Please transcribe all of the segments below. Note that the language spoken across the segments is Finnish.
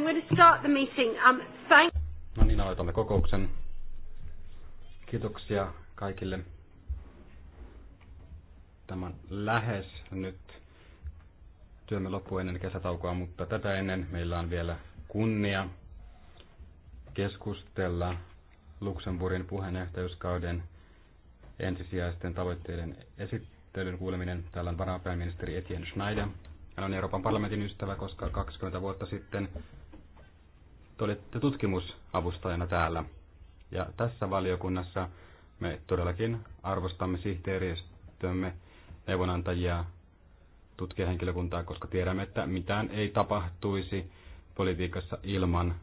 I'm going to start the meeting. Um, thank... No niin, aloitamme kokouksen. Kiitoksia kaikille. tämän lähes nyt työmme loppu ennen kesätaukoa, mutta tätä ennen meillä on vielä kunnia keskustella Luxemburgin puheenjohtajuuskauden ensisijaisten tavoitteiden esittelyn kuuleminen. Täällä on varapääministeri Etienne Schneider. Hän on Euroopan parlamentin ystävä, koska 20 vuotta sitten te olitte tutkimusavustajana täällä. Ja tässä valiokunnassa me todellakin arvostamme sihteeristömme neuvonantajia tutkijahenkilökuntaa, koska tiedämme, että mitään ei tapahtuisi politiikassa ilman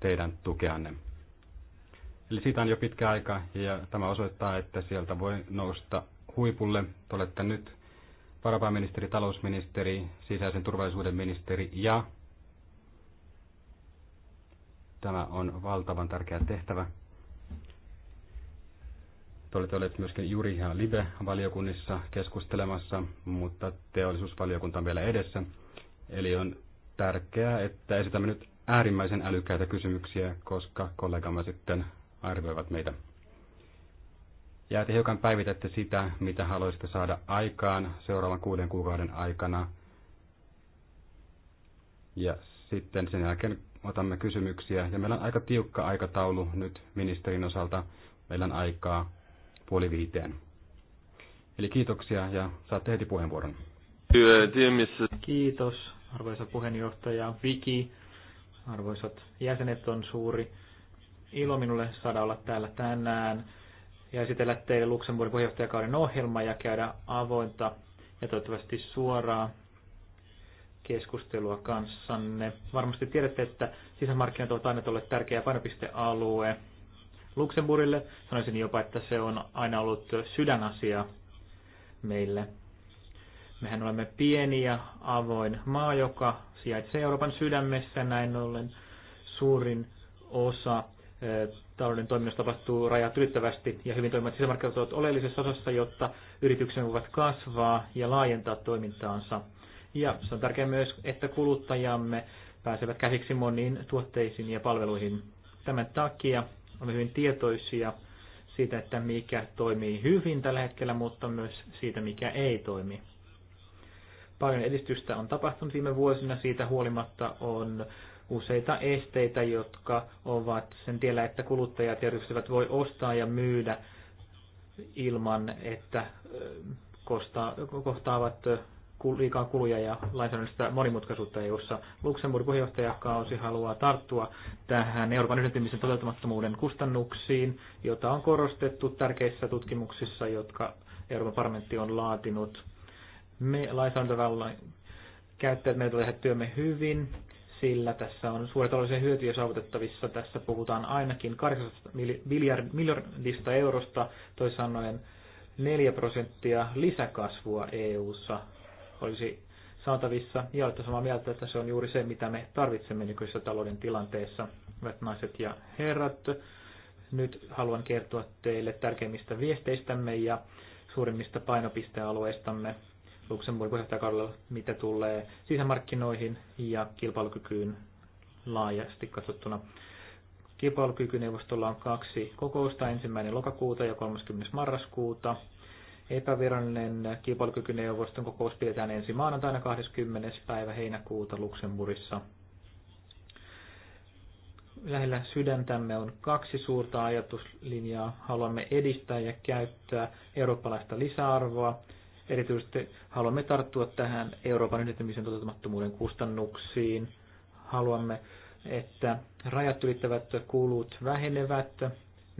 teidän tukeanne. Eli siitä on jo pitkä aika ja tämä osoittaa, että sieltä voi nousta huipulle. Te olette nyt varapääministeri, talousministeri, sisäisen turvallisuuden ministeri ja Tämä on valtavan tärkeä tehtävä. Te olette olleet myöskin juuri ja Live-valiokunnissa keskustelemassa, mutta teollisuusvaliokunta on vielä edessä. Eli on tärkeää, että esitämme nyt äärimmäisen älykkäitä kysymyksiä, koska kollegamme sitten arvioivat meitä. Ja te hiukan päivitätte sitä, mitä haluaisitte saada aikaan seuraavan kuuden kuukauden aikana. Ja sitten sen jälkeen otamme kysymyksiä. Ja meillä on aika tiukka aikataulu nyt ministerin osalta. Meillä on aikaa puoli viiteen. Eli kiitoksia ja saatte heti puheenvuoron. Kiitos, arvoisa puheenjohtaja Viki. Arvoisat jäsenet, on suuri ilo minulle saada olla täällä tänään ja esitellä teille Luxemburgin puheenjohtajakauden ohjelma ja käydä avointa ja toivottavasti suoraa keskustelua kanssanne. Varmasti tiedätte, että sisämarkkinat ovat aina olleet tärkeä painopistealue Luxemburille. Sanoisin jopa, että se on aina ollut sydänasia meille. Mehän olemme pieni ja avoin maa, joka sijaitsee Euroopan sydämessä. Näin ollen suurin osa eh, talouden toiminnasta tapahtuu rajat ylittävästi ja hyvin toimivat sisämarkkinat ovat oleellisessa osassa, jotta yritykset voivat kasvaa ja laajentaa toimintaansa. Ja se on tärkeää myös, että kuluttajamme pääsevät käsiksi moniin tuotteisiin ja palveluihin. Tämän takia olemme hyvin tietoisia siitä, että mikä toimii hyvin tällä hetkellä, mutta myös siitä, mikä ei toimi. Paljon edistystä on tapahtunut viime vuosina, siitä huolimatta on useita esteitä, jotka ovat sen tiellä, että kuluttajat ja voi ostaa ja myydä ilman, että kohtaavat liikaa kuluja ja lainsäädännöllistä monimutkaisuutta EU-ssa. Luxemburg puheenjohtajakausi haluaa tarttua tähän Euroopan yhdentymisen toteutumattomuuden kustannuksiin, jota on korostettu tärkeissä tutkimuksissa, jotka Euroopan parlamentti on laatinut. Me lainsäädäntövallan käyttäjät meitä tulee työmme hyvin, sillä tässä on suuret taloudellisia hyötyjä saavutettavissa. Tässä puhutaan ainakin 800 miljardista eurosta, toisin sanoen 4 prosenttia lisäkasvua EU-ssa olisi saatavissa. Ja olette samaa mieltä, että se on juuri se, mitä me tarvitsemme nykyisessä talouden tilanteessa, hyvät naiset ja herrat. Nyt haluan kertoa teille tärkeimmistä viesteistämme ja suurimmista painopistealueistamme Luxemburgin puheenjohtajakaudella, mitä tulee sisämarkkinoihin ja kilpailukykyyn laajasti katsottuna. Kilpailukykyneuvostolla on kaksi kokousta, ensimmäinen lokakuuta ja 30. marraskuuta. Epävirallinen kilpailukykyneuvoston kokous pidetään ensi maanantaina 20. päivä heinäkuuta Luxemburissa. Lähellä sydäntämme on kaksi suurta ajatuslinjaa. Haluamme edistää ja käyttää eurooppalaista lisäarvoa. Erityisesti haluamme tarttua tähän Euroopan yhdistämisen toteutumattomuuden kustannuksiin. Haluamme, että rajat ylittävät kulut vähenevät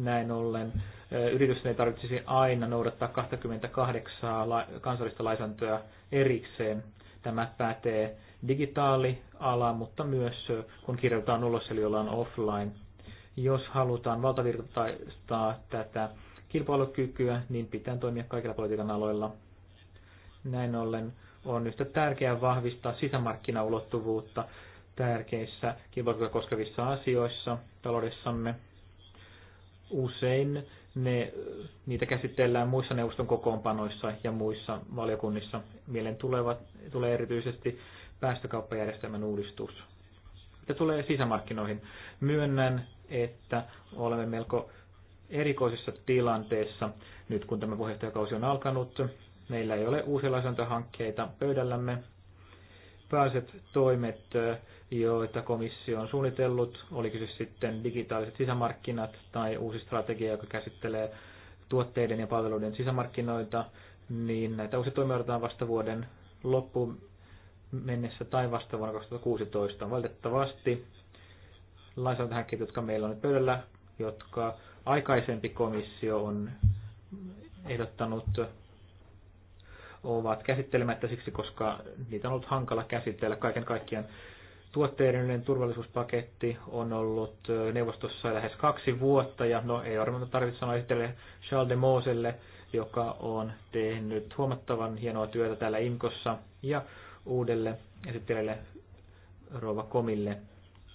näin ollen eh, yritysten ei tarvitsisi aina noudattaa 28 kansallista lainsäädäntöä erikseen. Tämä pätee digitaalialaan, mutta myös eh, kun kirjoitetaan ulos, eli ollaan offline. Jos halutaan valtavirtaistaa tätä kilpailukykyä, niin pitää toimia kaikilla politiikan aloilla. Näin ollen on yhtä tärkeää vahvistaa sisämarkkinaulottuvuutta tärkeissä kilpailukykyä koskevissa asioissa taloudessamme – usein ne, niitä käsitellään muissa neuvoston kokoonpanoissa ja muissa valiokunnissa. Mielen tulevat, tulee erityisesti päästökauppajärjestelmän uudistus. Mitä tulee sisämarkkinoihin? Myönnän, että olemme melko erikoisessa tilanteessa nyt, kun tämä puheenjohtajakausi on alkanut. Meillä ei ole uusia lainsäädäntöhankkeita pöydällämme. Pääset toimet että komissio on suunnitellut, oliko se sitten digitaaliset sisämarkkinat tai uusi strategia, joka käsittelee tuotteiden ja palveluiden sisämarkkinoita, niin näitä uusia toimia vasta vuoden loppuun mennessä tai vasta vuonna 2016. Valitettavasti lainsäädäntöhankkeet, jotka meillä on nyt pöydällä, jotka aikaisempi komissio on ehdottanut, ovat käsittelemättä siksi, koska niitä on ollut hankala käsitellä kaiken kaikkiaan Tuotteiden turvallisuuspaketti on ollut neuvostossa lähes kaksi vuotta, ja no ei varmaan tarvitse sanoa yhtälle Charles de Moselle, joka on tehnyt huomattavan hienoa työtä täällä IMKossa, ja uudelle esittelijälle Rova Komille,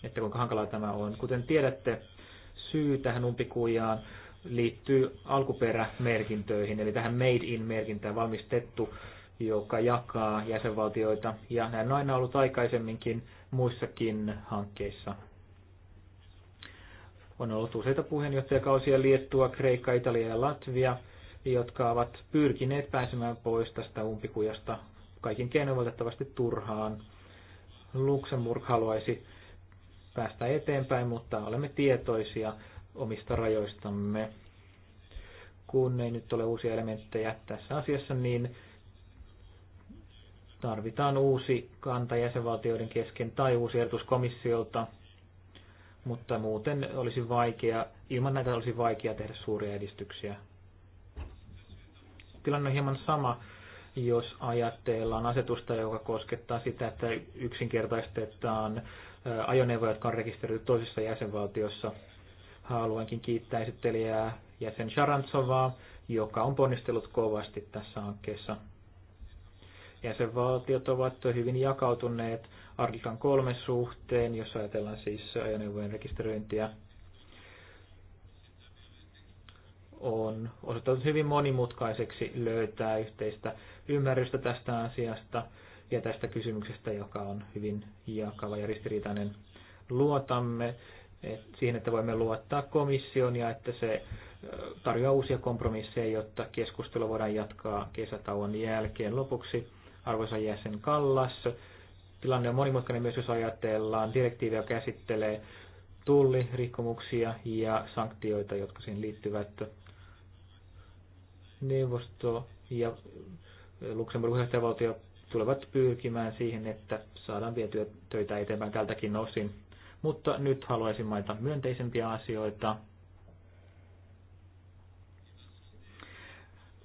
että kuinka hankalaa tämä on. Kuten tiedätte, syy tähän umpikujaan liittyy alkuperämerkintöihin, eli tähän made in-merkintään valmistettu, joka jakaa jäsenvaltioita. Ja näin on aina ollut aikaisemminkin, muissakin hankkeissa. On ollut useita puheenjohtajakausia Liettua, Kreikka, Italia ja Latvia, jotka ovat pyrkineet pääsemään pois tästä umpikujasta kaikin keinoin valitettavasti turhaan. Luxemburg haluaisi päästä eteenpäin, mutta olemme tietoisia omista rajoistamme. Kun ei nyt ole uusia elementtejä tässä asiassa, niin tarvitaan uusi kanta jäsenvaltioiden kesken tai uusi ehdotus komissiolta, mutta muuten olisi vaikea, ilman näitä olisi vaikea tehdä suuria edistyksiä. Tilanne on hieman sama, jos ajatellaan asetusta, joka koskettaa sitä, että yksinkertaistetaan ajoneuvoja, jotka on rekisteröity toisessa jäsenvaltiossa. Haluankin kiittää esittelijää jäsen Sharantsovaa, joka on ponnistellut kovasti tässä hankkeessa jäsenvaltiot ovat hyvin jakautuneet artiklan kolme suhteen, jos ajatellaan siis ajoneuvojen rekisteröintiä. On osoittanut hyvin monimutkaiseksi löytää yhteistä ymmärrystä tästä asiasta ja tästä kysymyksestä, joka on hyvin jakava ja ristiriitainen. Luotamme siihen, että voimme luottaa komission ja että se tarjoaa uusia kompromisseja, jotta keskustelua voidaan jatkaa kesätauon jälkeen. Lopuksi arvoisa jäsen Kallas. Tilanne on monimutkainen myös, jos ajatellaan direktiiviä, käsittelee tullirikkomuksia ja sanktioita, jotka siihen liittyvät. Neuvosto ja Luxemburgin valtio tulevat pyrkimään siihen, että saadaan vietyä töitä eteenpäin tältäkin osin. Mutta nyt haluaisin mainita myönteisempiä asioita.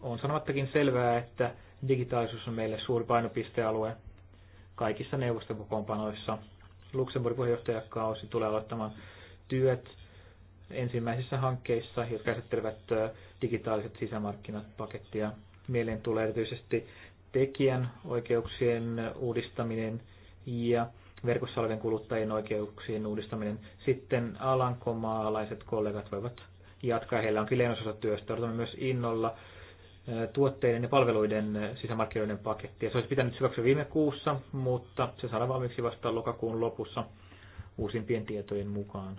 On sanomattakin selvää, että Digitaalisuus on meille suuri painopistealue kaikissa neuvostokokoonpanoissa. Luxemburgin puheenjohtajakausi tulee aloittamaan työt ensimmäisissä hankkeissa, jotka käsittelevät digitaaliset sisämarkkinat pakettia. Mieleen tulee erityisesti tekijän oikeuksien uudistaminen ja verkossa olevien kuluttajien oikeuksien uudistaminen. Sitten alankomaalaiset kollegat voivat jatkaa. Heillä on kyllä työstä. Odotamme myös innolla tuotteiden ja palveluiden sisämarkkinoiden paketti. Ja se olisi pitänyt hyväksyä viime kuussa, mutta se saadaan valmiiksi vasta lokakuun lopussa uusimpien tietojen mukaan.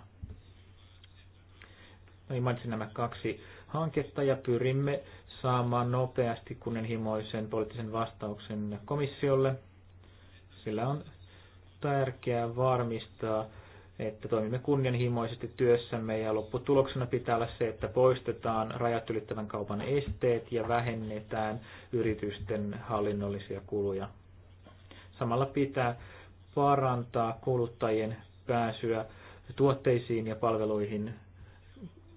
No niin, mainitsin nämä kaksi hanketta ja pyrimme saamaan nopeasti kunnianhimoisen poliittisen vastauksen komissiolle. Sillä on tärkeää varmistaa että toimimme kunnianhimoisesti työssämme ja lopputuloksena pitää olla se, että poistetaan rajat ylittävän kaupan esteet ja vähennetään yritysten hallinnollisia kuluja. Samalla pitää parantaa kuluttajien pääsyä tuotteisiin ja palveluihin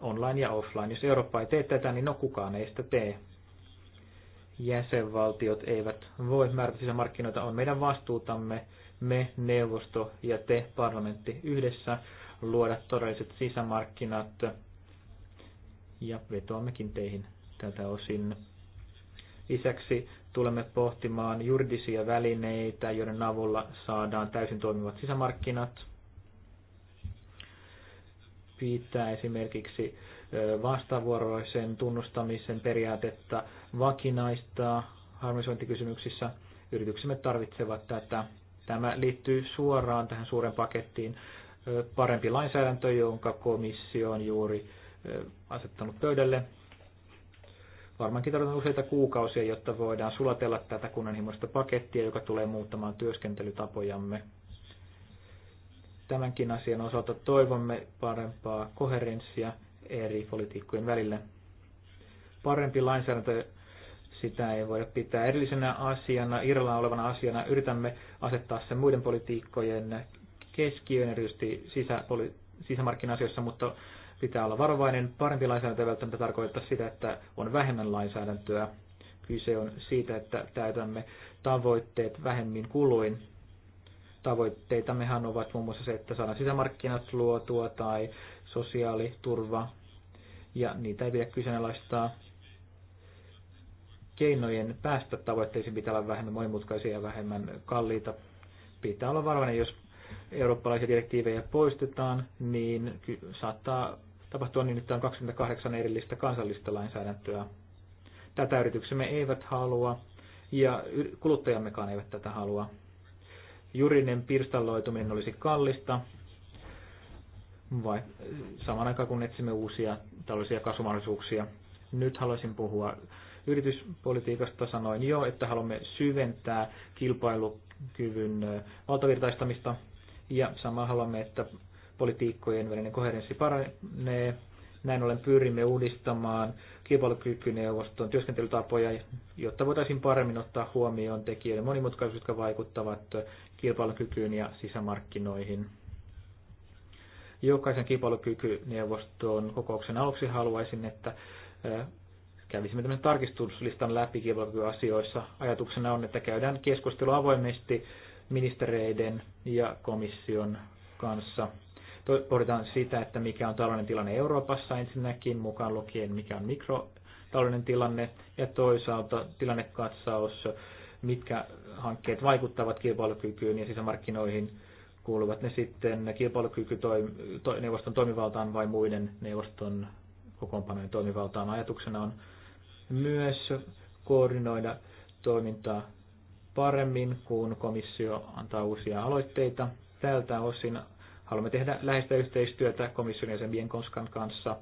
online ja offline. Jos Eurooppa ei tee tätä, niin no kukaan ei sitä tee. Jäsenvaltiot eivät voi määrätä markkinoita, on meidän vastuutamme me, neuvosto ja te, parlamentti, yhdessä luoda todelliset sisämarkkinat. Ja vetoammekin teihin tältä osin. Lisäksi tulemme pohtimaan juridisia välineitä, joiden avulla saadaan täysin toimivat sisämarkkinat. Pitää esimerkiksi vastavuoroisen tunnustamisen periaatetta vakinaistaa harmonisointikysymyksissä. Yrityksemme tarvitsevat tätä Tämä liittyy suoraan tähän suuren pakettiin parempi lainsäädäntö, jonka komissio on juuri asettanut pöydälle. Varmaankin tarvitaan useita kuukausia, jotta voidaan sulatella tätä kunnanhimoista pakettia, joka tulee muuttamaan työskentelytapojamme. Tämänkin asian osalta toivomme parempaa koherenssia eri politiikkojen välillä. Parempi lainsäädäntö sitä ei voida pitää erillisenä asiana, irrallaan olevana asiana. Yritämme asettaa sen muiden politiikkojen keskiöön, erityisesti sisäpoli- sisämarkkina-asioissa, mutta pitää olla varovainen. Parempi lainsäädäntö välttämättä tarkoittaa sitä, että on vähemmän lainsäädäntöä. Kyse on siitä, että täytämme tavoitteet vähemmin kuluin. Tavoitteitammehan ovat muun muassa se, että saadaan sisämarkkinat luotua tai sosiaaliturva, ja niitä ei pidä kyseenalaistaa keinojen päästä tavoitteisiin pitää olla vähemmän monimutkaisia ja vähemmän kalliita. Pitää olla varovainen, jos eurooppalaisia direktiivejä poistetaan, niin saattaa tapahtua niin, että on 28 erillistä kansallista lainsäädäntöä. Tätä yrityksemme eivät halua ja kuluttajammekaan eivät tätä halua. Juridinen pirstalloituminen olisi kallista, vai samaan aikaan kun etsimme uusia taloudellisia kasvumahdollisuuksia. Nyt haluaisin puhua yrityspolitiikasta sanoin jo, että haluamme syventää kilpailukyvyn valtavirtaistamista ja samalla haluamme, että politiikkojen välinen koherenssi paranee. Näin ollen pyrimme uudistamaan kilpailukykyneuvoston työskentelytapoja, jotta voitaisiin paremmin ottaa huomioon tekijöiden monimutkaisuus, jotka vaikuttavat kilpailukykyyn ja sisämarkkinoihin. Jokaisen kilpailukykyneuvoston kokouksen aluksi haluaisin, että kävisimme tämän tarkistuslistan läpi kilpailukykyasioissa. Ajatuksena on, että käydään keskustelu avoimesti ministereiden ja komission kanssa. Pohditaan sitä, että mikä on talouden tilanne Euroopassa ensinnäkin, mukaan lukien mikä on mikrotalouden tilanne, ja toisaalta tilannekatsaus, mitkä hankkeet vaikuttavat kilpailukykyyn ja sisämarkkinoihin, kuuluvat ne sitten neuvoston toimivaltaan vai muiden neuvoston kokoonpanojen toimivaltaan. Ajatuksena on myös koordinoida toimintaa paremmin, kun komissio antaa uusia aloitteita. Tältä osin haluamme tehdä läheistä yhteistyötä komission ja sen kanssa.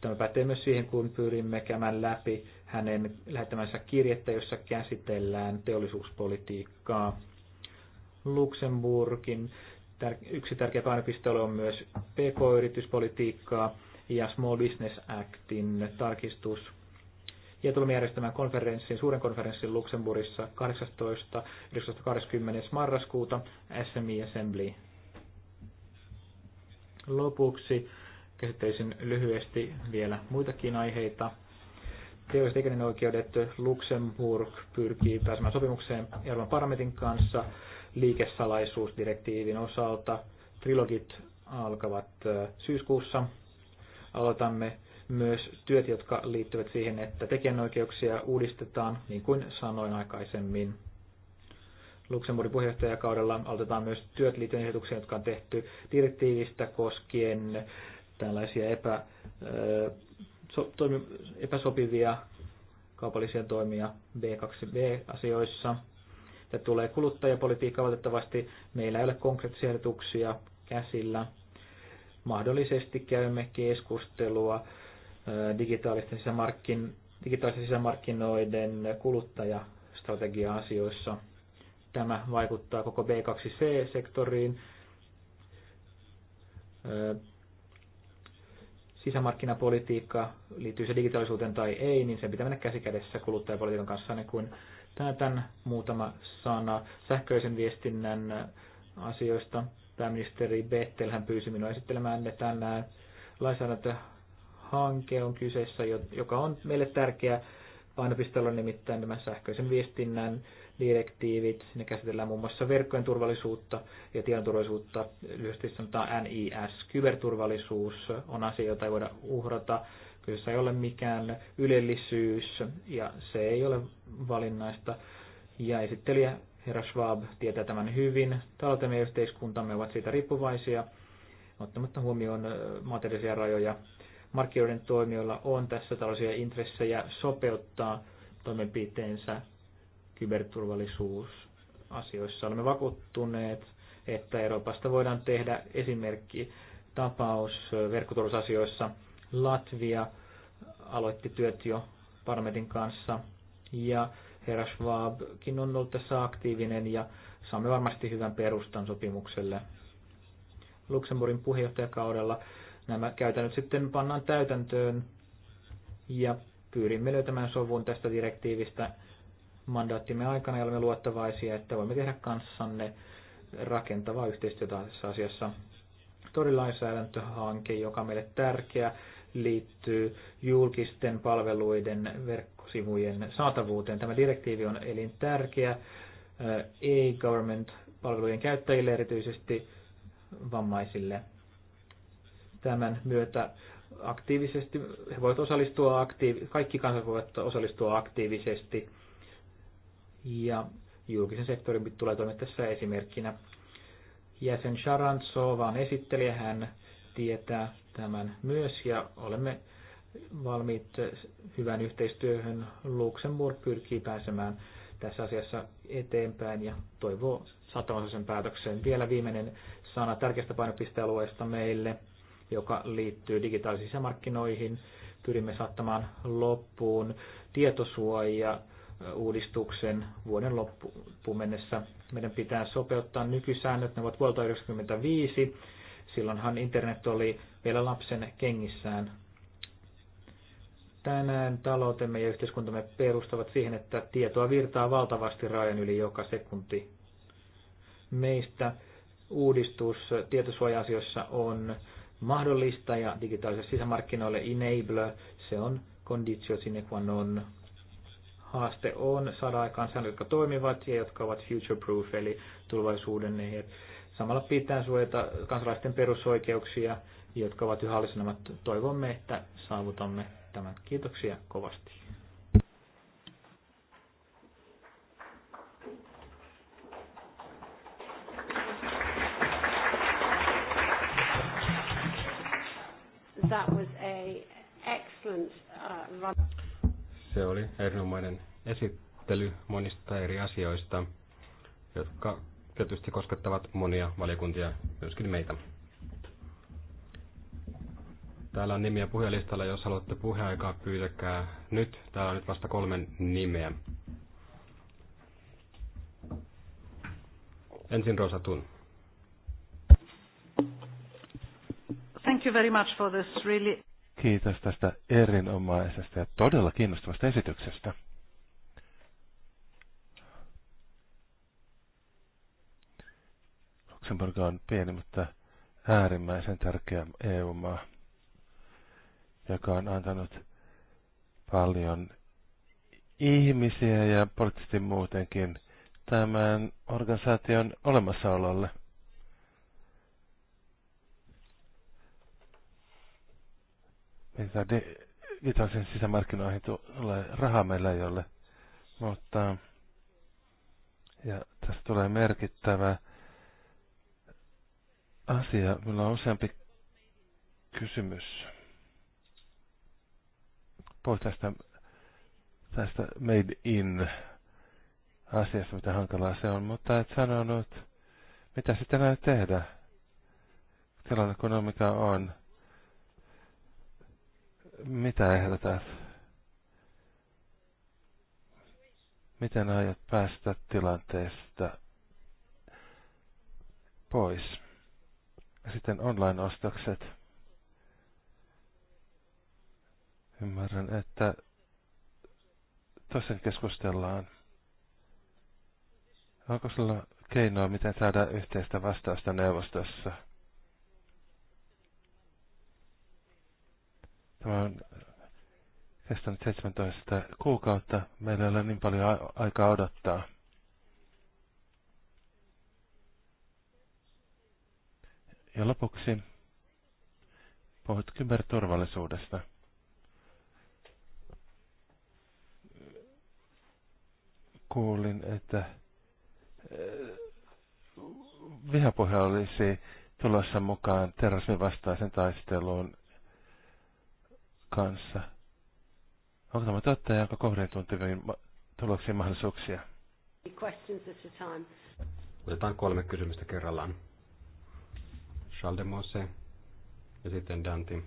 Tämä pätee myös siihen, kun pyrimme käymään läpi hänen lähettämänsä kirjettä, jossa käsitellään teollisuuspolitiikkaa. Luxemburgin yksi tärkeä painopiste on myös PK-yrityspolitiikkaa ja Small Business Actin tarkistus ja tulemme järjestämään konferenssin, suuren konferenssin Luxemburgissa 18. 19.20. marraskuuta SMI Assembly. Lopuksi käsittelisin lyhyesti vielä muitakin aiheita. Teolliset oikeudet Luxemburg pyrkii pääsemään sopimukseen Euroopan parlamentin kanssa liikesalaisuusdirektiivin osalta. Trilogit alkavat äh, syyskuussa. Aloitamme myös työt, jotka liittyvät siihen, että tekijänoikeuksia uudistetaan, niin kuin sanoin aikaisemmin. Luxemburgin puheenjohtajakaudella aloitetaan myös työt liittyen ehdotuksiin, jotka on tehty direktiivistä koskien tällaisia epä, so, toimi, epäsopivia kaupallisia toimia B2B-asioissa. Ja tulee kuluttajapolitiikka valitettavasti. Meillä ei ole konkreettisia ehdotuksia käsillä. Mahdollisesti käymme keskustelua digitaalisten sisämarkkin, digitaalisten sisämarkkinoiden kuluttajastrategia-asioissa. Tämä vaikuttaa koko B2C-sektoriin. Sisämarkkinapolitiikka, liittyy se digitaalisuuteen tai ei, niin sen pitää mennä käsikädessä kuluttajapolitiikan kanssa, niin kuin tämän muutama sana sähköisen viestinnän asioista. Pääministeri Bettelhän pyysi minua esittelemään ne tänään lainsäädäntö hanke on kyseessä, joka on meille tärkeä painopistolla nimittäin nämä sähköisen viestinnän direktiivit. ne käsitellään muun muassa verkkojen turvallisuutta ja tiedon turvallisuutta. Lyhyesti sanotaan NIS. Kyberturvallisuus on asia, jota ei voida uhrata. Kyseessä ei ole mikään ylellisyys ja se ei ole valinnaista. Ja esittelijä herra Schwab tietää tämän hyvin. Taloutemme ja yhteiskuntamme ovat siitä riippuvaisia, ottamatta huomioon äh, materiaalisia rajoja markkinoiden toimijoilla on tässä tällaisia intressejä sopeuttaa toimenpiteensä kyberturvallisuusasioissa. Olemme vakuuttuneet, että Euroopasta voidaan tehdä esimerkki tapaus verkkoturvallisuusasioissa. Latvia aloitti työt jo parlamentin kanssa ja herra Schwabkin on ollut tässä aktiivinen ja saamme varmasti hyvän perustan sopimukselle. Luxemburgin puheenjohtajakaudella nämä käytännöt sitten pannaan täytäntöön ja pyrimme löytämään sovun tästä direktiivistä mandaattimme aikana ja olemme luottavaisia, että voimme tehdä kanssanne rakentavaa yhteistyötä tässä asiassa. Torilainsäädäntöhanke, joka on meille tärkeä, liittyy julkisten palveluiden verkkosivujen saatavuuteen. Tämä direktiivi on elintärkeä e-government-palvelujen käyttäjille, erityisesti vammaisille tämän myötä aktiivisesti, he voivat osallistua aktiiv- kaikki kansat voivat osallistua aktiivisesti ja julkisen sektorin tulee toimia tässä esimerkkinä. Jäsen Sovan esittelijä, hän tietää tämän myös ja olemme valmiit hyvän yhteistyöhön. Luxemburg pyrkii pääsemään tässä asiassa eteenpäin ja toivoo satavansa sen päätökseen. Vielä viimeinen sana tärkeästä painopistealueesta meille – joka liittyy digitaalisiin sisämarkkinoihin. Pyrimme saattamaan loppuun tietosuoja uudistuksen vuoden loppuun mennessä. Meidän pitää sopeuttaa nykysäännöt, ne ovat vuodelta 1995. Silloinhan internet oli vielä lapsen kengissään. Tänään taloutemme ja yhteiskuntamme perustavat siihen, että tietoa virtaa valtavasti rajan yli joka sekunti. Meistä uudistus tietosuoja-asioissa on mahdollista ja digitaalisille sisämarkkinoille enable, se on conditio sine qua non. Haaste on saada aikaan säännöt, jotka toimivat ja jotka ovat future proof, eli tulevaisuuden ehjät. Samalla pitää suojata kansalaisten perusoikeuksia, jotka ovat yhä Toivomme, että saavutamme tämän. Kiitoksia kovasti. That was a excellent, uh, run. Se oli erinomainen esittely monista eri asioista, jotka tietysti koskettavat monia valiokuntia, myöskin meitä. Täällä on nimiä puhelistalla. Jos haluatte puheaikaa, pyytäkää nyt. Täällä on nyt vasta kolmen nimeä. Ensin Rosa Tun. you very much for this really... Kiitos tästä erinomaisesta ja todella kiinnostavasta esityksestä. Luxemburg on pieni, mutta äärimmäisen tärkeä EU-maa, joka on antanut paljon ihmisiä ja poliittisesti muutenkin tämän organisaation olemassaololle – mitä digitaalisen sisämarkkinoihin tulee rahaa meillä ei ole. Mutta ja tästä tulee merkittävä asia. Minulla on useampi kysymys. Pois tästä, tästä made in asiasta, mitä hankalaa se on, mutta et sanonut, mitä sitten näin tehdä. Tilanne kun on mikä on. Mitä ehdotat? Miten aiot päästä tilanteesta pois? Sitten online-ostokset. Ymmärrän, että toisen keskustellaan. Onko sulla keinoa, miten saada yhteistä vastausta neuvostossa? Tämä on kestänyt 17 kuukautta. Meillä ei ole niin paljon aikaa odottaa. Ja lopuksi puhut kyberturvallisuudesta. Kuulin, että eh, vihapuhe olisi tulossa mukaan terrorismin vastaisen taisteluun kanssa. Onko tämä totta ja onko kohden tuntuviin tuloksiin mahdollisuuksia? Otetaan kolme kysymystä kerrallaan. Chaldemose ja sitten Dante.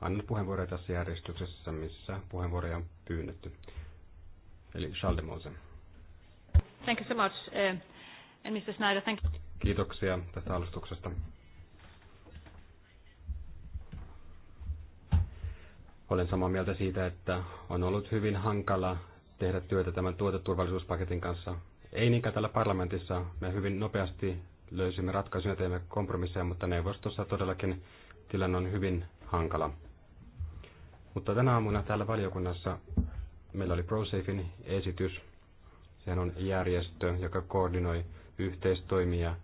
Annan puheenvuoroja tässä järjestyksessä, missä puheenvuoroja on pyynnetty. Eli Mose. Thank you so much. Uh, and Mr. Schneider, thank you. Kiitoksia tästä alustuksesta. Olen samaa mieltä siitä, että on ollut hyvin hankala tehdä työtä tämän tuoteturvallisuuspaketin kanssa. Ei niinkään täällä parlamentissa. Me hyvin nopeasti löysimme ratkaisuja ja teemme kompromisseja, mutta neuvostossa todellakin tilanne on hyvin hankala. Mutta tänä aamuna täällä valiokunnassa meillä oli ProSafein esitys. Sehän on järjestö, joka koordinoi yhteistoimia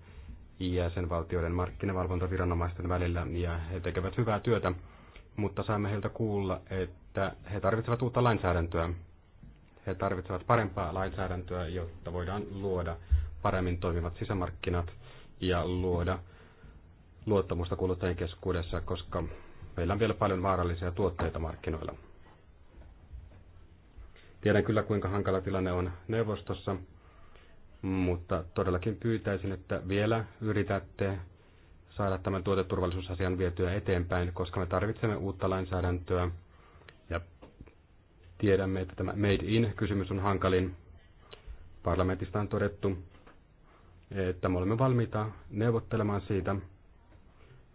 jäsenvaltioiden markkinavalvontaviranomaisten välillä ja he tekevät hyvää työtä mutta saimme heiltä kuulla, että he tarvitsevat uutta lainsäädäntöä. He tarvitsevat parempaa lainsäädäntöä, jotta voidaan luoda paremmin toimivat sisämarkkinat ja luoda luottamusta kuluttajien keskuudessa, koska meillä on vielä paljon vaarallisia tuotteita markkinoilla. Tiedän kyllä, kuinka hankala tilanne on neuvostossa, mutta todellakin pyytäisin, että vielä yritätte saada tämän tuoteturvallisuusasian vietyä eteenpäin, koska me tarvitsemme uutta lainsäädäntöä ja tiedämme, että tämä made in-kysymys on hankalin. Parlamentista on todettu, että me olemme valmiita neuvottelemaan siitä,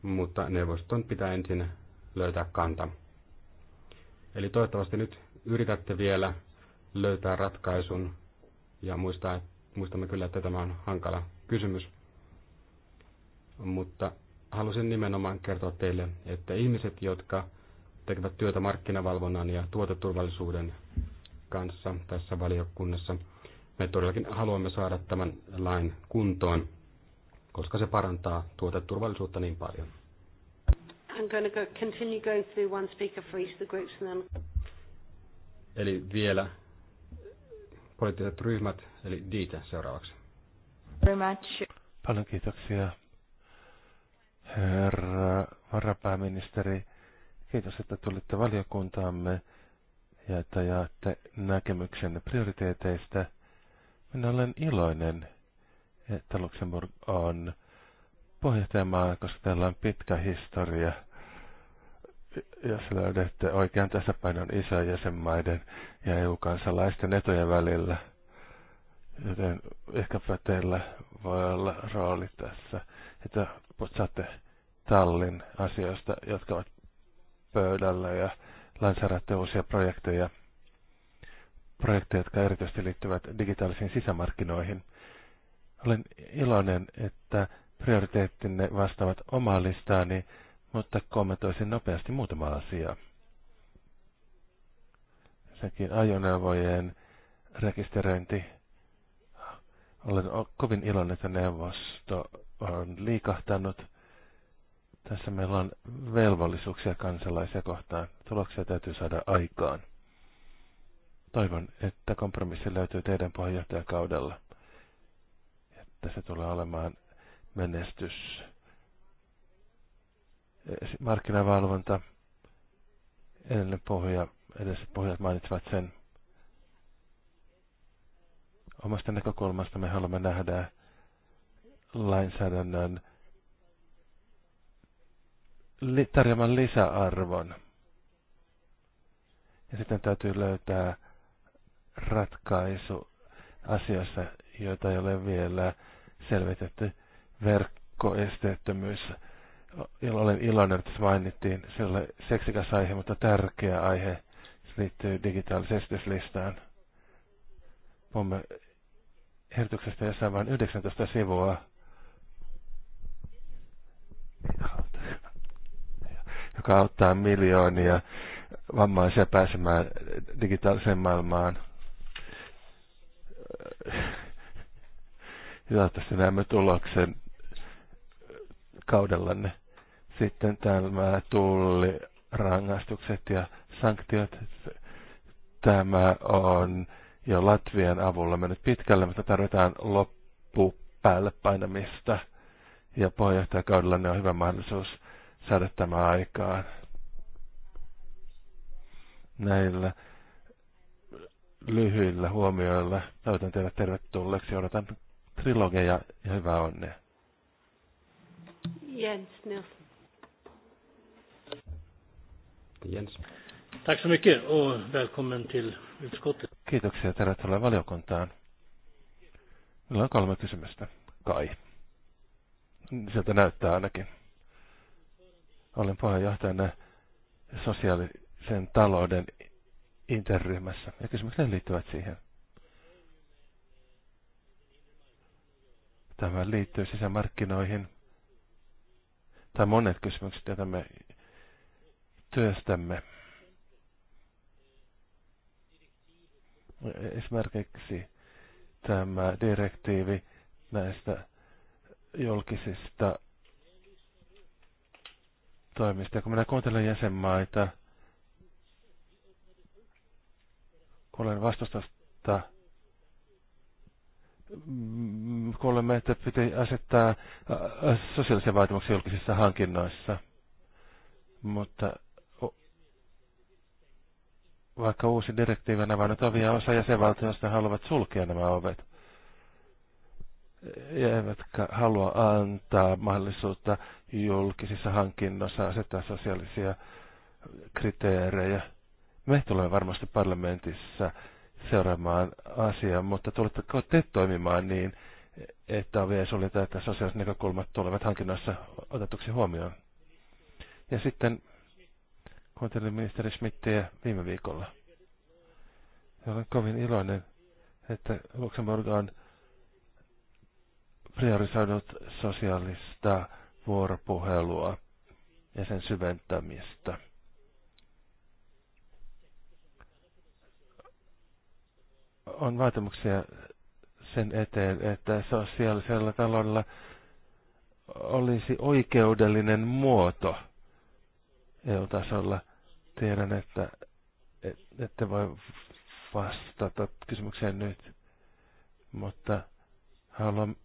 mutta neuvoston pitää ensin löytää kanta. Eli toivottavasti nyt yritätte vielä löytää ratkaisun ja muistaa, muistamme kyllä, että tämä on hankala kysymys mutta halusin nimenomaan kertoa teille, että ihmiset, jotka tekevät työtä markkinavalvonnan ja tuoteturvallisuuden kanssa tässä valiokunnassa, me todellakin haluamme saada tämän lain kuntoon, koska se parantaa tuoteturvallisuutta niin paljon. Eli vielä poliittiset ryhmät, eli Diita seuraavaksi. Very much. Paljon kiitoksia Herra varapääministeri, kiitos, että tulitte valiokuntaamme ja että jaatte näkemyksenne prioriteeteista. Minä olen iloinen, että Luxemburg on puheenjohtajamaa, koska täällä on pitkä historia. Jos löydätte oikean tasapainon isojen jäsenmaiden ja EU-kansalaisten etujen välillä, joten ehkäpä teillä voi olla rooli tässä, että mutta saatte tallin asioista, jotka ovat pöydällä ja lanseeraatte uusia projekteja, projekteja, jotka erityisesti liittyvät digitaalisiin sisämarkkinoihin. Olen iloinen, että prioriteettinne vastaavat omaa listaani, mutta kommentoisin nopeasti muutama asia. Sekin ajoneuvojen rekisteröinti olen kovin iloinen, että neuvosto on liikahtanut. Tässä meillä on velvollisuuksia kansalaisia kohtaan. Tuloksia täytyy saada aikaan. Toivon, että kompromissi löytyy teidän puheenjohtajakaudella. Että se tulee olemaan menestys. Markkinavalvonta, edellinen pohja, edes pohjat mainitsivat sen omasta näkökulmasta me haluamme nähdä lainsäädännön li, tarjoaman lisäarvon. Ja sitten täytyy löytää ratkaisu asiassa, joita ei ole vielä selvitetty. Verkkoesteettömyys, olen iloinen, että se mainittiin. Se oli seksikäs aihe, mutta tärkeä aihe. Se liittyy digitaalisesti listaan ehdotuksesta, ja on vain 19 sivua, joka auttaa miljoonia vammaisia pääsemään digitaaliseen maailmaan. Ja toivottavasti näemme tuloksen kaudellanne. Sitten tämä tulli, rangaistukset ja sanktiot. Tämä on ja Latvian avulla mennyt pitkälle, mutta tarvitaan loppu päälle painamista. Ja puheenjohtajakaudella ne on hyvä mahdollisuus saada tämä aikaan. Näillä lyhyillä huomioilla toivotan teidät tervetulleeksi. Odotan trilogeja ja hyvää onnea. Jens Nilsson. Jens. Tack så mycket och välkommen till utskottet. Kiitoksia, tervetuloa valiokuntaan. Meillä on kolme kysymystä, kai. Sieltä näyttää ainakin. Olen puheenjohtajana sosiaalisen talouden interryhmässä ja kysymykset liittyvät siihen. Tämä liittyy sisämarkkinoihin. Tai monet kysymykset, joita me työstämme Esimerkiksi tämä direktiivi näistä julkisista toimista. Kun minä kuuntelen jäsenmaita, kuulen vastustusta, mm, kuulemme, että piti asettaa äh, äh, sosiaalisia vaatimuksia julkisissa hankinnoissa, mutta vaikka uusi direktiivi on avannut ovia, osa jäsenvaltioista haluavat sulkea nämä ovet. Eivätkä halua antaa mahdollisuutta julkisissa hankinnoissa asettaa sosiaalisia kriteerejä. Me tulemme varmasti parlamentissa seuraamaan asiaa, mutta tuletteko te toimimaan niin, että on vielä suljeta, että sosiaaliset näkökulmat tulevat hankinnassa otetuksi huomioon? Ja sitten Kuuntelin ministeri Schmittiä viime viikolla. Ja olen kovin iloinen, että Luxemburg on priorisoinut sosiaalista vuoropuhelua ja sen syventämistä. On vaatimuksia sen eteen, että sosiaalisella taloudella olisi oikeudellinen muoto EU-tasolla – Tiedän, että ette voi vastata kysymykseen nyt, mutta haluan,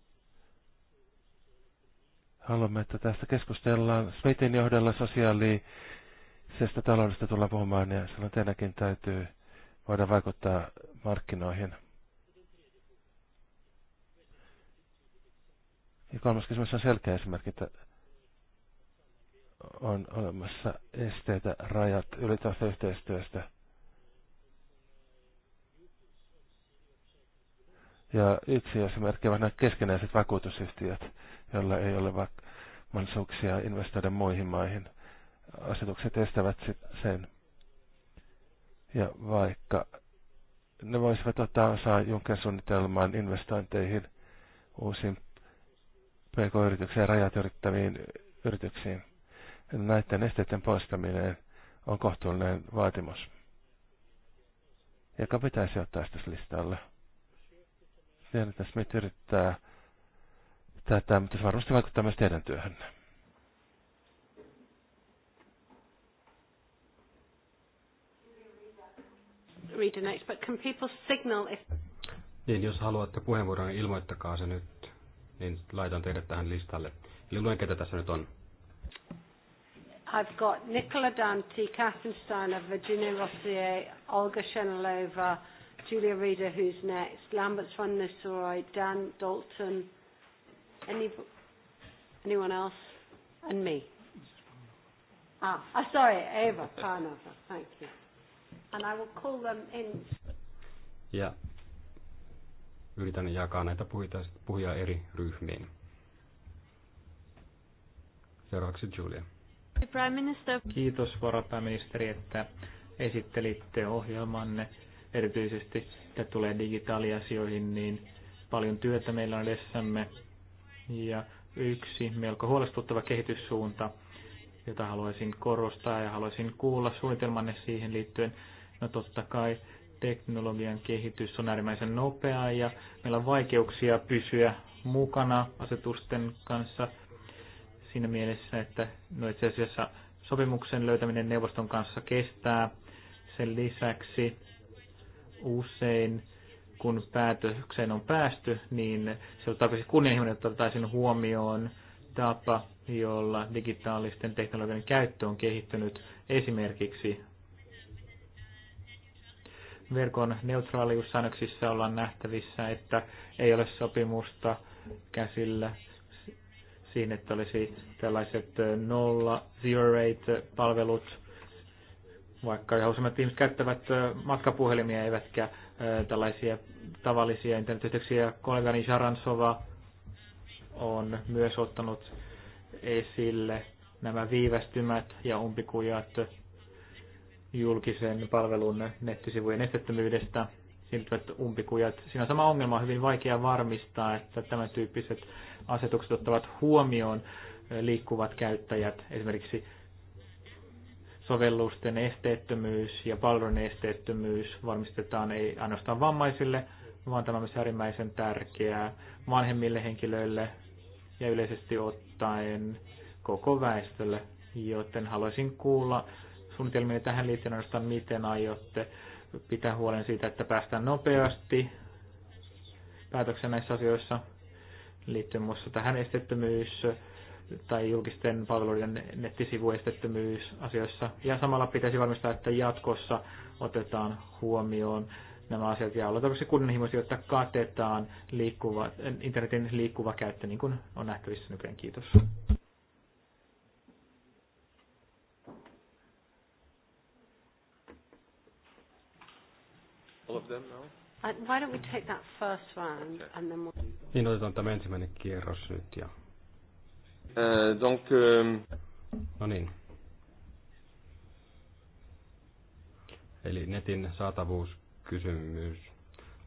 haluamme, että tästä keskustellaan. Smithin johdolla sosiaalisesta taloudesta tullaan puhumaan ja silloin teidänkin täytyy voida vaikuttaa markkinoihin. Ja kolmas kysymys on selkeä esimerkki, että on olemassa esteitä rajat ylitävästä yhteistyöstä. Ja yksi esimerkki on nämä keskenäiset vakuutusyhtiöt, joilla ei ole mahdollisuuksia investoida muihin maihin. Asetukset estävät sit sen. Ja vaikka ne voisivat ottaa osaa Junkin suunnitelmaan investointeihin uusiin pk-yrityksiin ja rajat yrittäviin yrityksiin – näiden esteiden poistaminen on kohtuullinen vaatimus, joka pitäisi ottaa tässä listalle. Tiedän, että Smith yrittää tätä, mutta se varmasti vaikuttaa myös teidän työhönne. Niin, jos haluatte puheenvuoron, niin ilmoittakaa se nyt, niin laitan teidät tähän listalle. Eli luen, ketä tässä nyt on. I've got Nicola Dante, Catherine Steiner, Virginia Rossier, Olga Shenilova, Julia Reader, who's next, Lambert Swan Nisoroy, Dan Dalton, any, anyone else, and me. Ah, oh, sorry, Eva Parnova, thank you. And I will call them in. Yeah. yritän jakaa näitä puhuja, puhuja eri ryhmiin. Seuraavaksi Julia. Kiitos varapääministeri, että esittelitte ohjelmanne. Erityisesti mitä tulee digitaaliasioihin, niin paljon työtä meillä on edessämme. Ja yksi melko huolestuttava kehityssuunta, jota haluaisin korostaa ja haluaisin kuulla suunnitelmanne siihen liittyen. No totta kai teknologian kehitys on äärimmäisen nopeaa ja meillä on vaikeuksia pysyä mukana asetusten kanssa – siinä mielessä, että no itse asiassa sopimuksen löytäminen neuvoston kanssa kestää. Sen lisäksi usein, kun päätökseen on päästy, niin se on tarpeeksi kunnianhimoinen, että otetaan huomioon tapa, jolla digitaalisten teknologian käyttö on kehittynyt esimerkiksi verkon neutraaliussäännöksissä ollaan nähtävissä, että ei ole sopimusta käsillä siinä, että olisi tällaiset nolla, zero rate palvelut, vaikka yhä useimmat ihmiset käyttävät matkapuhelimia eivätkä tällaisia tavallisia internetyhteyksiä. Kollegani Jaransova on myös ottanut esille nämä viivästymät ja umpikujat julkisen palvelun nettisivujen estettömyydestä siirtyvät umpikujat. Siinä on sama ongelma, on hyvin vaikea varmistaa, että tämän tyyppiset asetukset ottavat huomioon eh, liikkuvat käyttäjät, esimerkiksi sovellusten esteettömyys ja palvelun esteettömyys varmistetaan ei ainoastaan vammaisille, vaan tämä on myös äärimmäisen tärkeää vanhemmille henkilöille ja yleisesti ottaen koko väestölle, joten haluaisin kuulla suunnitelmia tähän liittyen ainoastaan, miten aiotte pitää huolen siitä, että päästään nopeasti päätöksen näissä asioissa liittyen muassa tähän estettömyys tai julkisten palveluiden nettisivuestettömyys asioissa. Ja samalla pitäisi varmistaa, että jatkossa otetaan huomioon nämä asiat ja olla tämmöisiä kunnianhimoisia, jotta katetaan liikkuva, internetin liikkuva käyttö, niin kuin on nähtävissä nykyään. Kiitos. All of them now? Uh, why don't we take that first round and then we'll... Niin otetaan tämä ensimmäinen kierros nyt ja... Uh, donc, um, No niin. Eli netin saatavuuskysymys.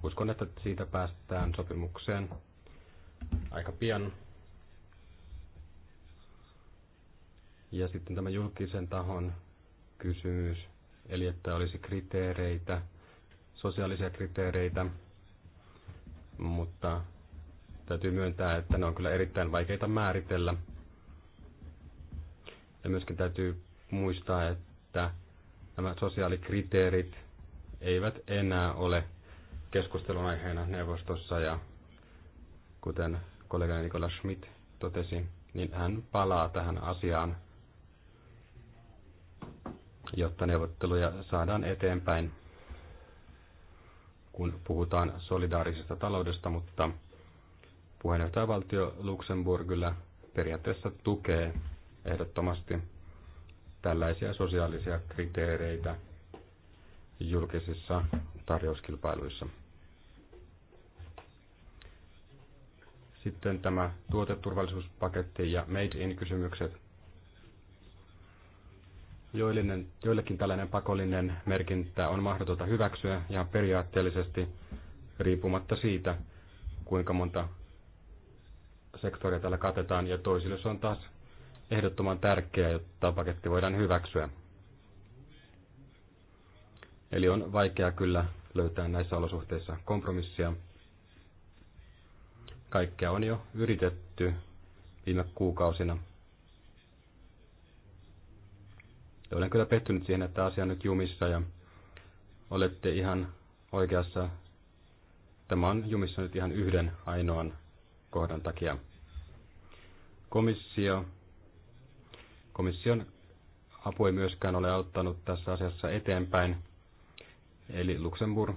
Uskon, että siitä päästään sopimukseen aika pian. Ja sitten tämä julkisen tahon kysymys, eli että olisi kriteereitä, sosiaalisia kriteereitä, mutta täytyy myöntää, että ne on kyllä erittäin vaikeita määritellä. Ja myöskin täytyy muistaa, että nämä sosiaalikriteerit eivät enää ole keskustelun aiheena neuvostossa ja kuten kollega Nikola Schmidt totesi, niin hän palaa tähän asiaan, jotta neuvotteluja saadaan eteenpäin kun puhutaan solidaarisesta taloudesta, mutta puheenjohtajavaltio Luxemburgilla periaatteessa tukee ehdottomasti tällaisia sosiaalisia kriteereitä julkisissa tarjouskilpailuissa. Sitten tämä tuoteturvallisuuspaketti ja Made in-kysymykset – Joillinen, joillekin tällainen pakollinen merkintä on mahdotonta hyväksyä ja periaatteellisesti riippumatta siitä, kuinka monta sektoria tällä katetaan, ja toisille se on taas ehdottoman tärkeää, jotta paketti voidaan hyväksyä. Eli on vaikea kyllä löytää näissä olosuhteissa kompromissia. Kaikkea on jo yritetty viime kuukausina. Ja olen kyllä pettynyt siihen, että asia on nyt jumissa ja olette ihan oikeassa. Tämä on jumissa nyt ihan yhden ainoan kohdan takia. Komissio, komission apu ei myöskään ole auttanut tässä asiassa eteenpäin. Eli Luxemburg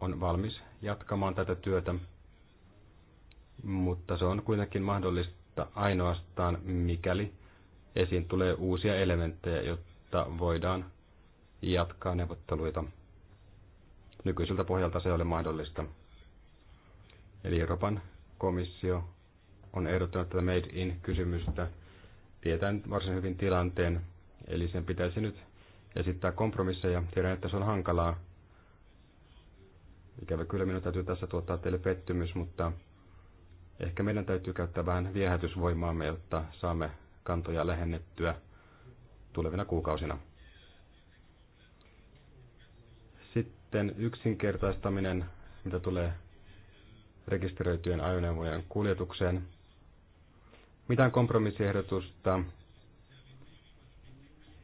on valmis jatkamaan tätä työtä, mutta se on kuitenkin mahdollista ainoastaan mikäli esiin tulee uusia elementtejä, jotta voidaan jatkaa neuvotteluita. Nykyiseltä pohjalta se ei ole mahdollista. Eli Euroopan komissio on ehdottanut tätä Made in-kysymystä tietäen varsin hyvin tilanteen, eli sen pitäisi nyt esittää kompromisseja. Tiedän, että se on hankalaa. Ikävä kyllä minun täytyy tässä tuottaa teille pettymys, mutta ehkä meidän täytyy käyttää vähän viehätysvoimaamme, jotta saamme kantoja lähennettyä tulevina kuukausina. Sitten yksinkertaistaminen, mitä tulee rekisteröityjen ajoneuvojen kuljetukseen. Mitään kompromissiehdotusta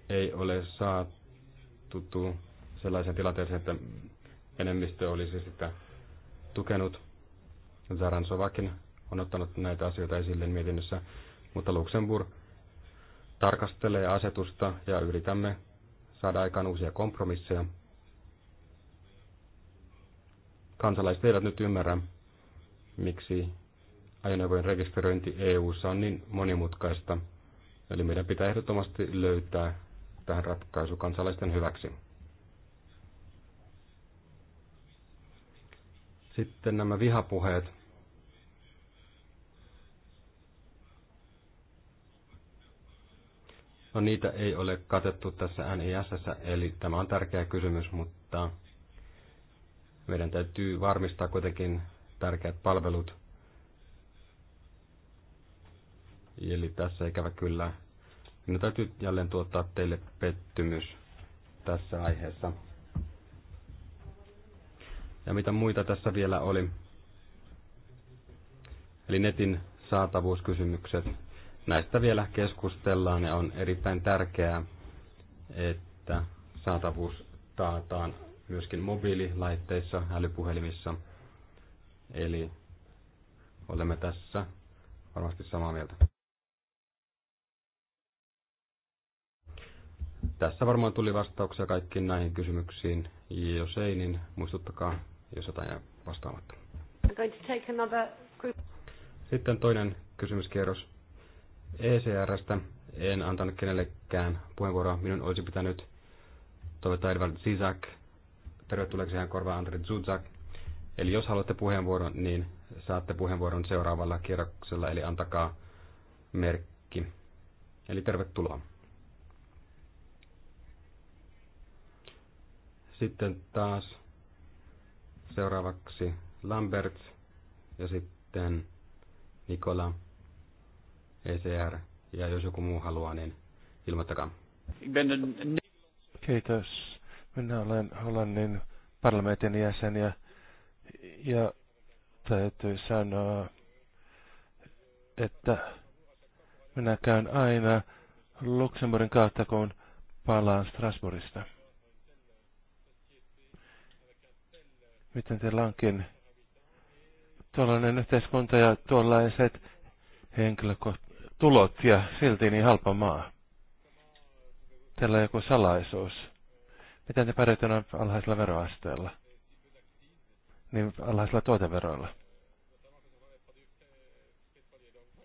ei ole saatu sellaisen tilanteeseen, että enemmistö olisi sitä tukenut. Zaran Sovakin on ottanut näitä asioita esille mietinnössä, mutta Luxemburg tarkastelee asetusta ja yritämme saada aikaan uusia kompromisseja. Kansalaiset eivät nyt ymmärrä, miksi ajoneuvojen rekisteröinti EU:ssa on niin monimutkaista, eli meidän pitää ehdottomasti löytää tähän ratkaisu kansalaisten hyväksi. Sitten nämä vihapuheet. No niitä ei ole katettu tässä NISS, eli tämä on tärkeä kysymys, mutta meidän täytyy varmistaa kuitenkin tärkeät palvelut. Eli tässä ikävä kyllä, minun täytyy jälleen tuottaa teille pettymys tässä aiheessa. Ja mitä muita tässä vielä oli? Eli netin saatavuuskysymykset, Näistä vielä keskustellaan ja on erittäin tärkeää, että saatavuus taataan myöskin mobiililaitteissa, älypuhelimissa. Eli olemme tässä varmasti samaa mieltä. Tässä varmaan tuli vastauksia kaikkiin näihin kysymyksiin. Jos ei, niin muistuttakaa, jos jotain jää vastaamatta. Sitten toinen kysymyskierros. ECRstä en antanut kenellekään puheenvuoroa. Minun olisi pitänyt toivottaa Edvard Zizak. Tervetulleeksi hän korvaa Andri Zuzak. Eli jos haluatte puheenvuoron, niin saatte puheenvuoron seuraavalla kierroksella, eli antakaa merkki. Eli tervetuloa. Sitten taas seuraavaksi Lambert ja sitten Nikola. ECR ja jos joku muu haluaa, niin ilmoittakaa. Kiitos. Minä olen Hollannin parlamentin jäsen ja, ja täytyy sanoa, että minä käyn aina Luxemburgin kautta, kun palaan Strasbourgista. Miten te lankin tuollainen yhteiskunta ja tuollaiset henkilökohtaiset tulot ja silti niin halpa maa. Teillä on joku salaisuus. Miten te pärjäätte noin alhaisella veroasteella? Niin alhaisilla tuoteveroilla.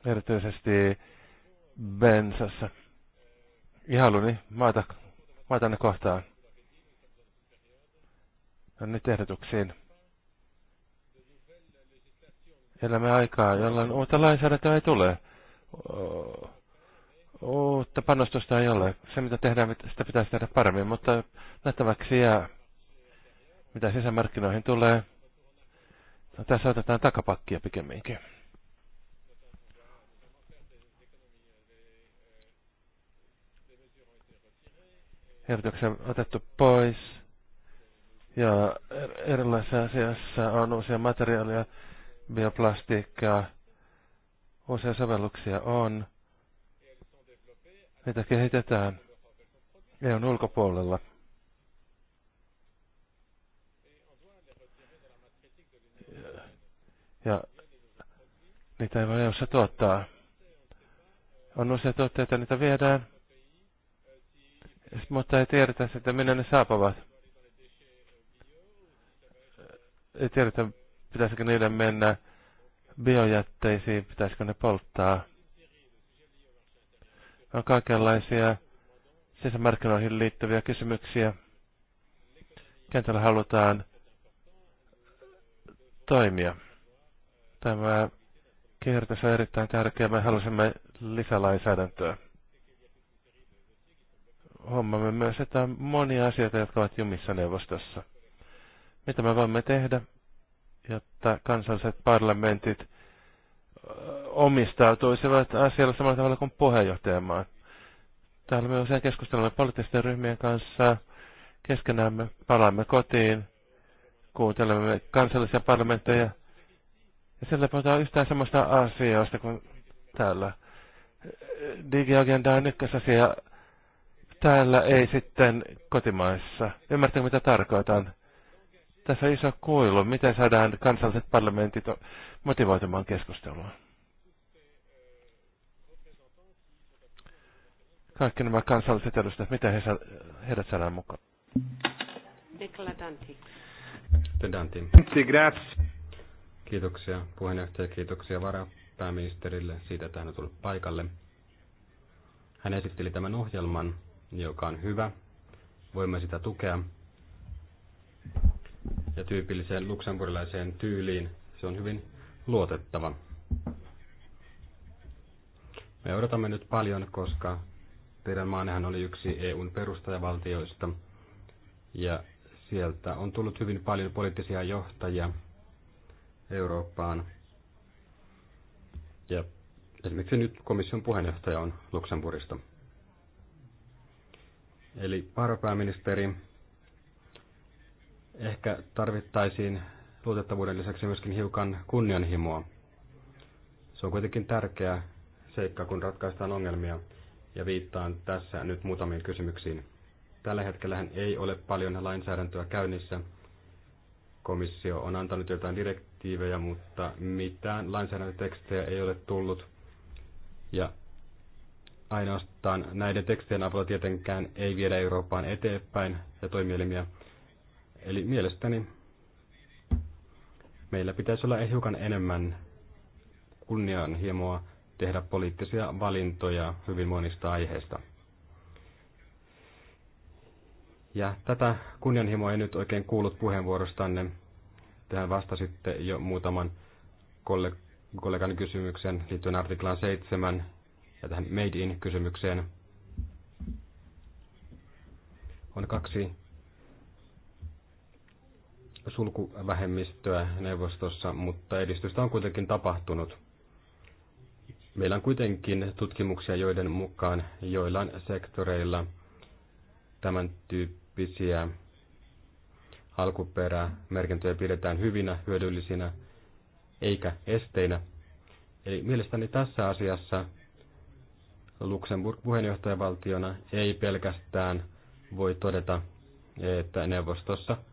Erityisesti bensassa. Ihailuni maata, ne kohtaan. No nyt ehdotuksiin. Elämme aikaa, jolloin uutta lainsäädäntöä ei tule uutta panostusta ei ole. Se, mitä tehdään, sitä pitäisi tehdä paremmin, mutta nähtäväksi jää, mitä sisämarkkinoihin tulee. No, tässä otetaan takapakkia pikemminkin. Ehdotuksen otettu pois. Ja er-, erilaisessa asiassa on uusia materiaaleja, bioplastiikkaa, Uusia sovelluksia on. Niitä kehitetään EUn ulkopuolella. Ja niitä ei voi EUssa tuottaa. On uusia tuotteita, niitä viedään, mutta ei tiedetä sitä, minne ne saapuvat. Ei tiedetä, pitäisikö niiden mennä biojätteisiin, pitäisikö ne polttaa. On kaikenlaisia sisämarkkinoihin liittyviä kysymyksiä. Kentällä halutaan toimia. Tämä kierrätys on erittäin tärkeä. Me halusimme lisälainsäädäntöä. Hommamme myös, että on monia asioita, jotka ovat jumissa neuvostossa. Mitä me voimme tehdä? jotta kansalliset parlamentit omistautuisivat asialla samalla tavalla kuin puheenjohtajamaan. Täällä me usein keskustelemme poliittisten ryhmien kanssa, me palaamme kotiin, kuuntelemme kansallisia parlamentteja, ja sillä puhutaan yhtään sellaista asiasta kuin täällä. Digiagenda on ykkösasia, täällä ei sitten kotimaissa. Ymmärtääkö mitä tarkoitan? tässä iso kuilu. Miten saadaan kansalliset parlamentit motivoitumaan keskustelua? Kaikki nämä kansalliset edustajat, miten he sa- heidät saadaan mukaan? Dekladanti. Kiitoksia puheenjohtaja, kiitoksia varapääministerille siitä, että hän on tullut paikalle. Hän esitteli tämän ohjelman, joka on hyvä. Voimme sitä tukea ja tyypilliseen luksemburilaiseen tyyliin. Se on hyvin luotettava. Me odotamme nyt paljon, koska teidän maanehan oli yksi EUn perustajavaltioista ja sieltä on tullut hyvin paljon poliittisia johtajia Eurooppaan. Ja esimerkiksi nyt komission puheenjohtaja on Luxemburgista. Eli varapääministeri, Ehkä tarvittaisiin luotettavuuden lisäksi myöskin hiukan kunnianhimoa. Se on kuitenkin tärkeä seikka, kun ratkaistaan ongelmia, ja viittaan tässä nyt muutamiin kysymyksiin. Tällä hetkellä ei ole paljon lainsäädäntöä käynnissä. Komissio on antanut jotain direktiivejä, mutta mitään lainsäädäntötekstejä ei ole tullut. Ja ainoastaan näiden tekstien avulla tietenkään ei viedä Eurooppaan eteenpäin ja toimielimiä, Eli mielestäni meillä pitäisi olla hiukan enemmän kunnianhimoa tehdä poliittisia valintoja hyvin monista aiheista. Ja tätä kunnianhimoa ei nyt oikein kuullut puheenvuorostanne. Tähän vastasitte jo muutaman kollegan kysymyksen liittyen artiklaan 7 ja tähän Made in-kysymykseen. On kaksi sulkuvähemmistöä neuvostossa, mutta edistystä on kuitenkin tapahtunut. Meillä on kuitenkin tutkimuksia, joiden mukaan joillain sektoreilla tämän tyyppisiä alkuperämerkintöjä pidetään hyvinä, hyödyllisinä eikä esteinä. Eli mielestäni tässä asiassa Luxemburg puheenjohtajavaltiona ei pelkästään voi todeta, että neuvostossa –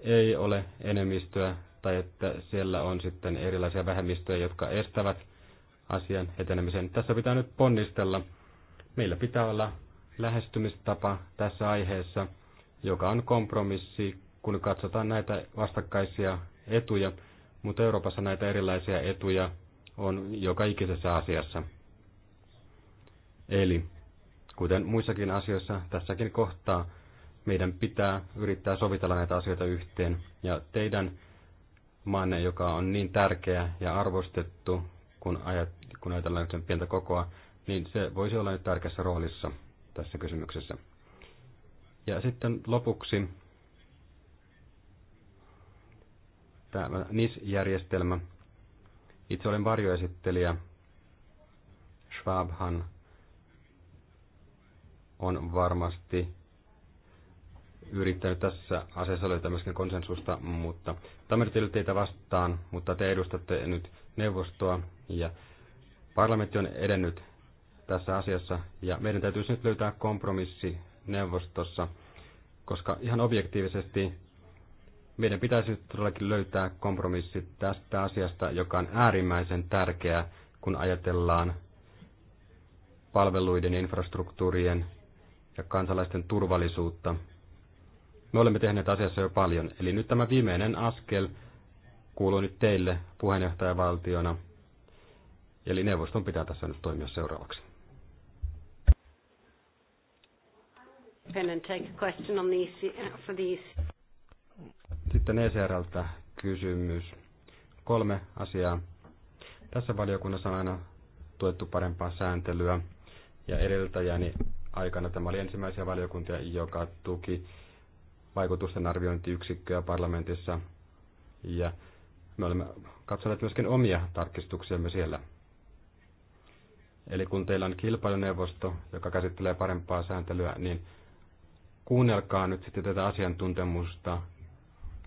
ei ole enemmistöä tai että siellä on sitten erilaisia vähemmistöjä, jotka estävät asian etenemisen. Tässä pitää nyt ponnistella. Meillä pitää olla lähestymistapa tässä aiheessa, joka on kompromissi, kun katsotaan näitä vastakkaisia etuja, mutta Euroopassa näitä erilaisia etuja on joka ikisessä asiassa. Eli kuten muissakin asioissa tässäkin kohtaa, meidän pitää yrittää sovitella näitä asioita yhteen. Ja teidän maanne, joka on niin tärkeä ja arvostettu, kun, ajat, kun ajatellaan sen pientä kokoa, niin se voisi olla nyt tärkeässä roolissa tässä kysymyksessä. Ja sitten lopuksi tämä NIS-järjestelmä. Itse olen varjoesittelijä. Schwabhan on varmasti yrittänyt tässä asiassa löytää myöskin konsensusta, mutta Tamertil teitä vastaan, mutta te edustatte nyt neuvostoa ja parlamentti on edennyt tässä asiassa ja meidän täytyisi nyt löytää kompromissi neuvostossa, koska ihan objektiivisesti meidän pitäisi nyt todellakin löytää kompromissi tästä asiasta, joka on äärimmäisen tärkeä, kun ajatellaan palveluiden, infrastruktuurien ja kansalaisten turvallisuutta me olemme tehneet asiassa jo paljon, eli nyt tämä viimeinen askel kuuluu nyt teille puheenjohtajavaltiona. Eli neuvoston pitää tässä nyt toimia seuraavaksi. Uh, Sitten ECRltä kysymys. Kolme asiaa. Tässä valiokunnassa on aina tuettu parempaa sääntelyä ja edeltäjäni aikana tämä oli ensimmäisiä valiokuntia, joka tuki vaikutusten arviointiyksikköä parlamentissa ja me olemme katsoneet myöskin omia tarkistuksiamme siellä. Eli kun teillä on kilpailuneuvosto, joka käsittelee parempaa sääntelyä, niin kuunnelkaa nyt sitten tätä asiantuntemusta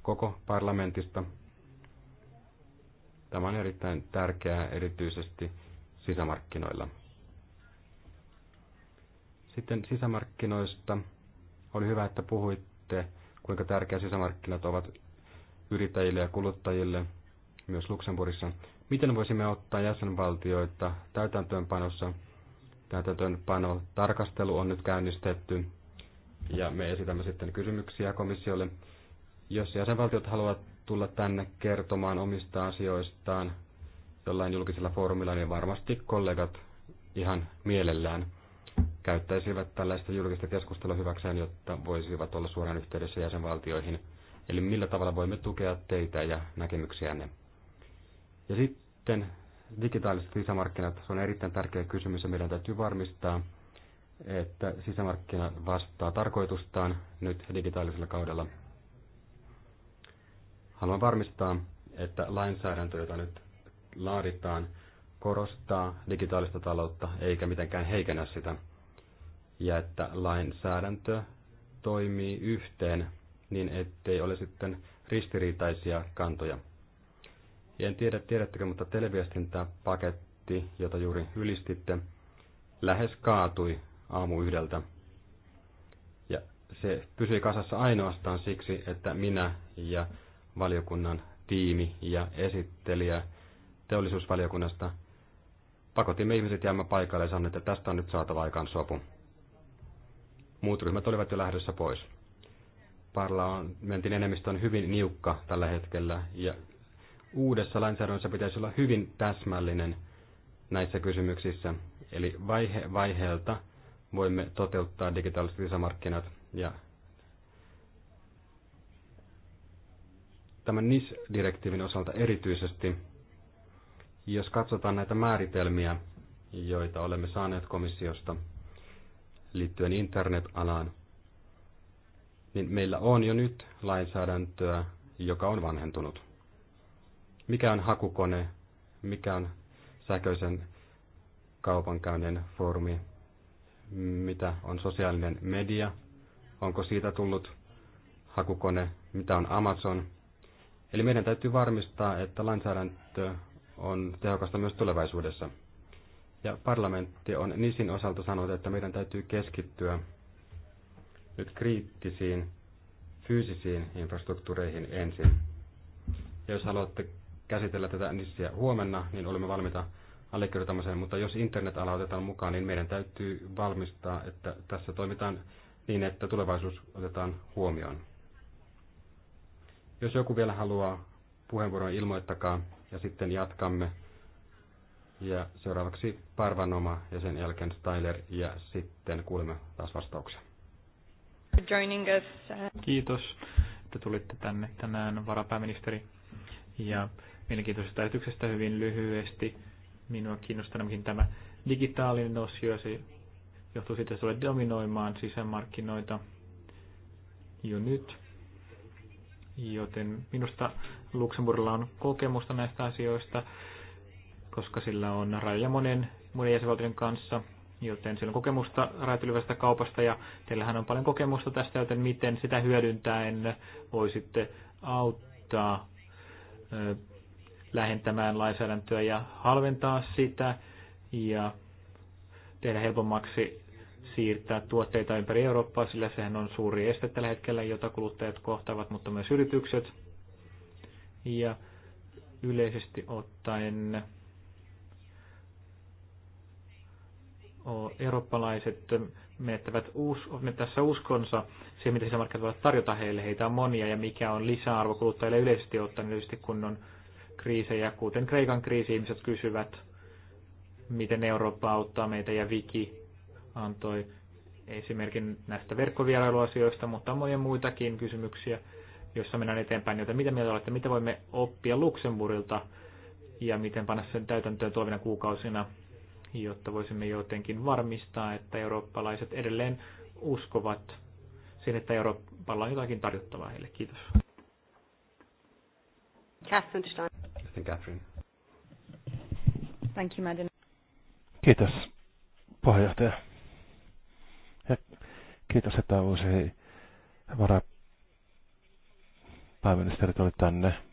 koko parlamentista. Tämä on erittäin tärkeää erityisesti sisämarkkinoilla. Sitten sisämarkkinoista. Oli hyvä, että puhuitte kuinka tärkeä sisämarkkinat ovat yrittäjille ja kuluttajille myös Luxemburgissa. Miten voisimme ottaa jäsenvaltioita täytäntöönpanossa? Täytäntöönpano tarkastelu on nyt käynnistetty ja me esitämme sitten kysymyksiä komissiolle. Jos jäsenvaltiot haluavat tulla tänne kertomaan omista asioistaan jollain julkisella foorumilla, niin varmasti kollegat ihan mielellään käyttäisivät tällaista julkista keskustelua hyväkseen, jotta voisivat olla suoraan yhteydessä jäsenvaltioihin. Eli millä tavalla voimme tukea teitä ja näkemyksiänne. Ja sitten digitaaliset sisämarkkinat, se on erittäin tärkeä kysymys ja meidän täytyy varmistaa, että sisämarkkina vastaa tarkoitustaan nyt digitaalisella kaudella. Haluan varmistaa, että lainsäädäntö, jota nyt laaditaan, korostaa digitaalista taloutta eikä mitenkään heikennä sitä ja että lainsäädäntö toimii yhteen niin, ettei ole sitten ristiriitaisia kantoja. En tiedä, tiedättekö, mutta televiestintäpaketti, jota juuri ylistitte, lähes kaatui aamu yhdeltä. Ja se pysyi kasassa ainoastaan siksi, että minä ja valiokunnan tiimi ja esittelijä teollisuusvaliokunnasta pakotimme ihmiset jäämään paikalle ja sanoi, että tästä on nyt saatava aikaan sopu. Muut ryhmät olivat jo lähdössä pois. Parlamentin enemmistö on hyvin niukka tällä hetkellä ja uudessa lainsäädännössä pitäisi olla hyvin täsmällinen näissä kysymyksissä. Eli vaihe vaiheelta voimme toteuttaa digitaaliset lisämarkkinat ja tämän NIS-direktiivin osalta erityisesti, jos katsotaan näitä määritelmiä, joita olemme saaneet komissiosta – liittyen internetalaan, niin meillä on jo nyt lainsäädäntöä, joka on vanhentunut. Mikä on hakukone, mikä on sähköisen kaupankäynnin foorumi, mitä on sosiaalinen media, onko siitä tullut hakukone, mitä on Amazon. Eli meidän täytyy varmistaa, että lainsäädäntö on tehokasta myös tulevaisuudessa. Ja parlamentti on Nisin osalta sanonut, että meidän täytyy keskittyä nyt kriittisiin fyysisiin infrastruktuureihin ensin. Ja jos haluatte käsitellä tätä Nissiä huomenna, niin olemme valmiita sen. mutta jos internet aloitetaan mukaan, niin meidän täytyy valmistaa, että tässä toimitaan niin, että tulevaisuus otetaan huomioon. Jos joku vielä haluaa puheenvuoron, ilmoittakaa ja sitten jatkamme ja seuraavaksi Parvanoma ja sen jälkeen Tyler ja sitten kuulemme taas vastauksia. Uh, Kiitos, että tulitte tänne tänään varapääministeri. Ja mielenkiintoisesta esityksestä hyvin lyhyesti. Minua kiinnostaa tämä digitaalinen osio se johtuu siitä, että tulee dominoimaan sisämarkkinoita jo nyt. Joten minusta Luxemburgilla on kokemusta näistä asioista koska sillä on rajoja monen, monen jäsenvaltion kanssa, joten sillä on kokemusta rajat kaupasta ja teillähän on paljon kokemusta tästä, joten miten sitä hyödyntäen voisitte auttaa ö, lähentämään lainsäädäntöä ja halventaa sitä ja tehdä helpommaksi siirtää tuotteita ympäri Eurooppaa, sillä sehän on suuri este tällä hetkellä, jota kuluttajat kohtaavat, mutta myös yritykset. Ja yleisesti ottaen eurooppalaiset menettävät us, tässä uskonsa siihen, mitä sisämarkkinat voivat tarjota heille. Heitä on monia ja mikä on lisäarvo kuluttajille yleisesti ottaen, yleisesti kun on kriisejä, kuten Kreikan kriisi, ihmiset kysyvät, miten Eurooppa auttaa meitä ja Viki antoi esimerkin näistä verkkovierailuasioista, mutta on monia muitakin kysymyksiä, joissa mennään eteenpäin, joita mitä mieltä olette, mitä voimme oppia Luxemburgilta ja miten panna sen täytäntöön tulevina kuukausina jotta voisimme jotenkin varmistaa, että eurooppalaiset edelleen uskovat sen, että Euroopalla on jotakin tarjottavaa heille. Kiitos. Catherine Catherine. Thank you, madam. Kiitos, puheenjohtaja. Ja kiitos, että uusi varapääministeri tuli tänne.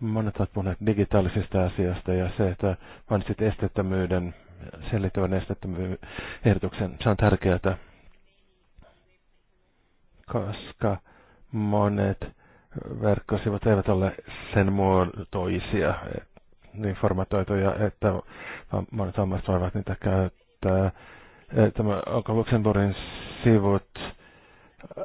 Monet ovat puhuneet digitaalisista asiasta ja se, että mainitsit esteettömyyden, sen liittyvän esteettömyyden ehdotuksen, se on tärkeää, koska monet verkkosivut eivät ole sen muotoisia, niin formatoituja, että monet vammaiset voivat niitä käyttää. Tämä, onko Luxemburgin sivut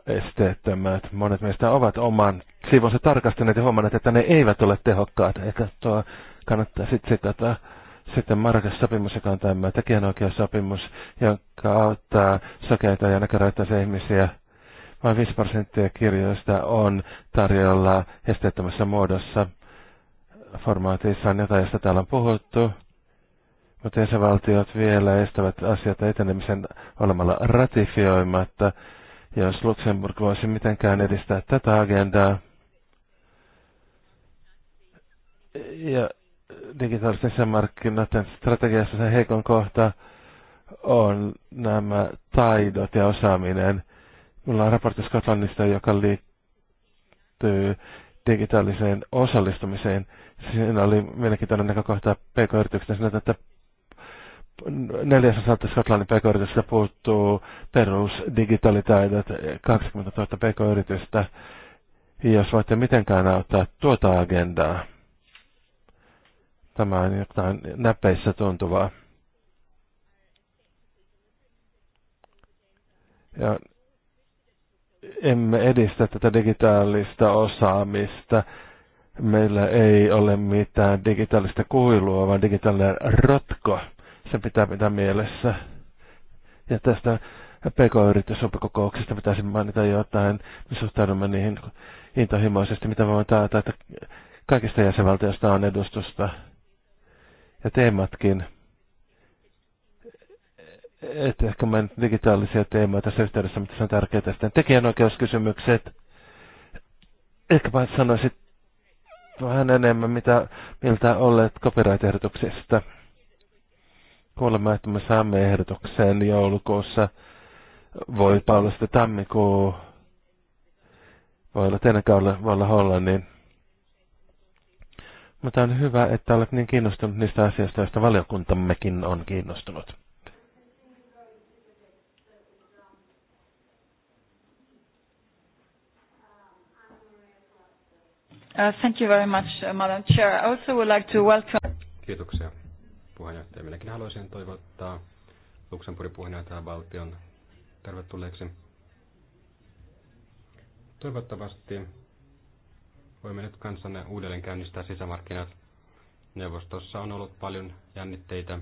esteettömät. Monet meistä ovat oman siivonsa tarkastaneet ja huomanneet, että ne eivät ole tehokkaat. Ehkä tuo kannattaa sitten tsekata sitten Marrakesh-sopimus, joka on tämä tekijänoikeussopimus, jonka auttaa sokeita ja näkörajoittaisia ihmisiä. Vain 5 prosenttia kirjoista on tarjolla esteettömässä muodossa. Formaatissa on jotain, josta täällä on puhuttu, mutta jäsenvaltiot vielä estävät asioita etenemisen olemalla ratifioimatta jos Luxemburg voisi mitenkään edistää tätä agendaa ja digitaalisten markkinoiden strategiassa se heikon kohta on nämä taidot ja osaaminen. Mulla on raportti Skotlannista, joka liittyy digitaaliseen osallistumiseen. Siinä oli mielenkiintoinen näkökohta pk-yrityksestä, että 400 Skotlannin pk-yritystä puuttuu perusdigitaalitaidot, 20 000 pk-yritystä. Jos voitte mitenkään auttaa tuota agendaa, tämä on jotain näpeissä tuntuvaa. Ja emme edistä tätä digitaalista osaamista. Meillä ei ole mitään digitaalista kuilua, vaan digitaalinen rotko sen pitää pitää mielessä. Ja tästä PK-yrityssopikokouksesta pitäisi mainita jotain, me suhtaudumme niihin intohimoisesti, mitä voin taata, että kaikista jäsenvaltioista on edustusta ja teematkin. Että ehkä mä digitaalisia teemoja tässä yhteydessä, mutta se on tärkeää. Sitten tekijänoikeuskysymykset. vain sanoisit vähän enemmän, mitä, miltä olet copyright-ehdotuksista kuulemme, että me saamme ehdotuksen joulukuussa. Voi olla sitten tammikuu, voi olla teidän kaudella, voi olla Hollannin. Mutta on hyvä, että olet niin kiinnostunut niistä asioista, joista valiokuntammekin on kiinnostunut. Uh, thank you very much, uh, Madam Chair. I also would like to welcome... Kiitoksia puheenjohtaja. Minäkin haluaisin toivottaa Luxemburgin puheenjohtajan valtion tervetulleeksi. Toivottavasti voimme nyt kansanne uudelleen käynnistää sisämarkkinat. Neuvostossa on ollut paljon jännitteitä.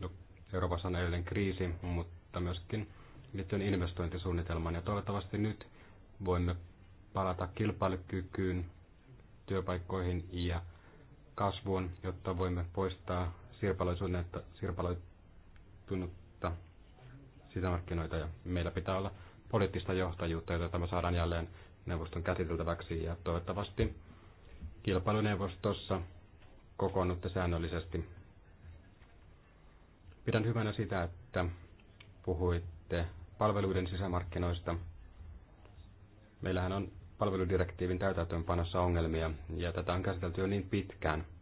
No, Euroopassa on edelleen kriisi, mutta myöskin liittyen investointisuunnitelmaan. Ja toivottavasti nyt voimme palata kilpailukykyyn, työpaikkoihin ja kasvuun, jotta voimme poistaa sirpaloitunutta, sirpaloitunutta sisämarkkinoita ja meillä pitää olla poliittista johtajuutta, jota tämä saadaan jälleen neuvoston käsiteltäväksi ja toivottavasti kilpailuneuvostossa kokoonnutte säännöllisesti. Pidän hyvänä sitä, että puhuitte palveluiden sisämarkkinoista. Meillähän on palveludirektiivin täytäntöönpanossa ongelmia ja tätä on käsitelty jo niin pitkään –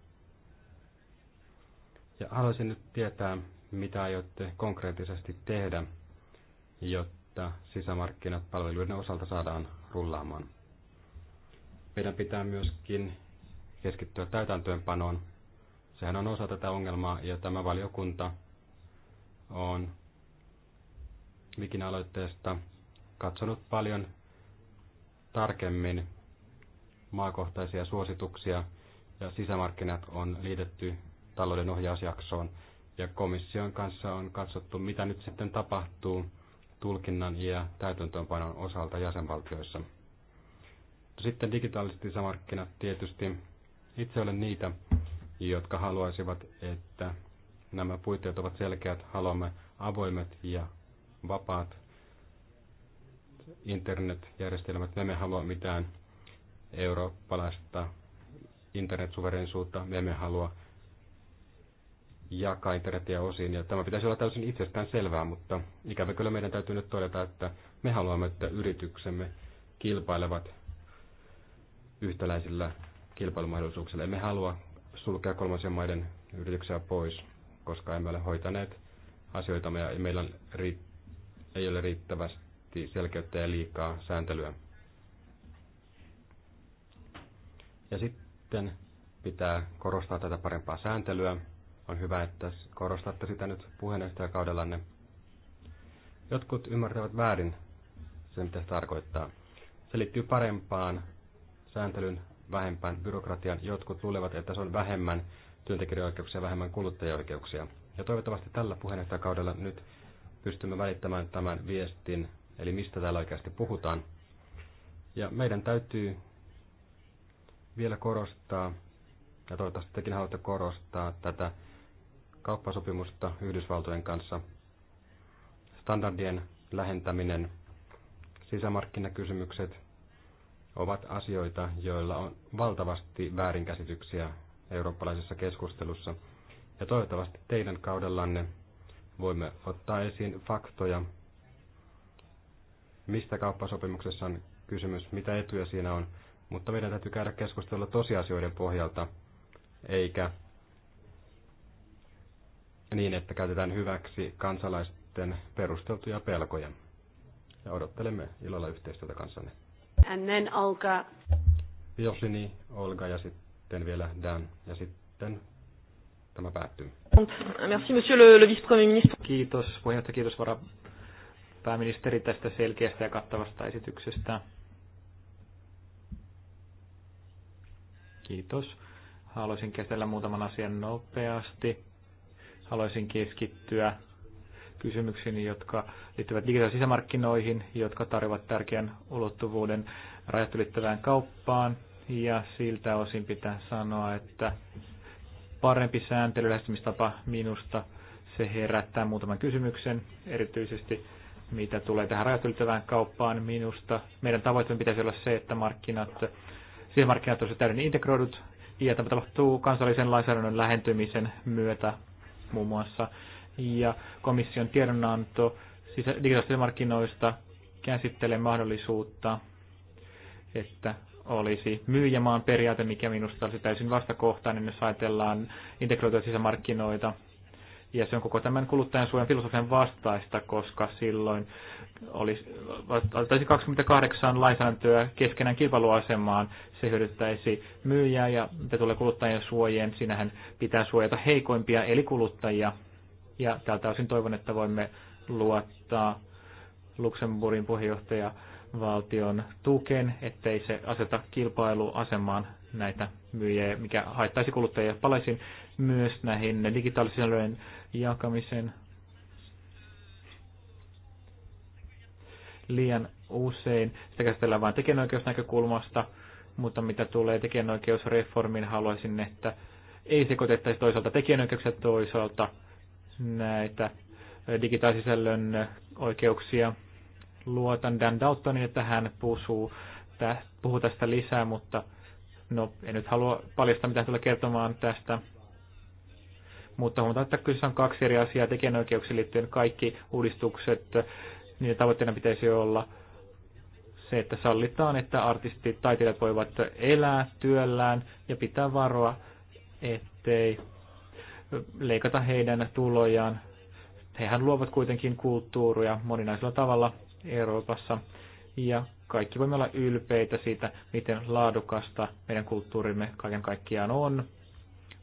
ja haluaisin nyt tietää, mitä aiotte konkreettisesti tehdä, jotta sisämarkkinat palveluiden osalta saadaan rullaamaan. Meidän pitää myöskin keskittyä täytäntöönpanoon. Sehän on osa tätä ongelmaa ja tämä valiokunta on Vikin aloitteesta katsonut paljon tarkemmin maakohtaisia suosituksia ja sisämarkkinat on liitetty talouden ohjausjaksoon. Ja komission kanssa on katsottu, mitä nyt sitten tapahtuu tulkinnan ja täytäntöönpanon osalta jäsenvaltioissa. Sitten digitaaliset sisämarkkinat tietysti. Itse olen niitä, jotka haluaisivat, että nämä puitteet ovat selkeät. Haluamme avoimet ja vapaat internetjärjestelmät. Me emme halua mitään eurooppalaista internetsuverensuutta. Me emme halua jakaa internetiä osiin. Ja tämä pitäisi olla täysin itsestään selvää, mutta ikävä kyllä meidän täytyy nyt todeta, että me haluamme, että yrityksemme kilpailevat yhtäläisillä kilpailumahdollisuuksilla. Emme halua sulkea kolmansien maiden yrityksiä pois, koska emme ole hoitaneet asioita ja meillä on ri- ei ole riittävästi selkeyttä ja liikaa sääntelyä. Ja sitten pitää korostaa tätä parempaa sääntelyä, on hyvä, että korostatte sitä nyt puheenjohtajakaudellanne. Jotkut ymmärtävät väärin sen, mitä se tarkoittaa. Se liittyy parempaan sääntelyn vähempään byrokratian. Jotkut luulevat, että se on vähemmän työntekijöoikeuksia, vähemmän kuluttajaoikeuksia. Ja toivottavasti tällä puheenjohtajakaudella nyt pystymme välittämään tämän viestin, eli mistä täällä oikeasti puhutaan. Ja meidän täytyy vielä korostaa, ja toivottavasti tekin haluatte korostaa tätä kauppasopimusta Yhdysvaltojen kanssa, standardien lähentäminen, sisämarkkinakysymykset ovat asioita, joilla on valtavasti väärinkäsityksiä eurooppalaisessa keskustelussa. Ja toivottavasti teidän kaudellanne voimme ottaa esiin faktoja, mistä kauppasopimuksessa on kysymys, mitä etuja siinä on, mutta meidän täytyy käydä keskustelua tosiasioiden pohjalta, eikä niin, että käytetään hyväksi kansalaisten perusteltuja pelkoja. Ja odottelemme ilolla yhteistyötä kanssanne. And then Olga. Josini, Olga ja sitten vielä Dan. Ja sitten tämä päättyy. Merci, monsieur le, le vice-premier ministre. Kiitos puheenjohtaja, kiitos vara pääministeri tästä selkeästä ja kattavasta esityksestä. Kiitos. Haluaisin käsitellä muutaman asian nopeasti. Haluaisin keskittyä kysymyksiin, jotka liittyvät digitaalisiin sisämarkkinoihin, jotka tarjoavat tärkeän ulottuvuuden rajat ylittävään kauppaan. Ja siltä osin pitää sanoa, että parempi sääntely lähestymistapa minusta se herättää muutaman kysymyksen, erityisesti mitä tulee tähän rajat ylittävään kauppaan minusta. Meidän tavoitteen pitäisi olla se, että markkinat, sisämarkkinat olisivat täydellinen integroidut, ja tämä tapahtuu kansallisen lainsäädännön lähentymisen myötä muun muassa. Ja komission tiedonanto digitaalisista markkinoista käsittelee mahdollisuutta, että olisi myyjämaan periaate, mikä minusta olisi täysin vastakohtainen, jos ajatellaan integroituja sisämarkkinoita – ja se on koko tämän kuluttajansuojan filosofian vastaista, koska silloin olisi, olisi 28 lainsäädäntöä keskenään kilpailuasemaan. Se hyödyttäisi myyjää ja mitä tulee kuluttajien suojien, sinähän pitää suojata heikoimpia eli kuluttajia. Ja tältä osin toivon, että voimme luottaa Luxemburgin puheenjohtaja valtion tuken, ettei se aseta kilpailuasemaan näitä myyjiä, mikä haittaisi kuluttajia. Palaisin myös näihin digitaalisiin jakamisen. Liian usein sitä käsitellään vain tekijänoikeusnäkökulmasta, mutta mitä tulee tekijänoikeusreformiin, haluaisin, että ei sekoitettaisi toisaalta tekijänoikeuksia toisaalta näitä digitaalisisällön oikeuksia. Luotan Dan Daltonin, että hän puhuu, puhuu tästä lisää, mutta no, en nyt halua paljastaa, mitä tulee kertomaan tästä mutta huomataan, että kyseessä on kaksi eri asiaa. Tekijänoikeuksiin liittyen kaikki uudistukset, niiden tavoitteena pitäisi olla se, että sallitaan, että artistit, taiteilijat voivat elää työllään ja pitää varoa, ettei leikata heidän tulojaan. Hehän luovat kuitenkin kulttuuria moninaisella tavalla Euroopassa ja kaikki voimme olla ylpeitä siitä, miten laadukasta meidän kulttuurimme kaiken kaikkiaan on.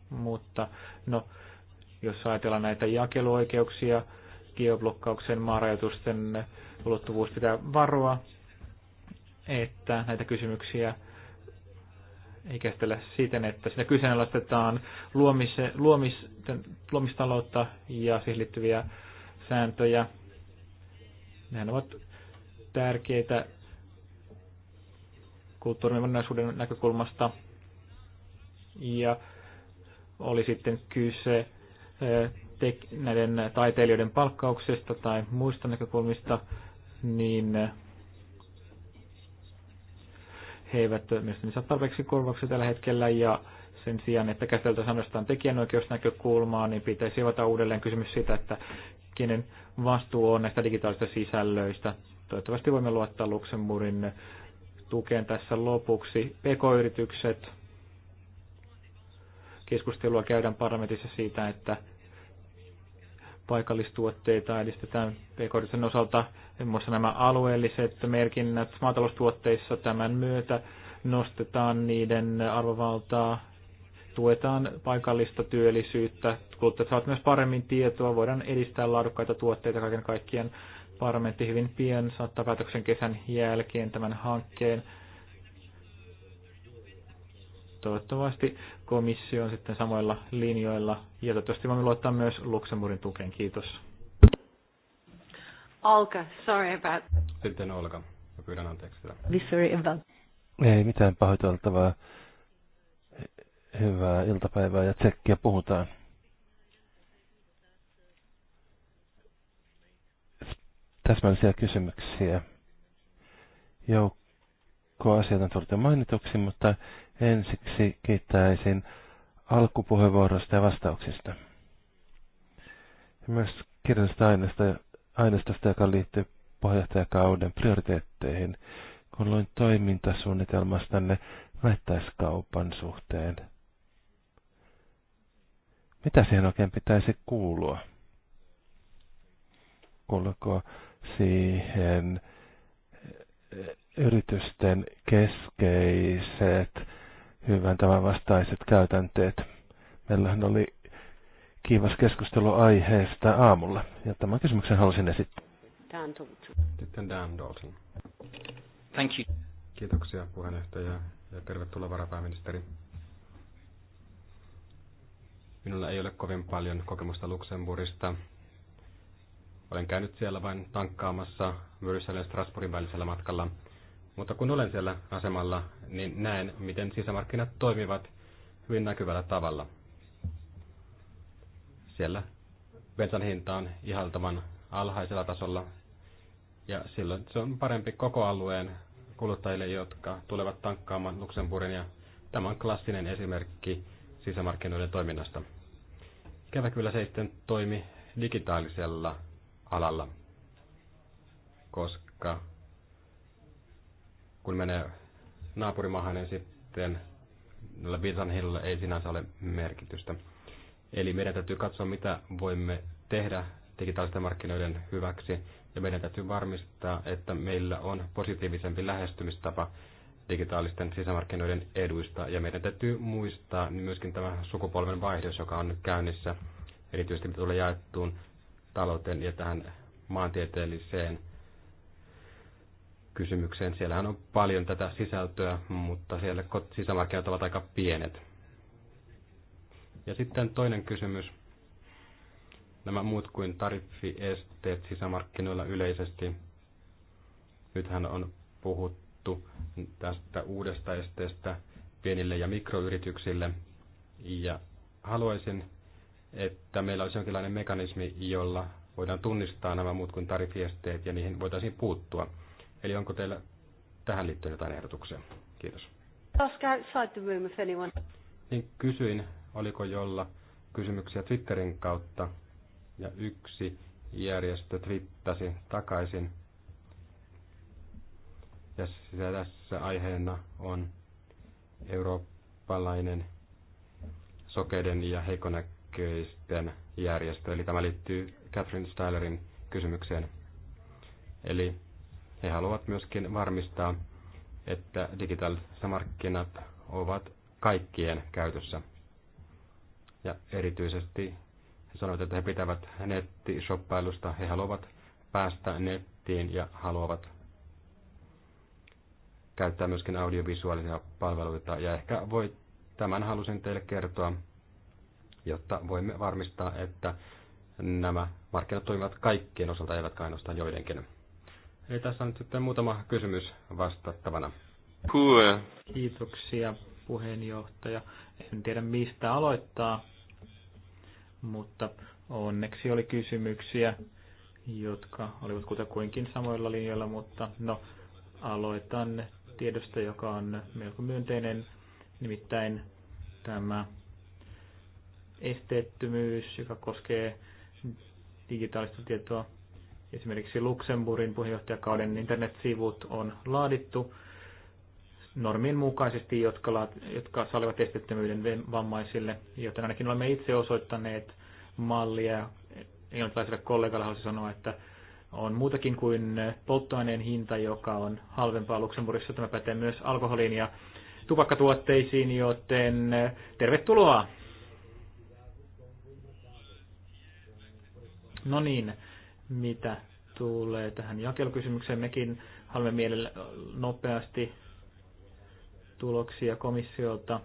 Mutta no, jos ajatellaan näitä jakeluoikeuksia, geoblokkauksen maarajoitusten ulottuvuus pitää varoa, että näitä kysymyksiä ei käsitellä siten, että siinä kyseenalaistetaan luomis, luomis, luomistaloutta ja siihen liittyviä sääntöjä. Nehän ovat tärkeitä kulttuurin näkökulmasta. Ja oli sitten kyse Eh, näiden taiteilijoiden palkkauksesta tai muista näkökulmista, niin eh, he eivät mielestäni saa tarpeeksi korvauksia tällä hetkellä ja sen sijaan, että käsiteltäisiin ainoastaan tekijänoikeusnäkökulmaa, niin pitäisi avata uudelleen kysymys siitä, että kenen vastuu on näistä digitaalisista sisällöistä. Toivottavasti voimme luottaa Luxemburgin tukeen tässä lopuksi. PK-yritykset. Keskustelua käydään parlamentissa siitä, että paikallistuotteita edistetään pk osalta, muun muassa nämä alueelliset merkinnät maataloustuotteissa tämän myötä nostetaan niiden arvovaltaa, tuetaan paikallista työllisyyttä, kuluttajat saavat myös paremmin tietoa, voidaan edistää laadukkaita tuotteita kaiken kaikkien Parlamentti hyvin pian saattaa päätöksen kesän jälkeen tämän hankkeen. Toivottavasti komissio on sitten samoilla linjoilla. Ja toivottavasti voimme luottaa myös Luxemburgin tukeen. Kiitos. Olka, sorry about... Sitten Olka. Mä pyydän anteeksi sitä. Sorry about... Ei mitään pahoiteltavaa. Hyvää iltapäivää ja tsekkiä puhutaan. Täsmällisiä kysymyksiä. Joukko asiat on tullut mainituksi, mutta Ensiksi kiittäisin alkupuheenvuorosta ja vastauksista. Ja myös kirjallisesta aineistosta, joka liittyy puheenjohtajakauden prioriteetteihin, kun luin toimintasuunnitelmastanne vähittäiskaupan suhteen. Mitä siihen oikein pitäisi kuulua? Kuuluuko siihen yritysten keskeiset hyvän tämän vastaiset käytänteet. Meillähän oli kiivas keskustelu aiheesta aamulla, ja tämän kysymyksen halusin esittää. Dan Dalton. Sitten Dan Dalton. Thank you. Kiitoksia puheenjohtaja ja tervetuloa varapääministeri. Minulla ei ole kovin paljon kokemusta Luxemburgista. Olen käynyt siellä vain tankkaamassa Brysselin ja Strasbourgin välisellä matkalla – mutta kun olen siellä asemalla, niin näen, miten sisämarkkinat toimivat hyvin näkyvällä tavalla. Siellä bensan hinta on ihaltavan alhaisella tasolla, ja silloin se on parempi koko alueen kuluttajille, jotka tulevat tankkaamaan Luxemburgin, ja tämä on klassinen esimerkki sisämarkkinoiden toiminnasta. Ikävä kyllä se sitten toimi digitaalisella alalla, koska kun menee naapurimahan, niin sitten Bizan hinnalla ei sinänsä ole merkitystä. Eli meidän täytyy katsoa, mitä voimme tehdä digitaalisten markkinoiden hyväksi, ja meidän täytyy varmistaa, että meillä on positiivisempi lähestymistapa digitaalisten sisämarkkinoiden eduista, ja meidän täytyy muistaa myöskin tämä sukupolven vaihdos, joka on nyt käynnissä, erityisesti mitä tulee jaettuun talouteen ja tähän maantieteelliseen kysymykseen. Siellähän on paljon tätä sisältöä, mutta siellä sisämarkkinat ovat aika pienet. Ja sitten toinen kysymys. Nämä muut kuin tariffiesteet sisämarkkinoilla yleisesti. Nythän on puhuttu tästä uudesta esteestä pienille ja mikroyrityksille. Ja haluaisin, että meillä olisi jonkinlainen mekanismi, jolla voidaan tunnistaa nämä muut kuin tariffiesteet ja niihin voitaisiin puuttua Eli onko teillä tähän liittyen jotain ehdotuksia? Kiitos. Ask outside the room if anyone. Niin kysyin, oliko jolla kysymyksiä Twitterin kautta, ja yksi järjestö twittasi takaisin. Ja tässä aiheena on eurooppalainen sokeiden ja heikonäköisten järjestö. Eli tämä liittyy Catherine Stylerin kysymykseen. Eli he haluavat myöskin varmistaa, että digitaaliset markkinat ovat kaikkien käytössä. Ja erityisesti he sanovat, että he pitävät nettishoppailusta. He haluavat päästä nettiin ja haluavat käyttää myöskin audiovisuaalisia palveluita. Ja ehkä voi, tämän halusin teille kertoa, jotta voimme varmistaa, että nämä markkinat toimivat kaikkien osalta, eivät ainoastaan joidenkin. Eli tässä on sitten muutama kysymys vastattavana. Cool. Kiitoksia puheenjohtaja. En tiedä mistä aloittaa, mutta onneksi oli kysymyksiä, jotka olivat kutakuinkin samoilla linjoilla, mutta no, aloitan tiedosta, joka on melko myönteinen, nimittäin tämä esteettömyys, joka koskee digitaalista tietoa Esimerkiksi Luxemburgin puheenjohtajakauden internetsivut on laadittu normin mukaisesti, jotka, laat, jotka salivat esteettömyyden vammaisille, joten ainakin olemme itse osoittaneet mallia. Englantilaiselle kollegalle haluaisin sanoa, että on muutakin kuin polttoaineen hinta, joka on halvempaa Luxemburgissa. Tämä pätee myös alkoholiin ja tupakkatuotteisiin, joten eh, tervetuloa! No niin, mitä tulee tähän jakelukysymykseen. Mekin haluamme mielellä nopeasti tuloksia komissiolta.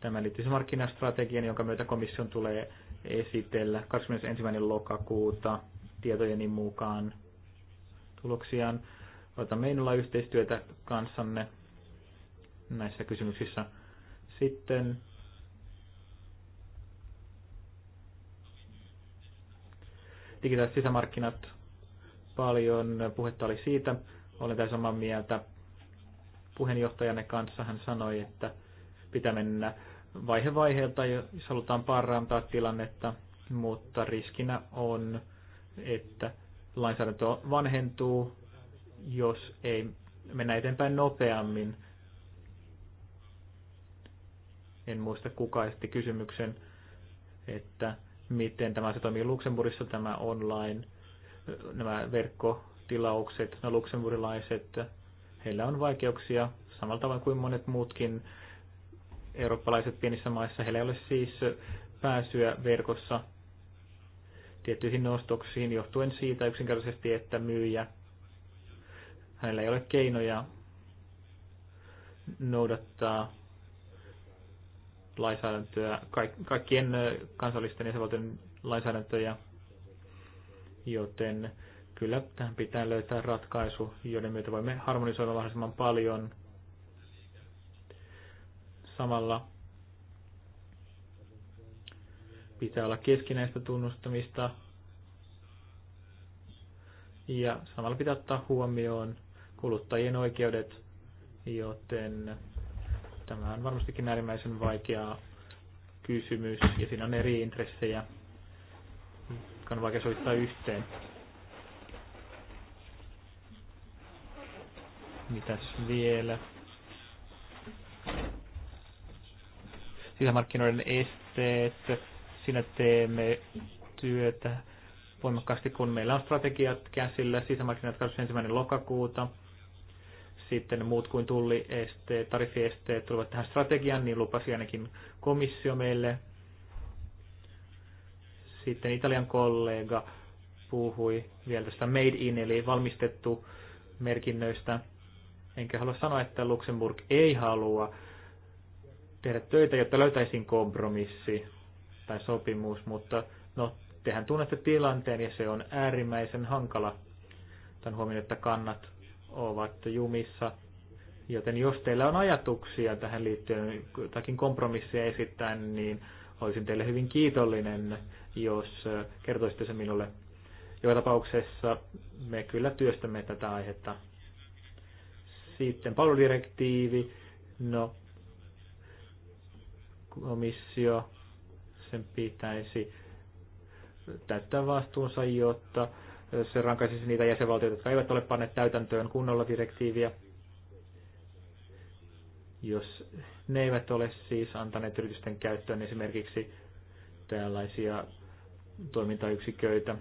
Tämä liittyy siis markkinastrategian, jonka myötä komission tulee esitellä 21. lokakuuta tietojeni mukaan tuloksiaan. Otamme meillä yhteistyötä kanssanne näissä kysymyksissä. Sitten digitaaliset sisämarkkinat paljon. Puhetta oli siitä. Olen täysin samaa mieltä. Puheenjohtajanne kanssa hän sanoi, että pitää mennä vaihe vaiheelta, jos halutaan parantaa tilannetta, mutta riskinä on, että lainsäädäntö vanhentuu, jos ei mennä eteenpäin nopeammin. En muista kukaisesti kysymyksen, että miten tämä se toimii Luxemburgissa, tämä online, nämä verkkotilaukset, no luksemburilaiset, heillä on vaikeuksia samalla tavalla kuin monet muutkin eurooppalaiset pienissä maissa. Heillä ei ole siis pääsyä verkossa tiettyihin nostoksiin johtuen siitä yksinkertaisesti, että myyjä, hänellä ei ole keinoja noudattaa lainsäädäntöä, kaikkien kansallisten jäsenvaltion lainsäädäntöjä, joten kyllä tähän pitää löytää ratkaisu, joiden myötä voimme harmonisoida mahdollisimman paljon samalla pitää olla keskinäistä tunnustamista ja samalla pitää ottaa huomioon kuluttajien oikeudet, joten Tämä on varmastikin äärimmäisen vaikea kysymys ja siinä on eri intressejä, jotka on vaikea sovittaa yhteen. Mitäs vielä? Sisämarkkinoiden esteet. Siinä teemme työtä voimakkaasti, kun meillä on strategiat käsillä. Sisämarkkinat ensimmäinen lokakuuta sitten muut kuin esteet, tarifiesteet tulevat tähän strategiaan, niin lupasi ainakin komissio meille. Sitten Italian kollega puhui vielä tästä made in, eli valmistettu merkinnöistä. Enkä halua sanoa, että Luxemburg ei halua tehdä töitä, jotta löytäisiin kompromissi tai sopimus, mutta no, tehän tunnette tilanteen ja se on äärimmäisen hankala. Tämän huomioon, että kannat ovat jumissa. Joten jos teillä on ajatuksia tähän liittyen, jotakin kompromissia esittää, niin olisin teille hyvin kiitollinen, jos kertoisitte se minulle. Joka tapauksessa me kyllä työstämme tätä aihetta. Sitten palveludirektiivi, no komissio, sen pitäisi täyttää vastuunsa, jotta se rankaisisi niitä jäsenvaltioita, jotka eivät ole panneet täytäntöön kunnolla direktiiviä, jos ne eivät ole siis antaneet yritysten käyttöön esimerkiksi tällaisia toimintayksiköitä.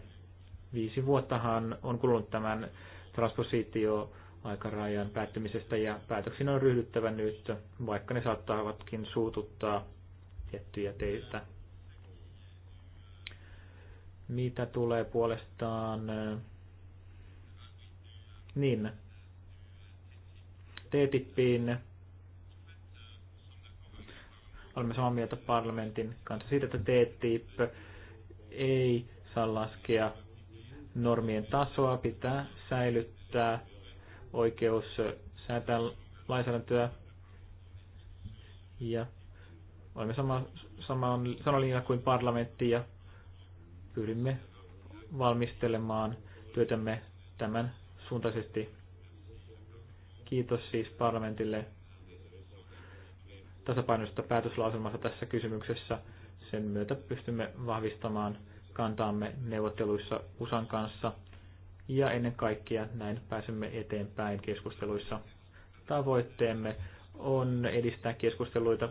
Viisi vuottahan on kulunut tämän transpositio aikarajan päättymisestä ja päätöksiin on ryhdyttävä nyt, vaikka ne saattavatkin suututtaa tiettyjä teitä. Mitä tulee puolestaan... Äh, niin. TTIPiin olemme samaa mieltä parlamentin kanssa siitä, että TTIP ei saa laskea normien tasoa, pitää säilyttää oikeus säätää lainsäädäntöä. Ja olemme sama, sama samalla kuin parlamentti ja pyrimme valmistelemaan työtämme tämän suuntaisesti. Kiitos siis parlamentille tasapainoisesta päätöslauselmasta tässä kysymyksessä. Sen myötä pystymme vahvistamaan kantaamme neuvotteluissa USAn kanssa ja ennen kaikkea näin pääsemme eteenpäin keskusteluissa. Tavoitteemme on edistää keskusteluita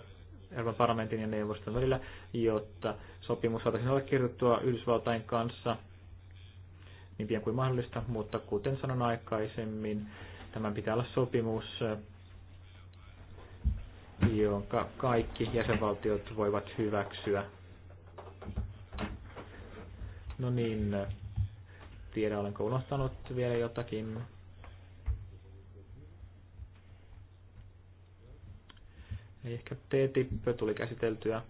Euroopan parlamentin ja neuvoston välillä, jotta sopimus saataisiin allekirjoittua Yhdysvaltain kanssa niin pian kuin mahdollista, mutta kuten sanon aikaisemmin, tämän pitää olla sopimus, jonka kaikki jäsenvaltiot voivat hyväksyä. No niin, tiedä olenko unohtanut vielä jotakin. ehkä T-tippö tuli käsiteltyä.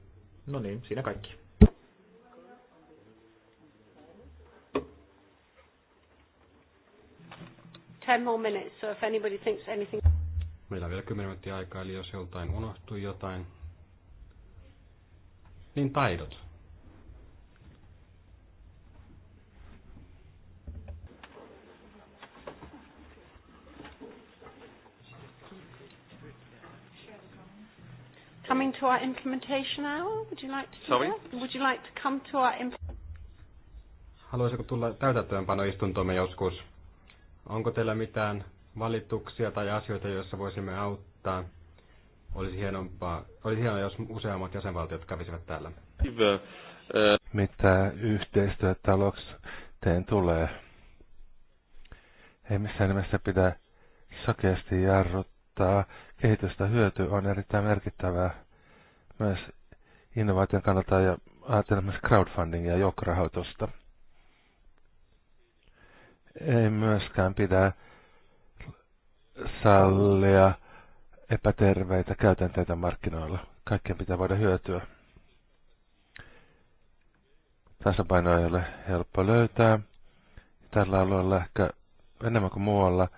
No niin, siinä kaikki. Ten more minutes, so if anybody thinks anything... Meillä on vielä 10 minuuttia aikaa, eli jos joltain unohtui jotain, niin taidot. to our implementation hour? Would you like to Sorry? That? Would you like to come to our Haluaisiko tulla täytäntöönpanoistuntoomme joskus? Onko teillä mitään valituksia tai asioita, joissa voisimme auttaa? Olisi hienompaa, olisi hienoa, jos useammat jäsenvaltiot kävisivät täällä. Mitä yhteistyötaloksi teen tulee? Ei missään nimessä pidä sokeasti jarruttaa. Kehitystä hyöty on erittäin merkittävää myös innovaation kannalta ja ajatellen myös crowdfundingia ja joukkorahoitusta. Ei myöskään pidä sallia epäterveitä käytänteitä markkinoilla. Kaikkien pitää voida hyötyä. Tasapaino ei ole helppo löytää. Tällä alueella ehkä enemmän kuin muualla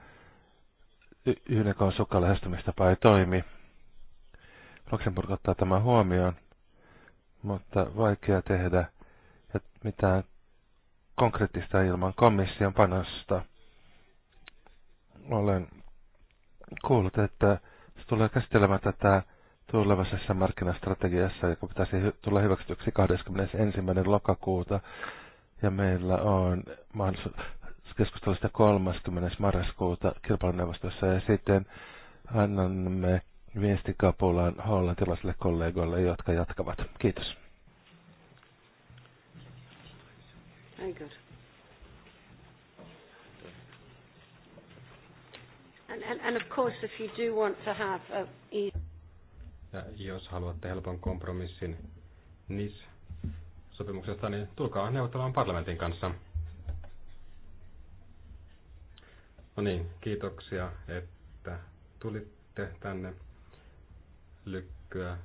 yhden koon sukkalähestymistapa ei toimi. Luxemburg ottaa tämän huomioon, mutta vaikea tehdä että mitään konkreettista ilman komission panosta. Olen kuullut, että se tulee käsittelemään tätä tulevassa markkinastrategiassa, joka pitäisi tulla hyväksytyksi 21. lokakuuta. Ja meillä on mahdollisuus keskustella sitä 30. marraskuuta kilpailuneuvostossa ja sitten annamme viestikapulaan hollantilaisille kollegoille, jotka jatkavat. Kiitos. Very And, and, and of course, if you do want to have a... E- ja jos haluatte helpon kompromissin NIS-sopimuksesta, niin tulkaa neuvottelemaan parlamentin kanssa. No niin, kiitoksia, että tulitte tänne lykkyä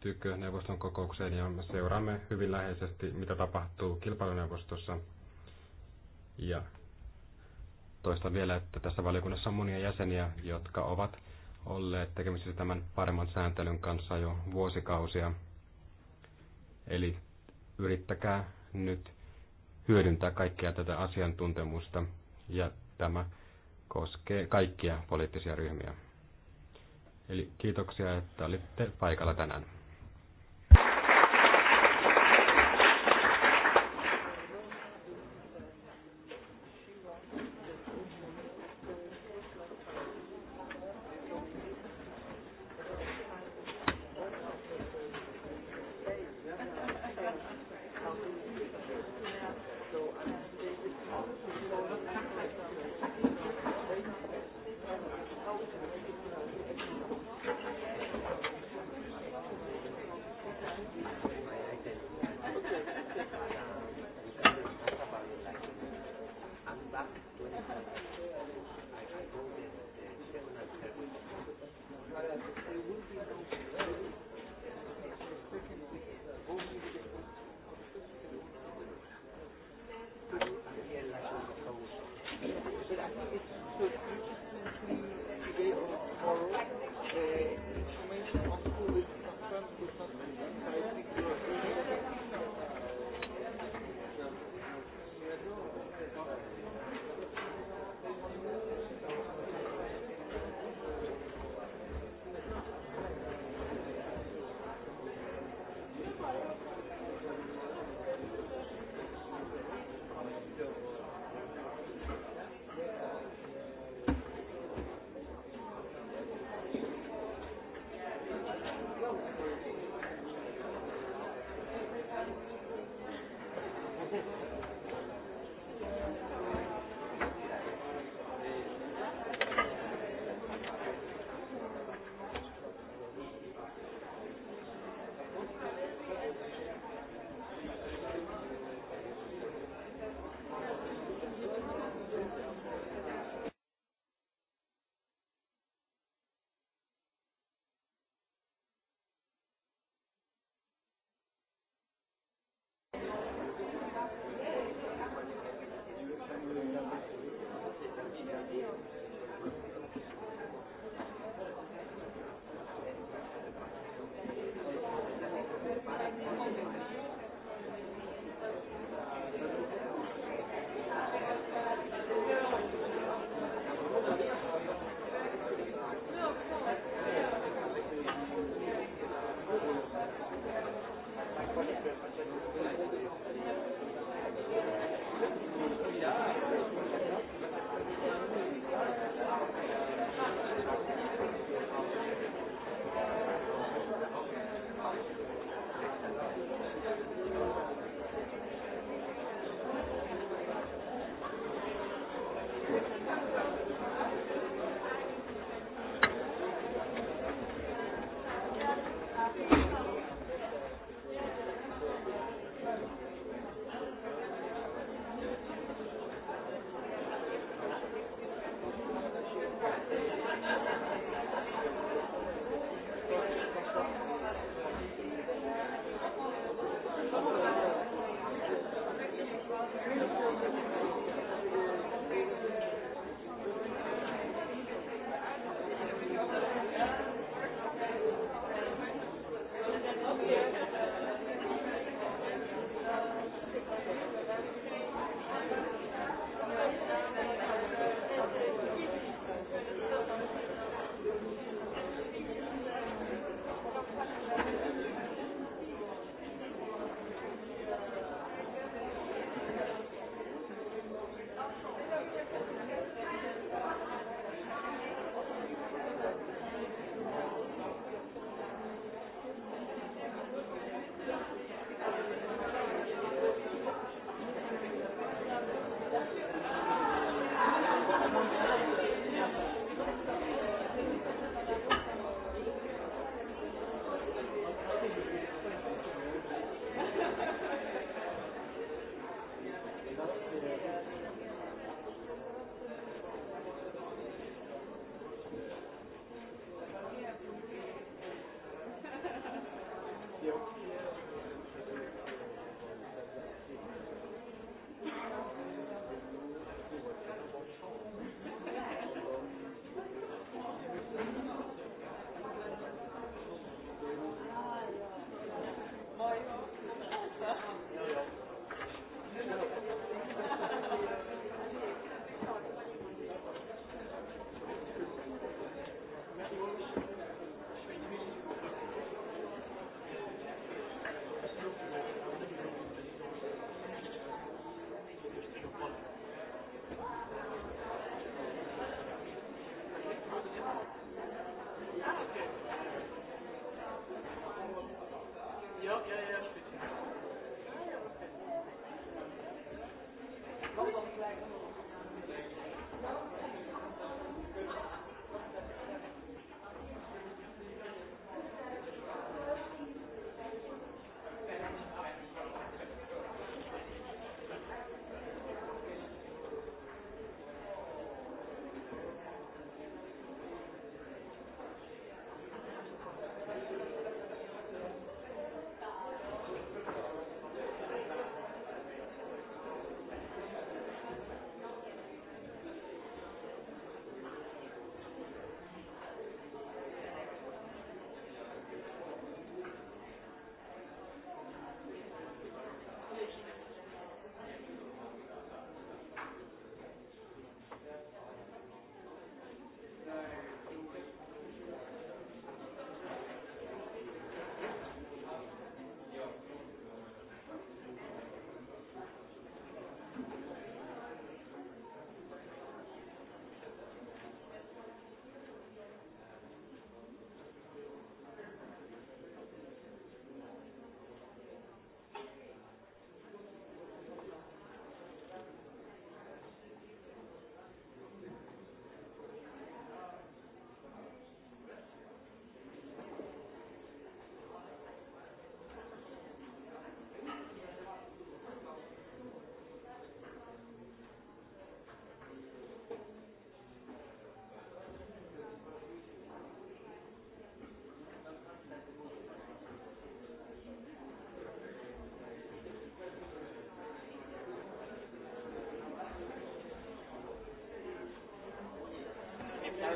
tykö neuvoston kokoukseen ja me seuraamme hyvin läheisesti, mitä tapahtuu kilpailuneuvostossa. Ja toistan vielä, että tässä valiokunnassa on monia jäseniä, jotka ovat olleet tekemisissä tämän paremman sääntelyn kanssa jo vuosikausia. Eli yrittäkää nyt hyödyntää kaikkia tätä asiantuntemusta ja tämä koskee kaikkia poliittisia ryhmiä. Eli kiitoksia, että olitte paikalla tänään.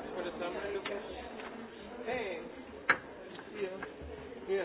Thanks for the summer, Lucas. Yeah. Yeah.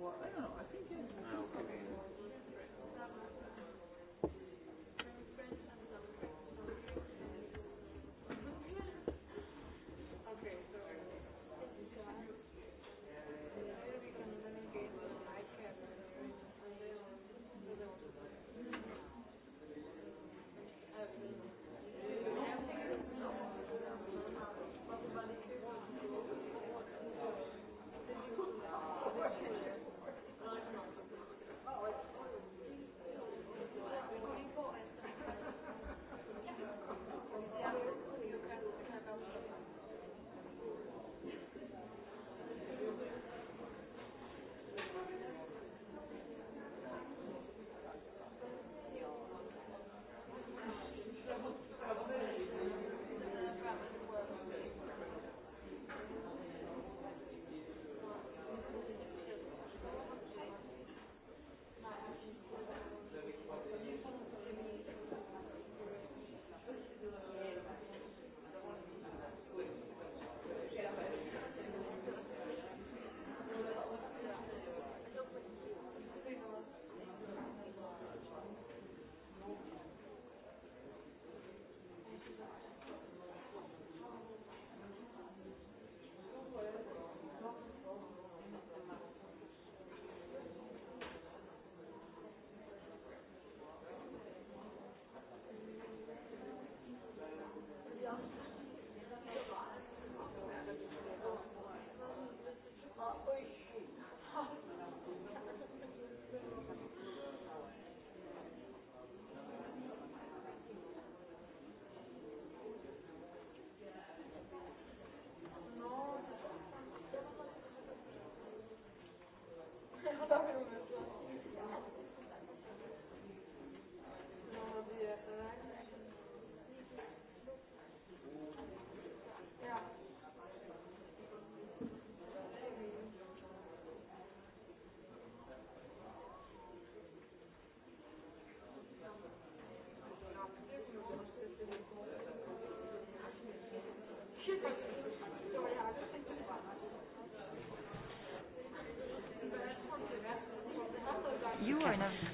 what, I don't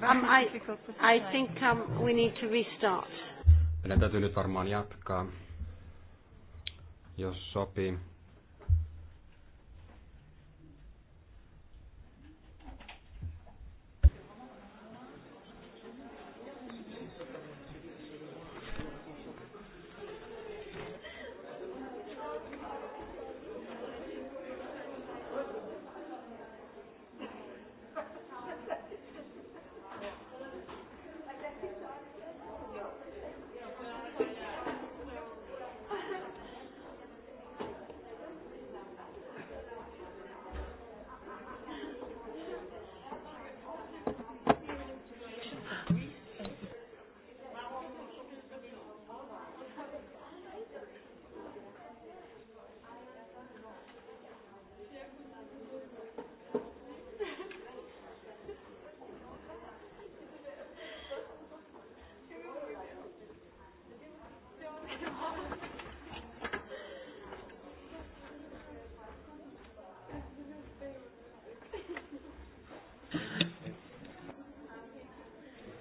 Um, I, I think um, we need to restart. Meidän täytyy nyt varmaan jatkaa, jos sopii.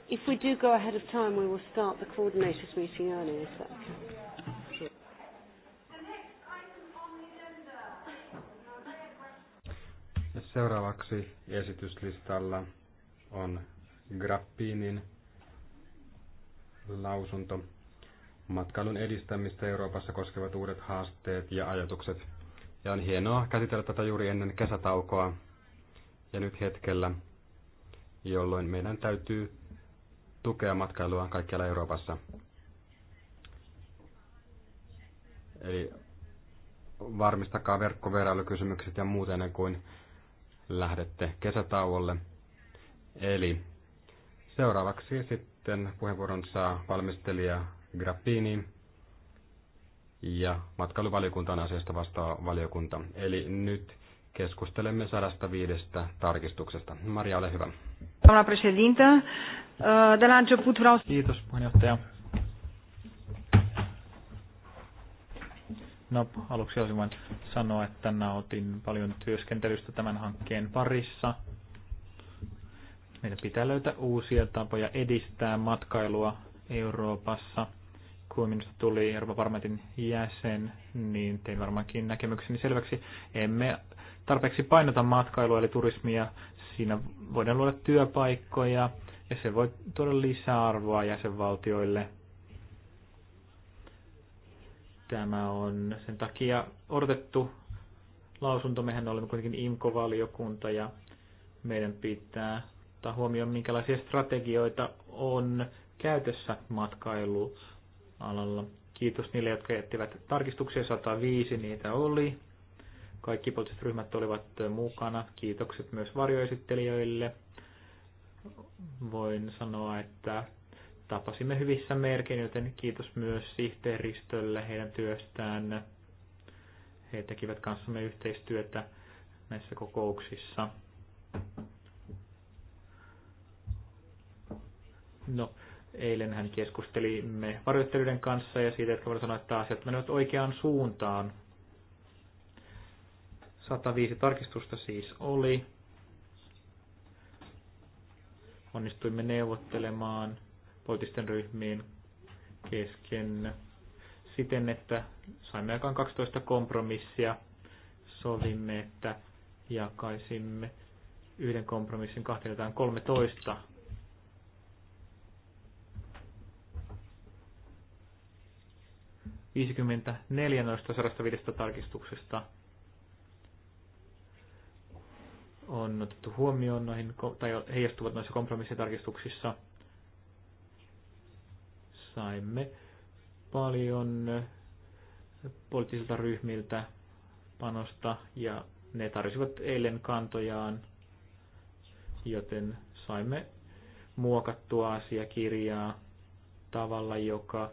If we do go ahead of time, we will start the coordinators meeting early, if that okay? Seuraavaksi esityslistalla on Grappinin lausunto matkailun edistämistä Euroopassa koskevat uudet haasteet ja ajatukset. Ja on hienoa käsitellä tätä juuri ennen kesätaukoa ja nyt hetkellä, jolloin meidän täytyy tukea matkailua kaikkialla Euroopassa. Eli varmistakaa verkkoverailukysymykset ja muut ennen kuin lähdette kesätauolle. Eli seuraavaksi sitten puheenvuoron saa valmistelija Grappini ja matkailuvaliokunta on asiasta vastaava valiokunta. Eli nyt keskustelemme 105 tarkistuksesta. Maria, ole hyvä. Doamna președintă, uh, de la început vreau să... Kiitos, puheenjohtaja. No, aluksi olisin vain sanoa, että nautin paljon työskentelystä tämän hankkeen parissa. Meidän pitää löytää uusia tapoja edistää matkailua Euroopassa. Kun minusta tuli Euroopan parlamentin jäsen, niin tein varmaankin näkemykseni selväksi. Emme tarpeeksi painota matkailua eli turismia Siinä voidaan luoda työpaikkoja ja se voi tuoda lisäarvoa jäsenvaltioille. Tämä on sen takia odotettu lausunto. Mehän olemme kuitenkin imco valiokunta ja meidän pitää ottaa huomioon, minkälaisia strategioita on käytössä matkailualalla. Kiitos niille, jotka jättivät tarkistuksia. 105 niitä oli. Kaikki poliittiset ryhmät olivat mukana. Kiitokset myös varjoesittelijöille. Voin sanoa, että tapasimme hyvissä merkein, joten kiitos myös sihteeristölle heidän työstään. He tekivät kanssamme yhteistyötä näissä kokouksissa. No, hän keskustelimme varjoittelijoiden kanssa ja siitä, että voidaan sanoa, että asiat menevät oikeaan suuntaan. 105 tarkistusta siis oli. Onnistuimme neuvottelemaan poliittisten ryhmien kesken siten, että saimme aikaan 12 kompromissia. Sovimme, että jakaisimme yhden kompromissin kahteen 13 54 noista 105 tarkistuksesta on otettu huomioon noihin, tai heijastuvat noissa kompromissitarkistuksissa. Saimme paljon eh, poliittisilta ryhmiltä panosta ja ne tarjosivat eilen kantojaan, joten saimme muokattua asiakirjaa tavalla, joka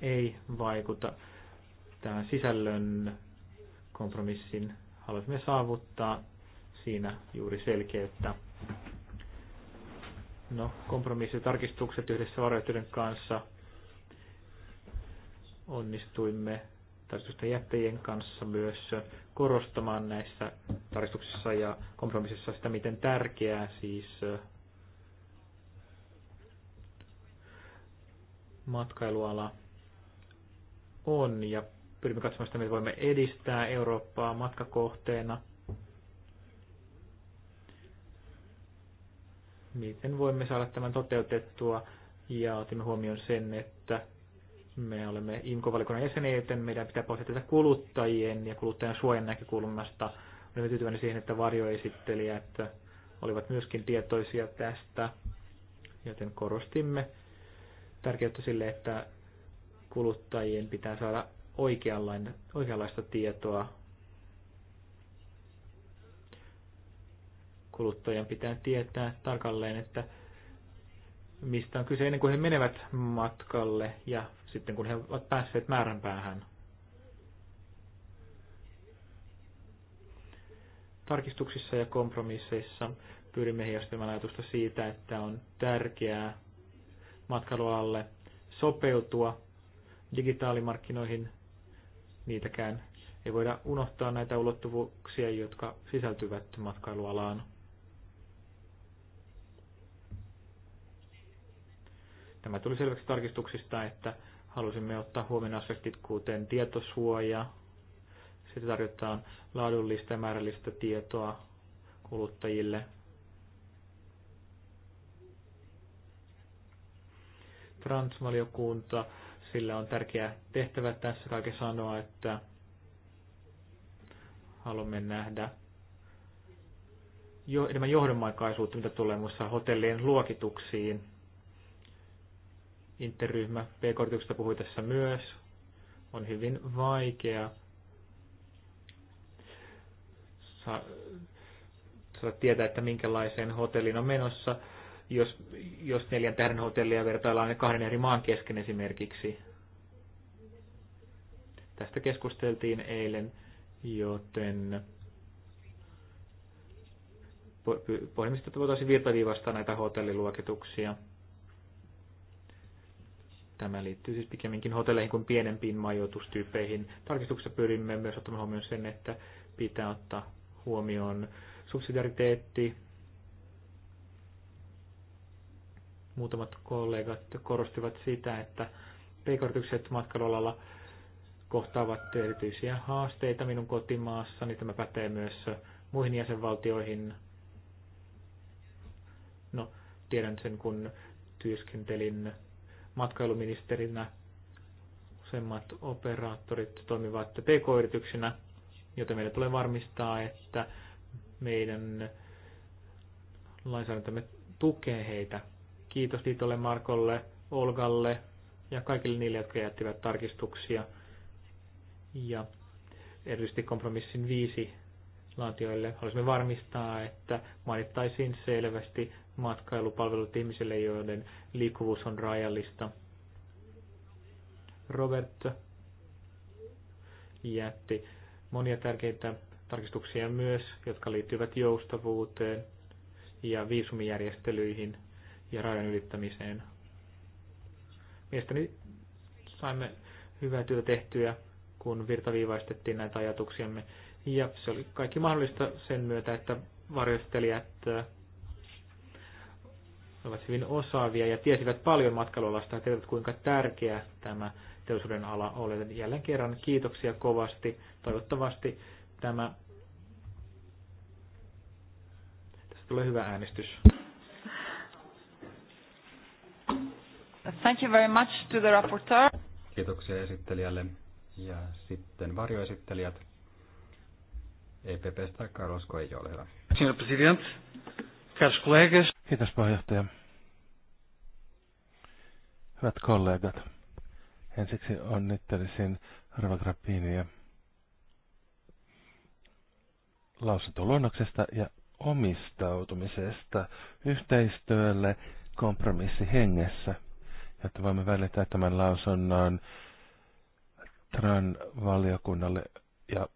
ei vaikuta tähän sisällön kompromissin. Haluaisimme saavuttaa siinä juuri selkeyttä. No, kompromissitarkistukset yhdessä varjoityden kanssa onnistuimme tarkistusten jättäjien kanssa myös korostamaan näissä tarkistuksissa ja kompromississa sitä, miten tärkeää siis matkailuala on ja pyrimme katsomaan sitä, miten voimme edistää Eurooppaa matkakohteena miten voimme saada tämän toteutettua. Ja otimme huomioon sen, että me olemme IMCO-valikunnan jäseniä, joten meidän pitää pohtia tätä kuluttajien ja kuluttajan suojan näkökulmasta. Olemme tyytyväinen siihen, että varjoesittelijät olivat myöskin tietoisia tästä, joten korostimme tärkeyttä sille, että kuluttajien pitää saada oikeanlaista tietoa kuluttajan pitää tietää tarkalleen, että mistä on kyse ennen kuin he menevät matkalle ja sitten kun he ovat päässeet määränpäähän. Tarkistuksissa ja kompromisseissa pyrimme heijastamaan ajatusta siitä, että on tärkeää matkailualle sopeutua digitaalimarkkinoihin. Niitäkään ei voida unohtaa näitä ulottuvuuksia, jotka sisältyvät matkailualaan. Tämä tuli selväksi tarkistuksista, että halusimme ottaa huomioon aspektit kuten tietosuoja, sitä tarjotaan laadullista ja määrällistä tietoa kuluttajille. Transvaliokunta, sillä on tärkeä tehtävä tässä kaiken sanoa, että haluamme nähdä jo, enemmän johdonmaikaisuutta, mitä tulee muissa hotellien luokituksiin. Interryhmä P-kortituksesta puhui tässä myös. On hyvin vaikea saa, saa tietää, että minkälaiseen hotelliin on menossa, jos, jos neljän tähden hotellia vertaillaan kahden eri maan kesken esimerkiksi. Tästä keskusteltiin eilen, joten pohjimmista voitaisiin virtaviivastaa näitä hotelliluokituksia – Tämä liittyy siis pikemminkin hotelleihin kuin pienempiin majoitustyypeihin. Tarkistuksessa pyrimme myös ottamaan huomioon sen, että pitää ottaa huomioon subsidiariteetti. Muutamat kollegat korostivat sitä, että pk matkailualalla kohtaavat erityisiä haasteita minun kotimaassani. Tämä pätee myös muihin jäsenvaltioihin. No, tiedän sen, kun työskentelin matkailuministerinä. Useimmat operaattorit toimivat pk-yrityksinä, joten meidän tulee varmistaa, että meidän lainsäädäntömme tukee heitä. Kiitos Liitolle, Markolle, Olgalle ja kaikille niille, jotka jättivät tarkistuksia. Ja erityisesti kompromissin viisi laatioille haluaisimme varmistaa, että mainittaisiin selvästi matkailupalvelut ihmisille, joiden liikkuvuus on rajallista. Robert jätti monia tärkeitä tarkistuksia myös, jotka liittyvät joustavuuteen ja viisumijärjestelyihin ja rajan ylittämiseen. Mielestäni saimme hyvää työtä tehtyä, kun virtaviivaistettiin näitä ajatuksiamme. Ja se oli kaikki mahdollista sen myötä, että varjostelijat ovat hyvin osaavia ja tiesivät paljon matkailualasta ja tiedät kuinka tärkeä tämä teollisuuden ala oli. Jälleen kerran kiitoksia kovasti. Toivottavasti tämä tästä tulee hyvä äänestys. Thank you very much to the rapporteur. Kiitoksia esittelijälle ja sitten varjoesittelijät. EPPstä Carlos Coelho, ole hyvä. Kiitos puheenjohtaja. Hyvät kollegat, ensiksi onnittelisin Rava Grappinia lausuntoluonnoksesta ja omistautumisesta yhteistyölle kompromissihengessä, jotta voimme välittää tämän lausunnon TRAN valiokunnalle ja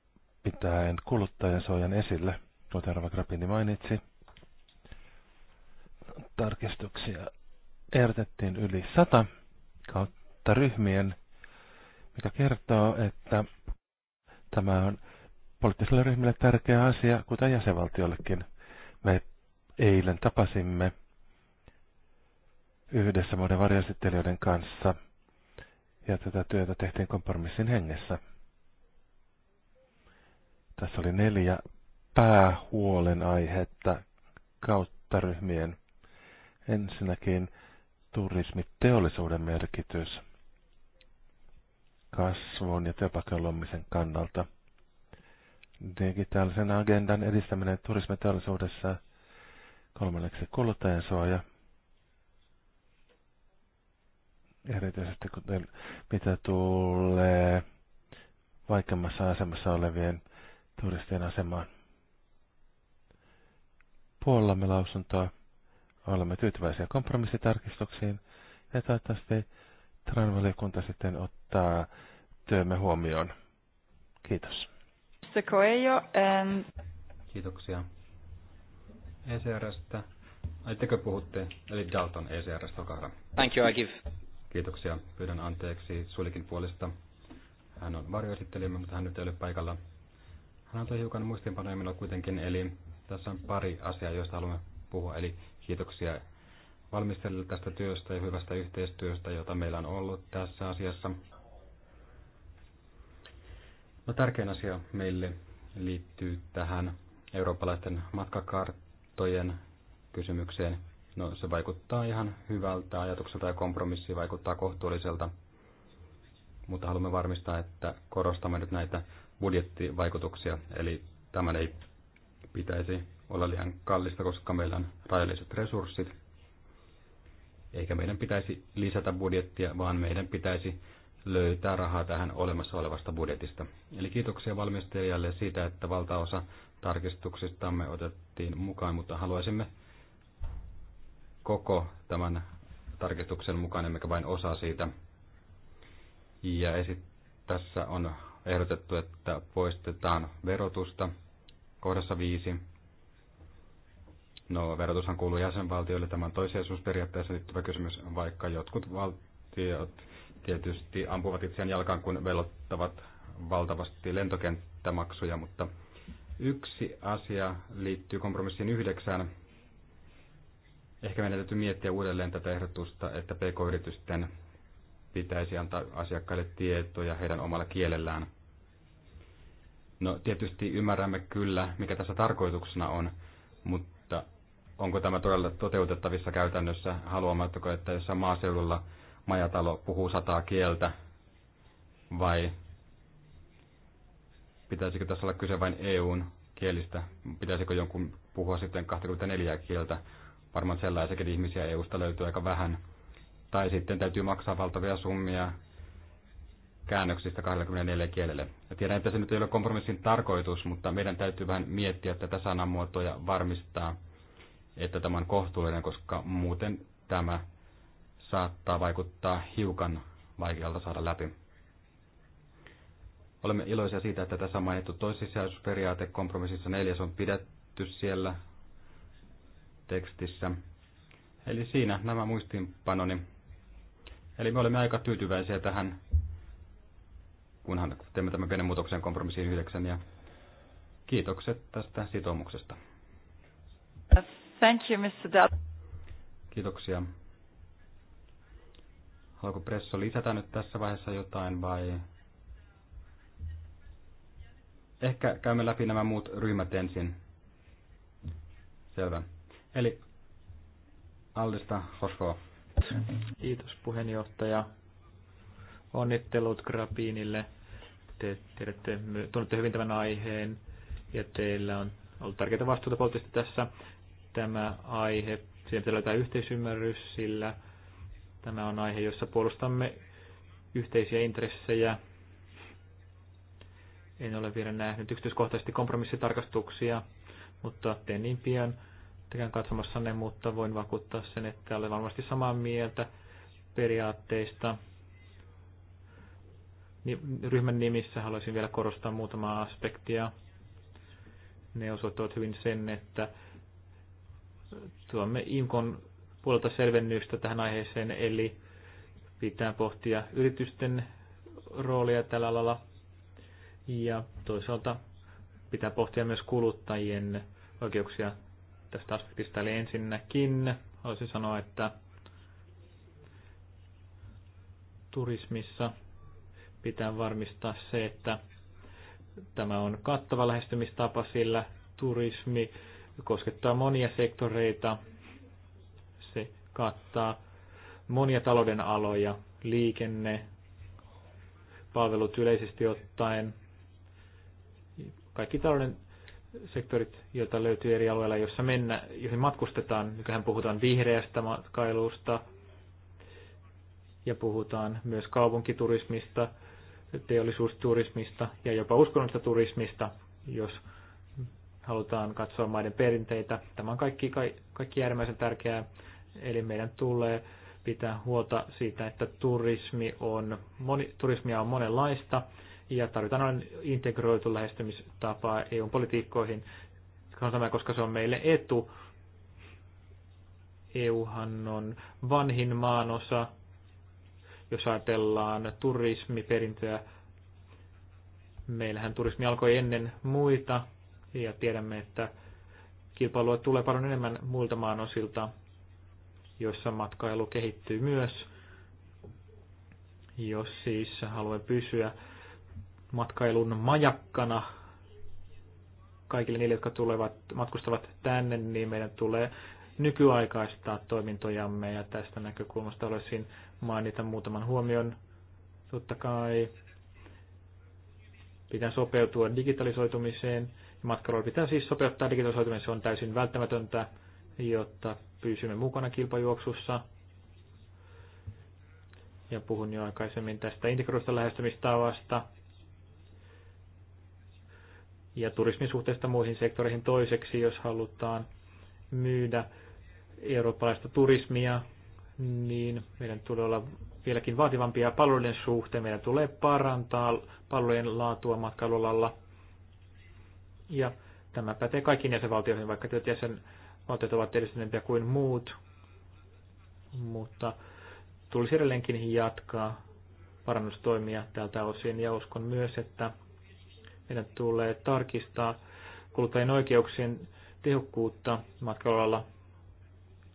pitäen kuluttajansuojan esille, kuten Rava Grappini mainitsi. Tarkistuksia ehdotettiin yli 100 kautta ryhmien, mikä kertoo, että tämä on poliittiselle ryhmille tärkeä asia, kuten jäsenvaltiollekin. Me eilen tapasimme yhdessä muiden varjasittelijoiden kanssa, ja tätä työtä tehtiin kompromissin hengessä. Tässä oli neljä päähuolen aihetta kautta ryhmien. Ensinnäkin turismiteollisuuden merkitys kasvun ja työpaikkojen luomisen kannalta. Digitaalisen agendan edistäminen turismiteollisuudessa kolmanneksi suoja. Erityisesti kuten, mitä tulee vaikeammassa asemassa olevien turistien asemaan. Puolamme lausuntoa. Olemme tyytyväisiä kompromissitarkistuksiin ja toivottavasti Tran-valiokunta sitten ottaa työmme huomioon. Kiitos. Se Coelho, um, Kiitoksia. ECRstä. Ai puhutte? Eli Dalton ECRstä, olkaa hyvä. Thank you, I give. Kiitoksia. Pyydän anteeksi Sulikin puolesta. Hän on varjoesittelijämme, mutta hän nyt ei ole paikalla. Hän antoi hiukan muistiinpanoja minulla kuitenkin, eli tässä on pari asiaa, joista haluamme puhua. Eli Kiitoksia valmistelijoille tästä työstä ja hyvästä yhteistyöstä, jota meillä on ollut tässä asiassa. No, tärkein asia meille liittyy tähän eurooppalaisten matkakarttojen kysymykseen. No, se vaikuttaa ihan hyvältä ajatukselta ja kompromissi vaikuttaa kohtuulliselta, mutta haluamme varmistaa, että korostamme nyt näitä budjettivaikutuksia, eli tämän ei pitäisi olla liian kallista, koska meillä on rajalliset resurssit. Eikä meidän pitäisi lisätä budjettia, vaan meidän pitäisi löytää rahaa tähän olemassa olevasta budjetista. Eli kiitoksia valmistelijalle siitä, että valtaosa tarkistuksistamme otettiin mukaan, mutta haluaisimme koko tämän tarkistuksen mukaan, emmekä vain osa siitä. Ja esit- tässä on ehdotettu, että poistetaan verotusta kohdassa 5 No, verotushan kuuluu jäsenvaltioille. Tämä on toisiaisuusperiaatteessa liittyvä kysymys, vaikka jotkut valtiot tietysti ampuvat itseään jalkaan, kun velottavat valtavasti lentokenttämaksuja, mutta yksi asia liittyy kompromissiin yhdeksään. Ehkä meidän täytyy miettiä uudelleen tätä ehdotusta, että pk-yritysten pitäisi antaa asiakkaille tietoja heidän omalla kielellään. No tietysti ymmärrämme kyllä, mikä tässä tarkoituksena on, mutta onko tämä todella toteutettavissa käytännössä? Haluammeko, että jossain maaseudulla majatalo puhuu sataa kieltä vai pitäisikö tässä olla kyse vain EUn kielistä? Pitäisikö jonkun puhua sitten 24 kieltä? Varmaan sellaisiakin ihmisiä EUsta löytyy aika vähän. Tai sitten täytyy maksaa valtavia summia käännöksistä 24 kielelle. Ja tiedän, että se nyt ei ole kompromissin tarkoitus, mutta meidän täytyy vähän miettiä tätä sanamuotoa ja varmistaa, että tämä on kohtuullinen, koska muuten tämä saattaa vaikuttaa hiukan vaikealta saada läpi. Olemme iloisia siitä, että tässä on mainittu toissijaisuusperiaate kompromississa neljäs on pidetty siellä tekstissä. Eli siinä nämä muistiinpanoni. Eli me olemme aika tyytyväisiä tähän, kunhan teemme tämän pienen muutoksen kompromissiin yhdeksän. Ja kiitokset tästä sitoumuksesta. Thank you, Mr. Dal. Kiitoksia. Haluatko Presso lisätä nyt tässä vaiheessa jotain vai? Ehkä käymme läpi nämä muut ryhmät ensin. Selvä. Eli Allista Hosfoa. Kiitos puheenjohtaja. Onnittelut Grabiinille. Te tiedätte, tunnette hyvin tämän aiheen ja teillä on ollut tärkeitä vastuuta poliittisesti tässä tämä aihe. Siihen pitää löytää yhteisymmärrys, sillä tämä on aihe, jossa puolustamme yhteisiä intressejä. En ole vielä nähnyt yksityiskohtaisesti kompromissitarkastuksia, mutta teen niin pian tekään katsomassa ne, mutta voin vakuuttaa sen, että olen varmasti samaa mieltä periaatteista. Ryhmän nimissä haluaisin vielä korostaa muutamaa aspektia. Ne osoittavat hyvin sen, että tuomme IMKon puolelta selvennystä tähän aiheeseen, eli pitää pohtia yritysten roolia tällä alalla ja toisaalta pitää pohtia myös kuluttajien oikeuksia tästä aspektista. Eli ensinnäkin haluaisin sanoa, että turismissa pitää varmistaa se, että tämä on kattava lähestymistapa, sillä turismi koskettaa monia sektoreita. Se kattaa monia talouden aloja, liikenne, palvelut yleisesti ottaen, kaikki talouden sektorit, joita löytyy eri alueilla, joissa mennä, joihin matkustetaan. Nykyään puhutaan vihreästä matkailusta ja puhutaan myös kaupunkiturismista, teollisuusturismista ja jopa uskonnollista turismista, jos halutaan katsoa maiden perinteitä. Tämä on kaikki, kaikki äärimmäisen tärkeää, eli meidän tulee pitää huolta siitä, että turismi on, moni, turismia on monenlaista ja tarvitaan integroitu lähestymistapa EU-politiikkoihin, koska se on meille etu. EUhan on vanhin maanosa, jos ajatellaan turismiperintöä. Meillähän turismi alkoi ennen muita ja tiedämme, että kilpailua tulee paljon enemmän muilta maan osilta, joissa matkailu kehittyy myös. Jos siis haluaa pysyä matkailun majakkana kaikille niille, jotka tulevat, matkustavat tänne, niin meidän tulee nykyaikaistaa toimintojamme ja tästä näkökulmasta olisin mainita muutaman huomion. Totta kai pitää sopeutua digitalisoitumiseen Matkailulla pitää siis sopeuttaa digitalisoituminen, se on täysin välttämätöntä, jotta pysymme mukana kilpajuoksussa. Ja puhun jo aikaisemmin tästä integroista lähestymistavasta ja turismin suhteesta muihin sektoreihin toiseksi, jos halutaan myydä eurooppalaista turismia, niin meidän tulee olla vieläkin vaativampia palveluiden suhteen. Meidän tulee parantaa palvelujen laatua matkailualalla. Ja tämä pätee kaikkiin jäsenvaltioihin, vaikka tietyt jäsenvaltiot ovat edistyneempiä kuin muut. Mutta tulisi edelleenkin jatkaa parannustoimia tältä osin ja uskon myös, että meidän tulee tarkistaa kuluttajien oikeuksien tehokkuutta matkailualalla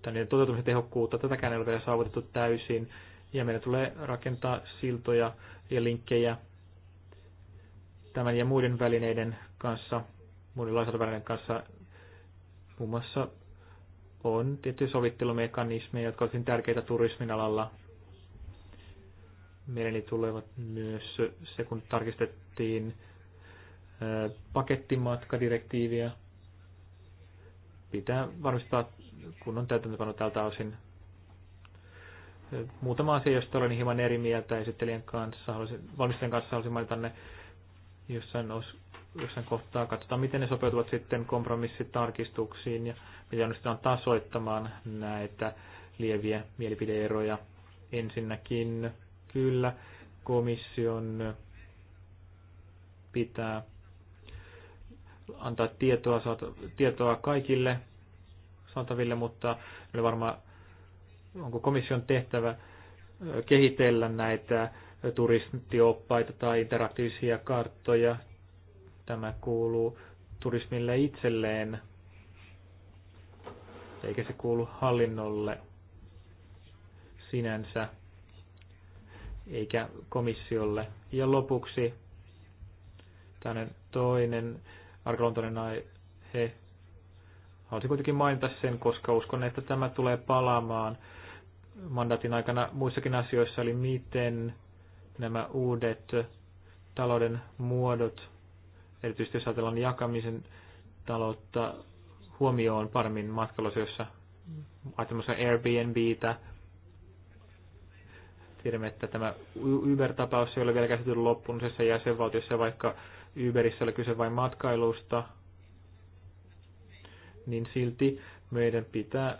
tai niiden toteutumisen tehokkuutta. Tätäkään ei ole vielä saavutettu täysin ja meidän tulee rakentaa siltoja ja linkkejä tämän ja muiden välineiden kanssa monilaisella välineen kanssa. Muun muassa on tiettyjä sovittelumekanismeja, jotka ovat tärkeitä turismin alalla. Mieleni tulevat myös se, kun tarkistettiin pakettimatkadirektiiviä. Pitää varmistaa kunnon täytäntöpano tältä osin. Muutama asia, josta olen hieman eri mieltä esittelijän kanssa, valmistajan kanssa haluaisin mainita ne jossain os, jossain kohtaa katsotaan, miten ne sopeutuvat sitten kompromissitarkistuksiin ja miten onnistutaan tasoittamaan näitä lieviä mielipideeroja. Ensinnäkin kyllä komission pitää antaa tietoa, tietoa kaikille saataville, mutta oli varmaan, onko komission tehtävä kehitellä näitä turistioppaita tai interaktiivisia karttoja Tämä kuuluu turismille itselleen, eikä se kuulu hallinnolle sinänsä, eikä komissiolle. Ja lopuksi tämmöinen toinen arkaluontoinen aihe. Haluaisin kuitenkin mainita sen, koska uskon, että tämä tulee palaamaan mandaatin aikana muissakin asioissa, eli miten nämä uudet talouden muodot erityisesti jos ajatellaan jakamisen taloutta huomioon paremmin matkailuasioissa, ajatellaan Airbnbtä, tiedämme, että tämä Uber-tapaus ei ole vielä käsitelty loppuun useissa jäsenvaltiossa, vaikka Uberissä oli kyse vain matkailusta, niin silti meidän pitää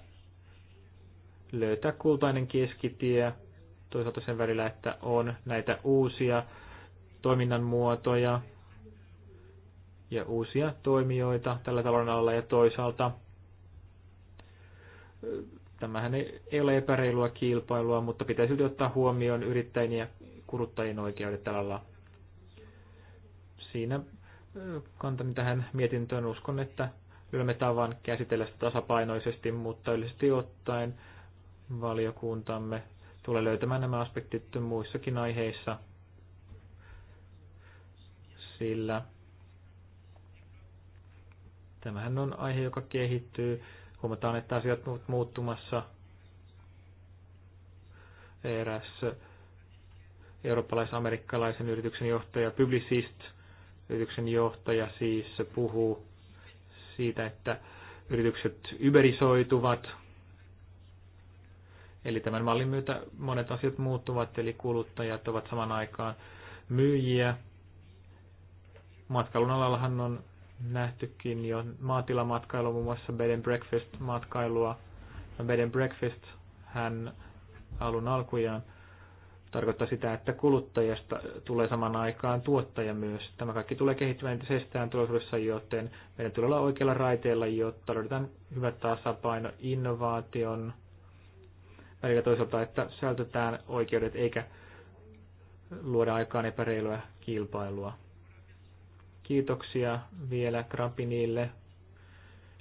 löytää kultainen keskitie toisaalta sen välillä, että on näitä uusia toiminnan muotoja, ja uusia toimijoita tällä talon alla ja toisaalta tämähän ei ole epäreilua kilpailua, mutta pitäisi ottaa huomioon yrittäjien ja kuluttajien oikeudet tällä alalla. Siinä kantani tähän mietintöön uskon, että löydämme tavan käsitellä sitä tasapainoisesti, mutta yleisesti ottaen valiokuntamme tulee löytämään nämä aspektit muissakin aiheissa, sillä Tämähän on aihe, joka kehittyy. Huomataan, että asiat ovat muuttumassa. Eräs eurooppalais-amerikkalaisen yrityksen johtaja, Publicist, yrityksen johtaja siis puhuu siitä, että yritykset yberisoituvat, Eli tämän mallin myötä monet asiat muuttuvat, eli kuluttajat ovat saman aikaan myyjiä. Matkailun alallahan on nähtykin jo maatilamatkailu, muun muassa bed and breakfast matkailua. No bed and breakfast hän alun alkujaan tarkoittaa sitä, että kuluttajasta tulee saman aikaan tuottaja myös. Tämä kaikki tulee kehittymään entisestään tulevaisuudessa, joten meidän tulee olla oikealla raiteella, jotta löydetään hyvä tasapaino innovaation välillä toisaalta, että säilytetään oikeudet eikä luoda aikaan epäreilua kilpailua. Kiitoksia vielä Krampinille.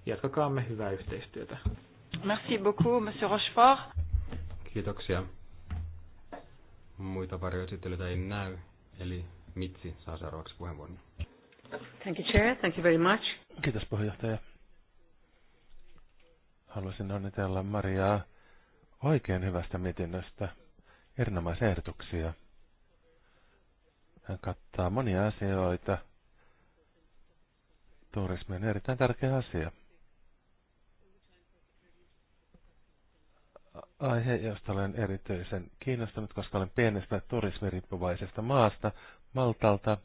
Jatkakaamme hyvää yhteistyötä. Merci beaucoup, Monsieur Rochefort. Kiitoksia. Muita varjoesittelyitä ei näy, eli Mitsi saa seuraavaksi puheenvuoron. Thank you, Chair. Thank you very much. Kiitos puheenjohtaja. Haluaisin onnitella Mariaa oikein hyvästä mietinnöstä. Erinomaisia ehdotuksia. Hän kattaa monia asioita, Turismi on erittäin tärkeä asia. Aihe, josta olen erityisen kiinnostunut, koska olen pienestä turismiriippuvaisesta maasta, Maltalta,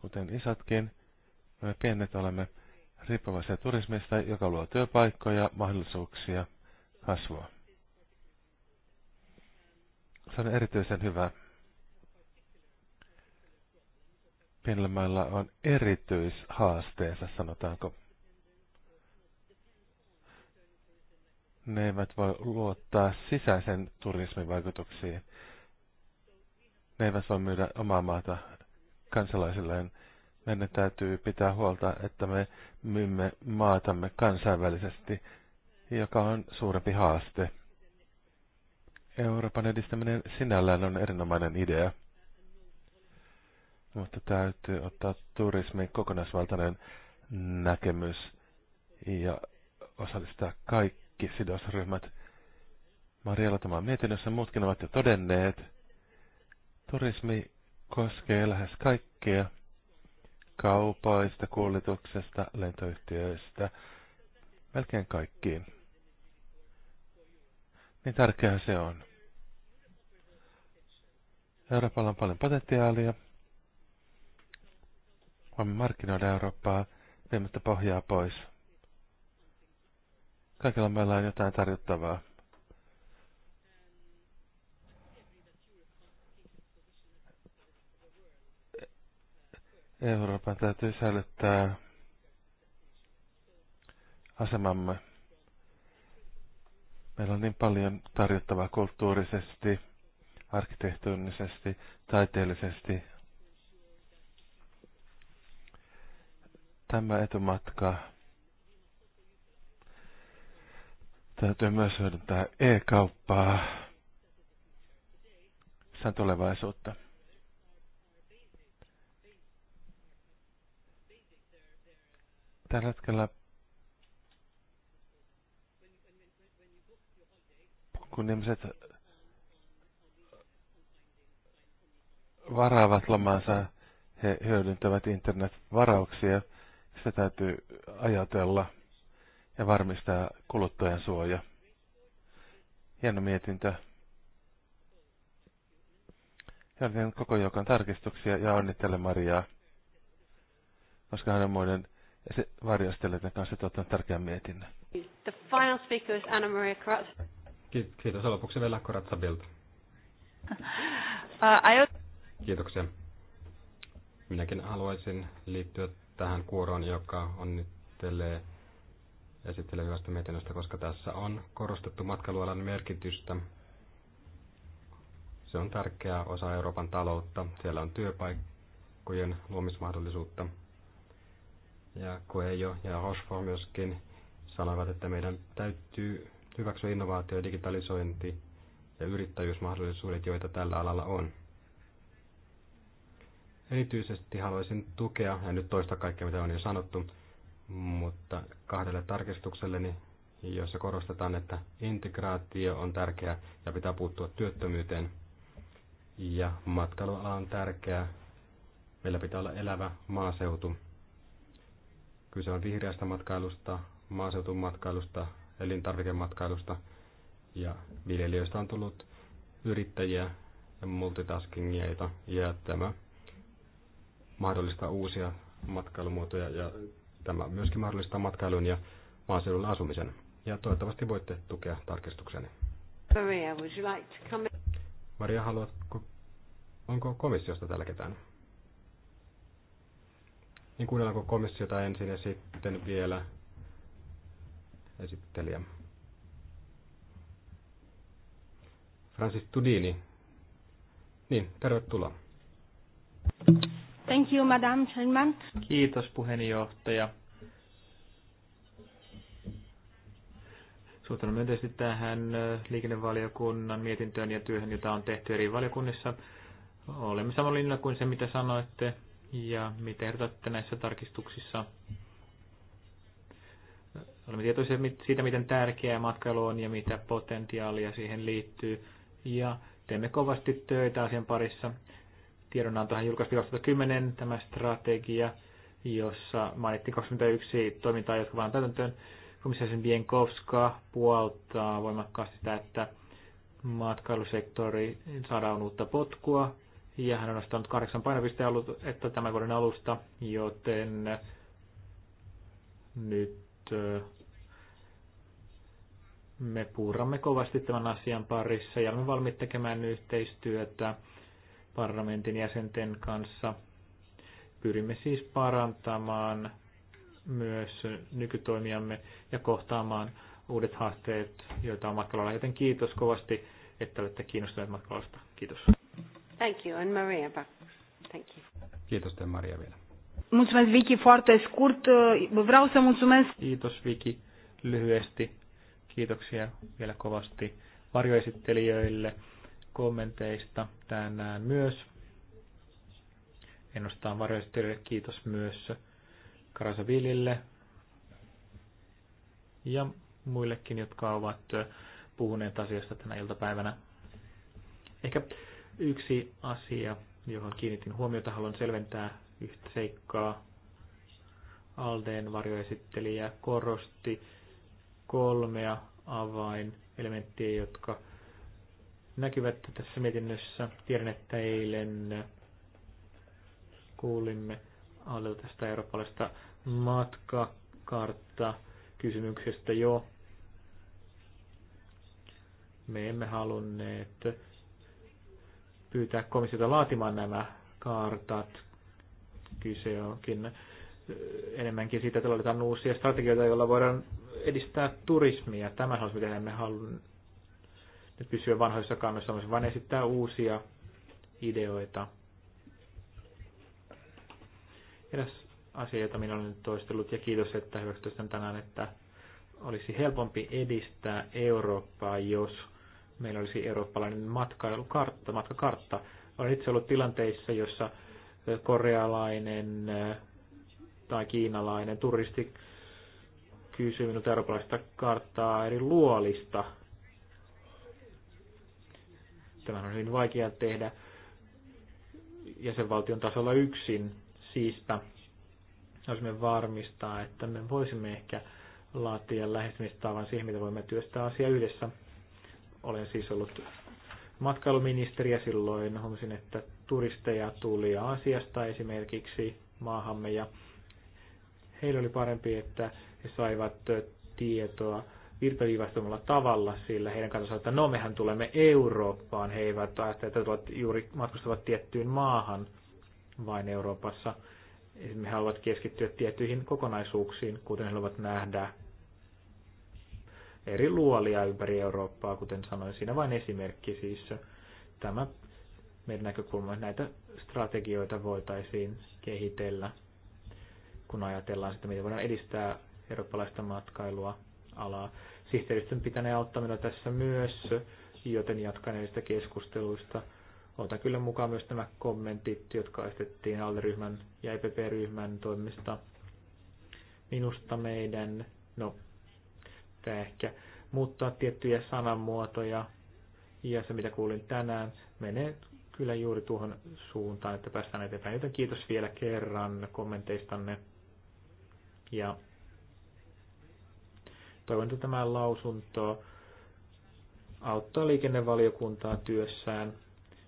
kuten isatkin. Me pienet olemme riippuvaisia turismista, joka luo työpaikkoja, mahdollisuuksia, kasvua. Se on erityisen hyvä pienellä on erityishaasteensa, sanotaanko. Ne eivät voi luottaa sisäisen turismin vaikutuksiin. Ne eivät voi myydä omaa maata kansalaisilleen. Meidän täytyy pitää huolta, että me myymme maatamme kansainvälisesti, joka on suurempi haaste. Euroopan edistäminen sinällään on erinomainen idea mutta täytyy ottaa turismin kokonaisvaltainen näkemys ja osallistaa kaikki sidosryhmät. Marjalla tämä mietinnössä, muutkin ovat jo todenneet. Turismi koskee lähes kaikkea kaupoista, kuljetuksesta, lentoyhtiöistä, melkein kaikkiin. Niin tärkeää se on. Euroopalla on paljon potentiaalia, Voimme markkinoida Eurooppaa viemättä pohjaa pois. Kaikilla meillä on jotain tarjottavaa. Euroopan täytyy säilyttää asemamme. Meillä on niin paljon tarjottavaa kulttuurisesti, arkkitehtuurisesti, taiteellisesti, Tämä etumatka täytyy myös hyödyntää e-kauppaa. Se on tulevaisuutta. Tällä hetkellä kun ihmiset varaavat lomansa, he hyödyntävät internetvarauksia – sitä täytyy ajatella ja varmistaa kuluttajan suoja. Hieno mietintö. Ja olen koko joukon tarkistuksia ja onnittele Mariaa, koska hän on muiden varjostelijoiden kanssa tuottanut tärkeän mietinnön. The final speaker is Anna Maria Kratz. Kiitos. Lopuksi vielä Kratzabilta. Uh, I... Kiitoksia. Minäkin haluaisin liittyä tähän kuoroon, joka onnittelee esittelee hyvästä mietinnöstä, koska tässä on korostettu matkailualan merkitystä. Se on tärkeä osa Euroopan taloutta. Siellä on työpaikkojen luomismahdollisuutta. Ja Coelho ja Rochefort myöskin sanoivat, että meidän täytyy hyväksyä innovaatio, digitalisointi ja yrittäjyysmahdollisuudet, joita tällä alalla on. Erityisesti haluaisin tukea, ja nyt toista kaikkea mitä on jo sanottu, mutta kahdelle tarkistukselleni, jossa korostetaan, että integraatio on tärkeää ja pitää puuttua työttömyyteen. Ja matkailuala on tärkeää. Meillä pitää olla elävä maaseutu. Kyse on vihreästä matkailusta, maaseutun matkailusta, elintarvikematkailusta ja viljelijöistä on tullut yrittäjiä ja multitaskingia, ja tämä mahdollistaa uusia matkailumuotoja ja tämä myöskin mahdollistaa matkailun ja maaseudulla asumisen. Ja toivottavasti voitte tukea tarkistukseni. Maria, would you like to come Maria, haluatko, onko komissiosta täällä ketään? Niin kuunnellaanko komissiota ensin ja sitten vielä esittelijä. Francis Tudini. Niin, tervetuloa. Thank you, Madam Chairman. Kiitos puheenjohtaja. Suhtaan myönteisesti tähän liikennevaliokunnan mietintöön ja työhön, jota on tehty eri valiokunnissa. Olemme samalla linjalla kuin se, mitä sanoitte ja mitä ehdotatte näissä tarkistuksissa. Olemme tietoisia siitä, miten tärkeää matkailu on ja mitä potentiaalia siihen liittyy. Ja teemme kovasti töitä asian parissa tiedonantohan julkaistiin 2010 tämä strategia, jossa mainittiin 21 toimintaa, jotka vaan täytäntöön. Komissaisen Bienkovska puoltaa voimakkaasti sitä, että matkailusektori saadaan uutta potkua, ja hän on nostanut kahdeksan painopisteen ollut, että tämän vuoden alusta, joten nyt eh, me puuramme kovasti tämän asian parissa ja olemme valmiit tekemään yhteistyötä parlamentin jäsenten kanssa. Pyrimme siis parantamaan myös nykytoimiamme ja kohtaamaan uudet haasteet, joita on matkalla. Joten kiitos kovasti, että olette kiinnostuneet matkalasta. Kiitos. Thank you, and Maria back. Thank you. Kiitos, te Maria vielä. Mulțumesc, Vicky, foarte scurt. Vreau să mulțumesc. Kiitos, Vicky, lyhyesti. Kiitoksia vielä kovasti varjoesittelijöille kommenteista tänään myös. Ennustaan varjoistyölle kiitos myös Karasavilille ja muillekin, jotka ovat puhuneet asiasta tänä iltapäivänä. Ehkä yksi asia, johon kiinnitin huomiota, haluan selventää yhtä seikkaa. Aldeen varjoesittelijä korosti kolmea avainelementtiä, jotka näkyvät tässä mietinnössä. Tiedän, että eilen kuulimme Aalilta tästä eurooppalaisesta matkakartta kysymyksestä jo. Me emme halunneet pyytää komissiota laatimaan nämä kartat. Kyse onkin enemmänkin siitä, että laitetaan uusia strategioita, joilla voidaan edistää turismia. Tämä on se mitä emme halunneet nyt pysyä vanhoissa kannoissa, vaan esittää uusia ideoita. Eräs asia, jota minä olen toistellut, ja kiitos, että hyväksyt sen tänään, että olisi helpompi edistää Eurooppaa, jos meillä olisi eurooppalainen matkailukartta, matkakartta. Olen itse ollut tilanteissa, jossa korealainen tai kiinalainen turisti kysyy minulta eurooppalaista karttaa eri luolista, Tämä on hyvin vaikea tehdä jäsenvaltion tasolla yksin. Siispä me varmistaa, että me voisimme ehkä laatia lähestymistavan siihen, mitä voimme työstää asia yhdessä. Olen siis ollut ja silloin. Huomasin, että turisteja tuli Aasiasta esimerkiksi maahamme ja heillä oli parempi, että he saivat tietoa virtaviivaistumalla tavalla, sillä heidän kanssaan, että no mehän tulemme Eurooppaan, he eivät ajattele, että tulevat juuri matkustavat tiettyyn maahan vain Euroopassa. he haluavat keskittyä tiettyihin kokonaisuuksiin, kuten he haluavat nähdä eri luolia ympäri Eurooppaa, kuten sanoin, siinä vain esimerkki siis. Tämä meidän näkökulma, näitä strategioita voitaisiin kehitellä, kun ajatellaan sitä, miten voidaan edistää eurooppalaista matkailua alaa. Sihteeristön pitäneen auttaa tässä myös, joten jatkan näistä keskusteluista. Otan kyllä mukaan myös nämä kommentit, jotka esitettiin alderyhmän ja EPP-ryhmän toimista. Minusta meidän, no, tämä ehkä muuttaa tiettyjä sanamuotoja, ja se mitä kuulin tänään menee kyllä juuri tuohon suuntaan, että päästään eteenpäin. Joten kiitos vielä kerran kommenteistanne. Ja Toivon, että tämä lausunto auttaa liikennevaliokuntaa työssään.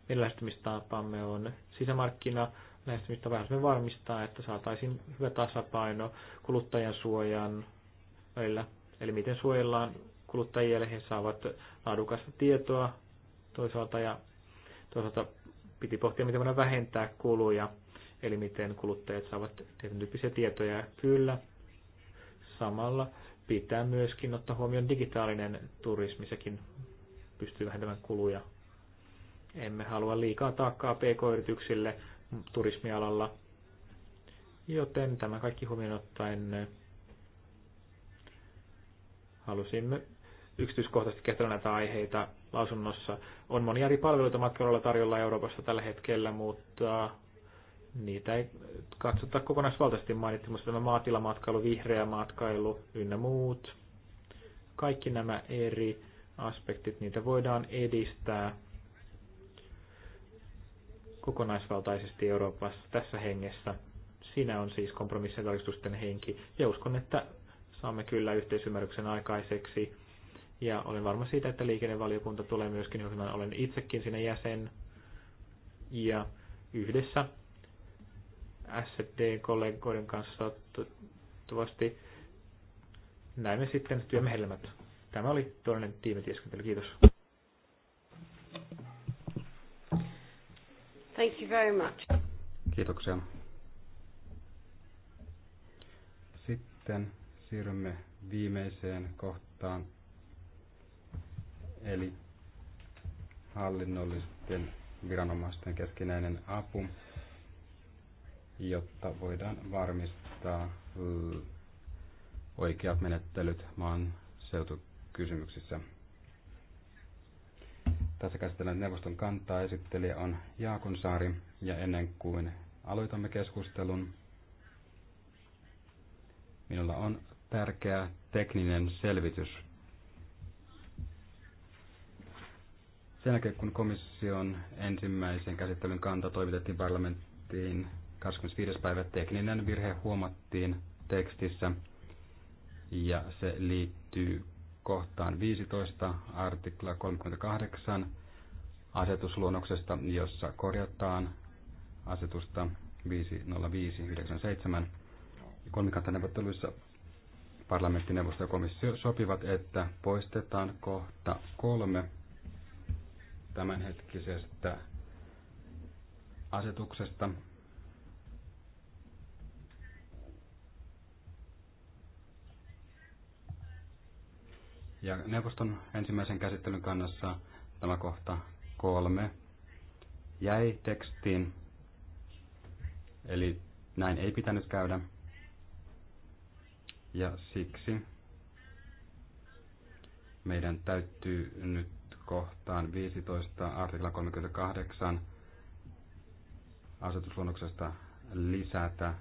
Meidän lähestymistapamme on sisämarkkina, lähestymistä vähän varmistaa, että saataisiin hyvä tasapaino kuluttajan suojan välillä. Eli miten suojellaan kuluttajia, he saavat laadukasta tietoa toisaalta ja toisaalta piti pohtia, miten voidaan vähentää kuluja, eli miten kuluttajat saavat tietyn tyyppisiä tietoja. Kyllä, samalla pitää myöskin ottaa huomioon digitaalinen turismi, sekin pystyy vähentämään kuluja. Emme halua liikaa taakkaa pk-yrityksille turismialalla, joten tämä kaikki huomioon ottaen eh, halusimme yksityiskohtaisesti käsitellä näitä aiheita lausunnossa. On monia eri palveluita matkailulla tarjolla Euroopassa tällä hetkellä, mutta niitä ei katsota kokonaisvaltaisesti mainittu, mutta tämä maatilamatkailu, vihreä matkailu ynnä muut, kaikki nämä eri aspektit, niitä voidaan edistää kokonaisvaltaisesti Euroopassa tässä hengessä. Siinä on siis kompromissitarkistusten henki ja uskon, että saamme kyllä yhteisymmärryksen aikaiseksi. Ja olen varma siitä, että liikennevaliokunta tulee myöskin Olen itsekin sinne jäsen ja yhdessä SD-kollegoiden kanssa toivottavasti näemme sitten työmehelmät. Tämä oli toinen tiimityöskentely. Kiitos. Thank you very much. Kiitoksia. Sitten siirrymme viimeiseen kohtaan, eli hallinnollisten viranomaisten keskinäinen apu jotta voidaan varmistaa mm, oikeat menettelyt maan seutukysymyksissä. Tässä käsitellään neuvoston kantaa. Esittelijä on Saari. ja ennen kuin aloitamme keskustelun, minulla on tärkeä tekninen selvitys. Sen jälkeen kun komission ensimmäisen käsittelyn kanta toimitettiin parlamenttiin 25. päivä tekninen virhe huomattiin tekstissä ja se liittyy kohtaan 15 artikla 38 asetusluonnoksesta, jossa korjataan asetusta 50597. Kolmikantaneuvotteluissa parlamenttineuvosto ja komissio sopivat, että poistetaan kohta kolme tämänhetkisestä asetuksesta Ja neuvoston ensimmäisen käsittelyn kannassa tämä kohta kolme jäi tekstiin. Eli näin ei pitänyt käydä. Ja siksi meidän täytyy nyt kohtaan 15 artikla 38 asetusluonnoksesta lisätä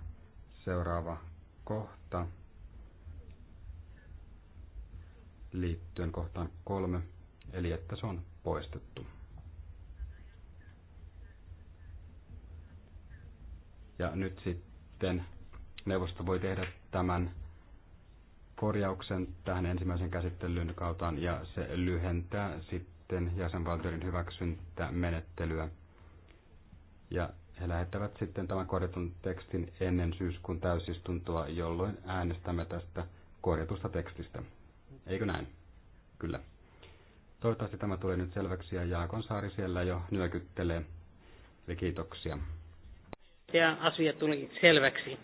seuraava kohta. liittyen kohtaan kolme, eli että se on poistettu. Ja nyt sitten neuvosto voi tehdä tämän korjauksen tähän ensimmäisen käsittelyn kauttaan ja se lyhentää sitten jäsenvaltioiden hyväksyntämenettelyä. Ja he lähettävät sitten tämän korjatun tekstin ennen syyskuun täysistuntoa, jolloin äänestämme tästä korjatusta tekstistä. Eikö näin? Kyllä. Toivottavasti tämä tulee nyt selväksi ja Jaakon Saari siellä jo nyökyttelee. Eli kiitoksia. Ja asia tuli selväksi.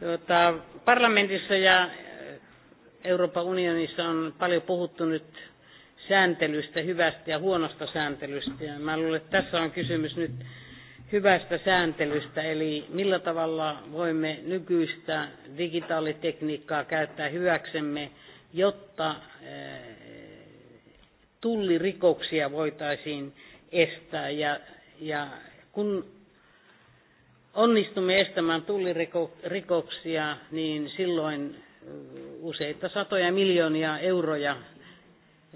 Tuota, parlamentissa ja eh, Euroopan unionissa on paljon puhuttu nyt sääntelystä, hyvästä ja huonosta sääntelystä. Ja mä luulen, että tässä on kysymys nyt hyvästä sääntelystä, eli millä tavalla voimme nykyistä digitaalitekniikkaa käyttää hyväksemme – jotta eh, tullirikoksia voitaisiin estää. Ja, ja kun onnistumme estämään tullirikoksia, niin silloin eh, useita satoja miljoonia euroja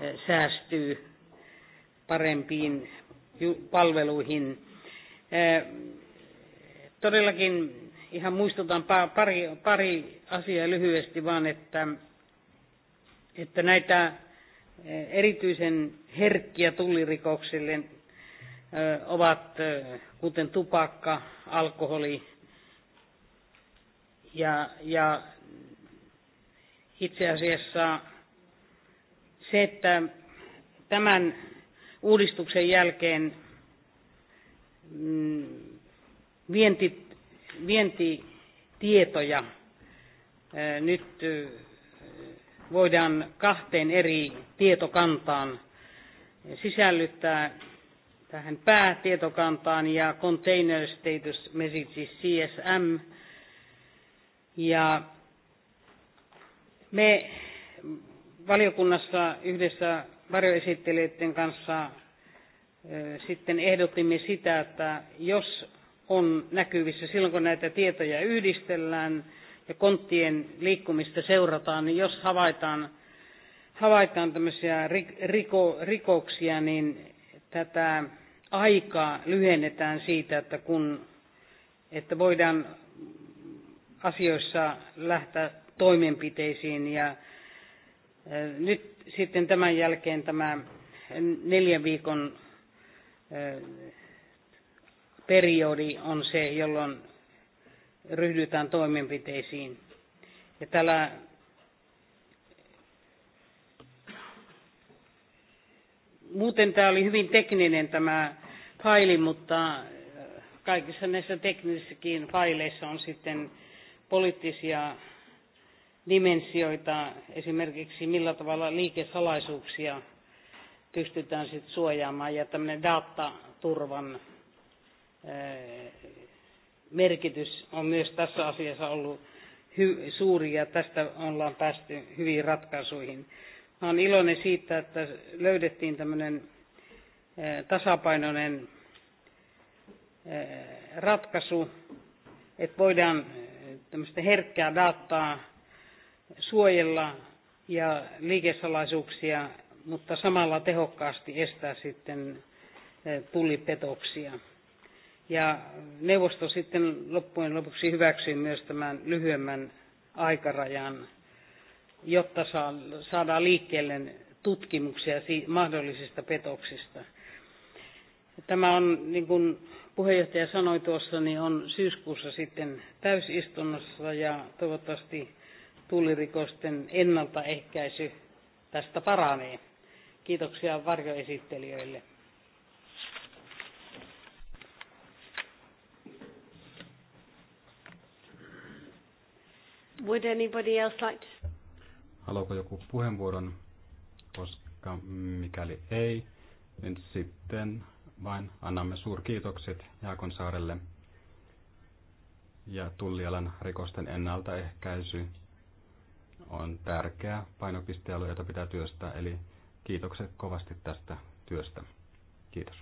eh, säästyy parempiin palveluihin. Todellakin ihan muistutan pari, pari asiaa lyhyesti vaan, että että näitä erityisen herkkiä tullirikoksille ovat kuten tupakka, alkoholi ja, ja itse asiassa se, että tämän uudistuksen jälkeen mm, vienti, vientitietoja nyt voidaan kahteen eri tietokantaan sisällyttää tähän päätietokantaan ja Container Status Messages CSM. Ja me valiokunnassa yhdessä varjoesittelijöiden kanssa sitten ehdotimme sitä, että jos on näkyvissä silloin, kun näitä tietoja yhdistellään, ja konttien liikkumista seurataan, niin jos havaitaan, havaitaan tämmöisiä riko, rikoksia, niin tätä aikaa lyhennetään siitä, että kun että voidaan asioissa lähteä toimenpiteisiin ja nyt sitten tämän jälkeen tämä neljän viikon periodi on se, jolloin ryhdytään toimenpiteisiin. Ja täällä Muuten tämä oli hyvin tekninen tämä faili, mutta äh, kaikissa näissä teknisissäkin faileissa on sitten poliittisia dimensioita, esimerkiksi millä tavalla liikesalaisuuksia pystytään sitten suojaamaan ja tämmöinen dataturvan äh, merkitys on myös tässä asiassa ollut hy- suuri ja tästä ollaan päästy hyviin ratkaisuihin. olen iloinen siitä, että löydettiin tämmöinen tasapainoinen ratkaisu, että voidaan tämmöistä herkkää dataa suojella ja liikesalaisuuksia, mutta samalla tehokkaasti estää sitten tulipetoksia. Ja neuvosto sitten loppujen lopuksi hyväksyi myös tämän lyhyemmän aikarajan, jotta saadaan liikkeelle tutkimuksia mahdollisista petoksista. Tämä on, niin kuin puheenjohtaja sanoi tuossa, niin on syyskuussa sitten täysistunnossa ja toivottavasti tulirikosten ennaltaehkäisy tästä paranee. Kiitoksia varjoesittelijöille. Would anybody else like to... Haluaako joku puheenvuoron? Koska mikäli ei, niin sitten vain annamme suurkiitokset Jaakon saarelle ja tullialan rikosten ennaltaehkäisy on tärkeä painopistealue, jota pitää työstää, eli kiitokset kovasti tästä työstä. Kiitos.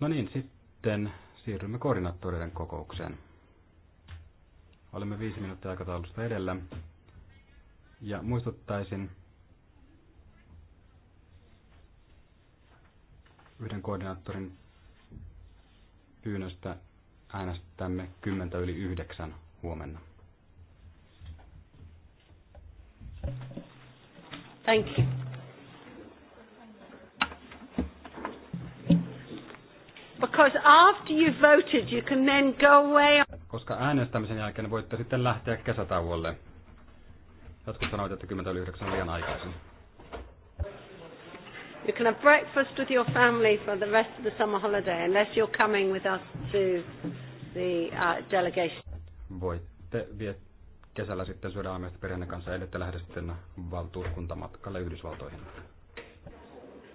No niin, sitten siirrymme koordinaattoreiden kokoukseen. Olemme viisi minuuttia aikataulusta edellä. Ja muistuttaisin yhden koordinaattorin pyynnöstä äänestämme 10 yli 9 huomenna. Thank you. Because after you voted, you can then go away. On- koska äänestämisen jälkeen voitte sitten lähteä kesätauolle. Jotkut sanoivat, että 10 yli 9 liian aikaisin. You can have breakfast with your family for the rest of the summer holiday, unless you're coming with us to the uh, delegation. Voitte viet kesällä sitten syödä aamiaista perheen kanssa, ellette lähde sitten valtuuskuntamatkalle Yhdysvaltoihin.